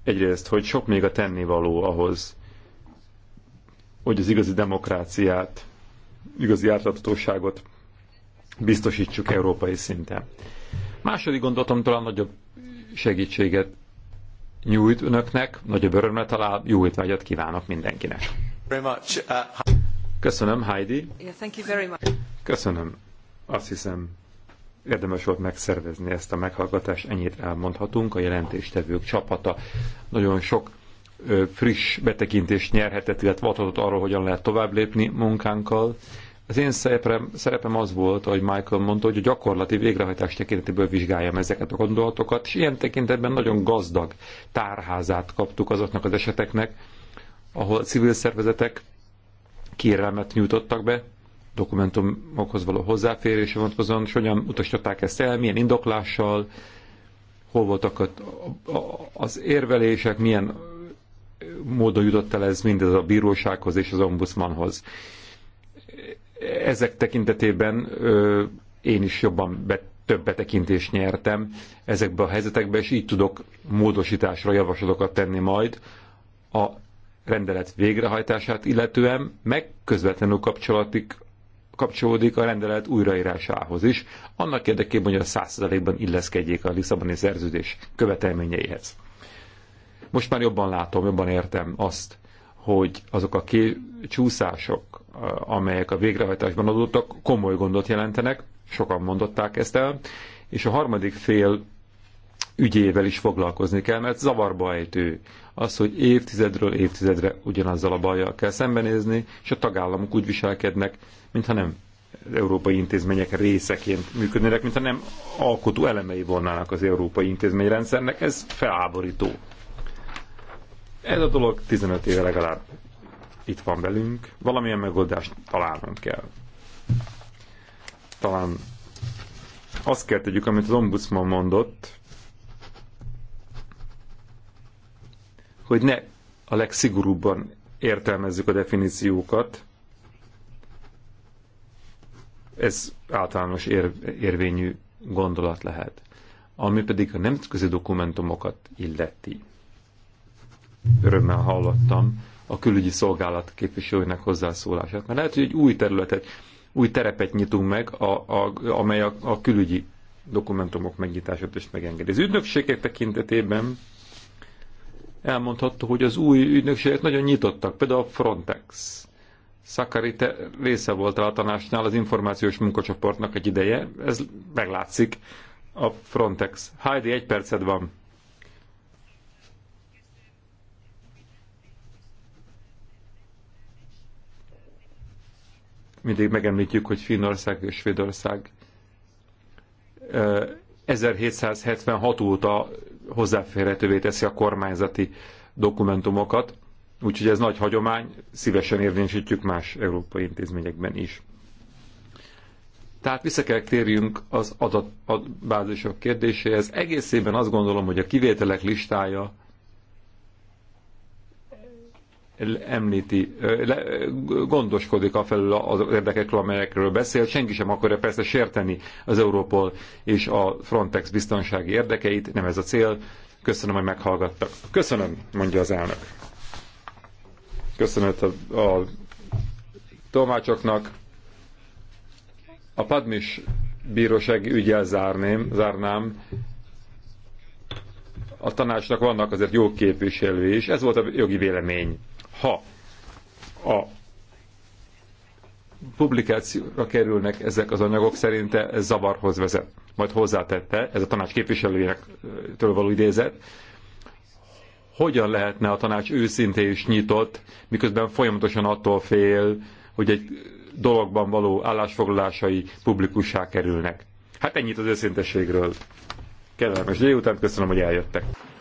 Egyrészt, hogy sok még a tennivaló ahhoz, hogy az igazi demokráciát, igazi átláthatóságot biztosítsuk európai szinten. Második gondolatom talán nagyobb segítséget nyújt önöknek, nagyobb örömmel talál, jó étvágyat kívánok mindenkinek. Uh, Köszönöm, Heidi. Yeah, thank you very much. Köszönöm. Azt hiszem, érdemes volt megszervezni ezt a meghallgatást, ennyit elmondhatunk. A jelentéstevők csapata nagyon sok ö, friss betekintést nyerhetett, illetve adhatott arról, hogyan lehet tovább lépni munkánkkal. Az én szerepem, szerepem az volt, hogy Michael mondta, hogy a gyakorlati végrehajtás tekintetéből vizsgáljam ezeket a gondolatokat, és ilyen tekintetben nagyon gazdag tárházát kaptuk azoknak az eseteknek, ahol a civil szervezetek kérelmet nyújtottak be, dokumentumokhoz való hozzáférésre vonatkozóan, és hogyan utasították ezt el, milyen indoklással, hol voltak az érvelések, milyen módon jutott el ez mindez a bírósághoz és az ombudsmanhoz. Ezek tekintetében ö, én is jobban be, több betekintést nyertem ezekbe a helyzetekbe, és így tudok módosításra javaslatokat tenni majd a rendelet végrehajtását illetően megközvetlenül kapcsolatik, kapcsolódik a rendelet újraírásához is, annak érdekében, hogy a 100%-ban illeszkedjék a Lisszaboni szerződés követelményeihez. Most már jobban látom, jobban értem azt, hogy azok a ké- csúszások, amelyek a végrehajtásban adottak, komoly gondot jelentenek, sokan mondották ezt el, és a harmadik fél ügyével is foglalkozni kell, mert zavarba ejtő az, hogy évtizedről évtizedre ugyanazzal a bajjal kell szembenézni, és a tagállamok úgy viselkednek, mintha nem európai intézmények részeként működnének, mintha nem alkotó elemei volnának az európai intézményrendszernek, ez feláborító. Ez a dolog 15 éve legalább itt van velünk, valamilyen megoldást találnunk kell. Talán azt kell tegyük, amit az ombudsman mondott, hogy ne a legszigorúbban értelmezzük a definíciókat. Ez általános ér, érvényű gondolat lehet. Ami pedig a nemzetközi dokumentumokat illeti. Örömmel hallottam a külügyi szolgálat képviselőinek hozzászólását, mert lehet, hogy egy új területet, új terepet nyitunk meg, a, a, amely a, a külügyi dokumentumok megnyitását is megengedi. Az ügynökségek tekintetében elmondható, hogy az új ügynökségek nagyon nyitottak, például a Frontex. Szakari része volt a tanácsnál az információs munkacsoportnak egy ideje, ez meglátszik a Frontex. Heidi, egy perced van. Mindig megemlítjük, hogy Finnország és Svédország 1776 óta hozzáférhetővé teszi a kormányzati dokumentumokat, úgyhogy ez nagy hagyomány, szívesen érvényesítjük más európai intézményekben is. Tehát vissza kell térjünk az adatbázisok kérdéséhez. Egészében azt gondolom, hogy a kivételek listája említi, gondoskodik a felül az érdekekről, amelyekről beszél. Senki sem akarja persze sérteni az Európol és a Frontex biztonsági érdekeit, nem ez a cél. Köszönöm, hogy meghallgattak. Köszönöm, mondja az elnök. Köszönöm a, a tolmácsoknak. A Padmis bírósági ügyel zárném, zárnám a tanácsnak vannak azért jó képviselői, is. ez volt a jogi vélemény. Ha a publikációra kerülnek ezek az anyagok, szerinte ez zavarhoz vezet. Majd hozzátette, ez a tanács képviselőjének től való idézet, hogyan lehetne a tanács őszintén is nyitott, miközben folyamatosan attól fél, hogy egy dologban való állásfoglalásai publikussá kerülnek. Hát ennyit az őszintességről. Kellemes délután, köszönöm, hogy eljöttek.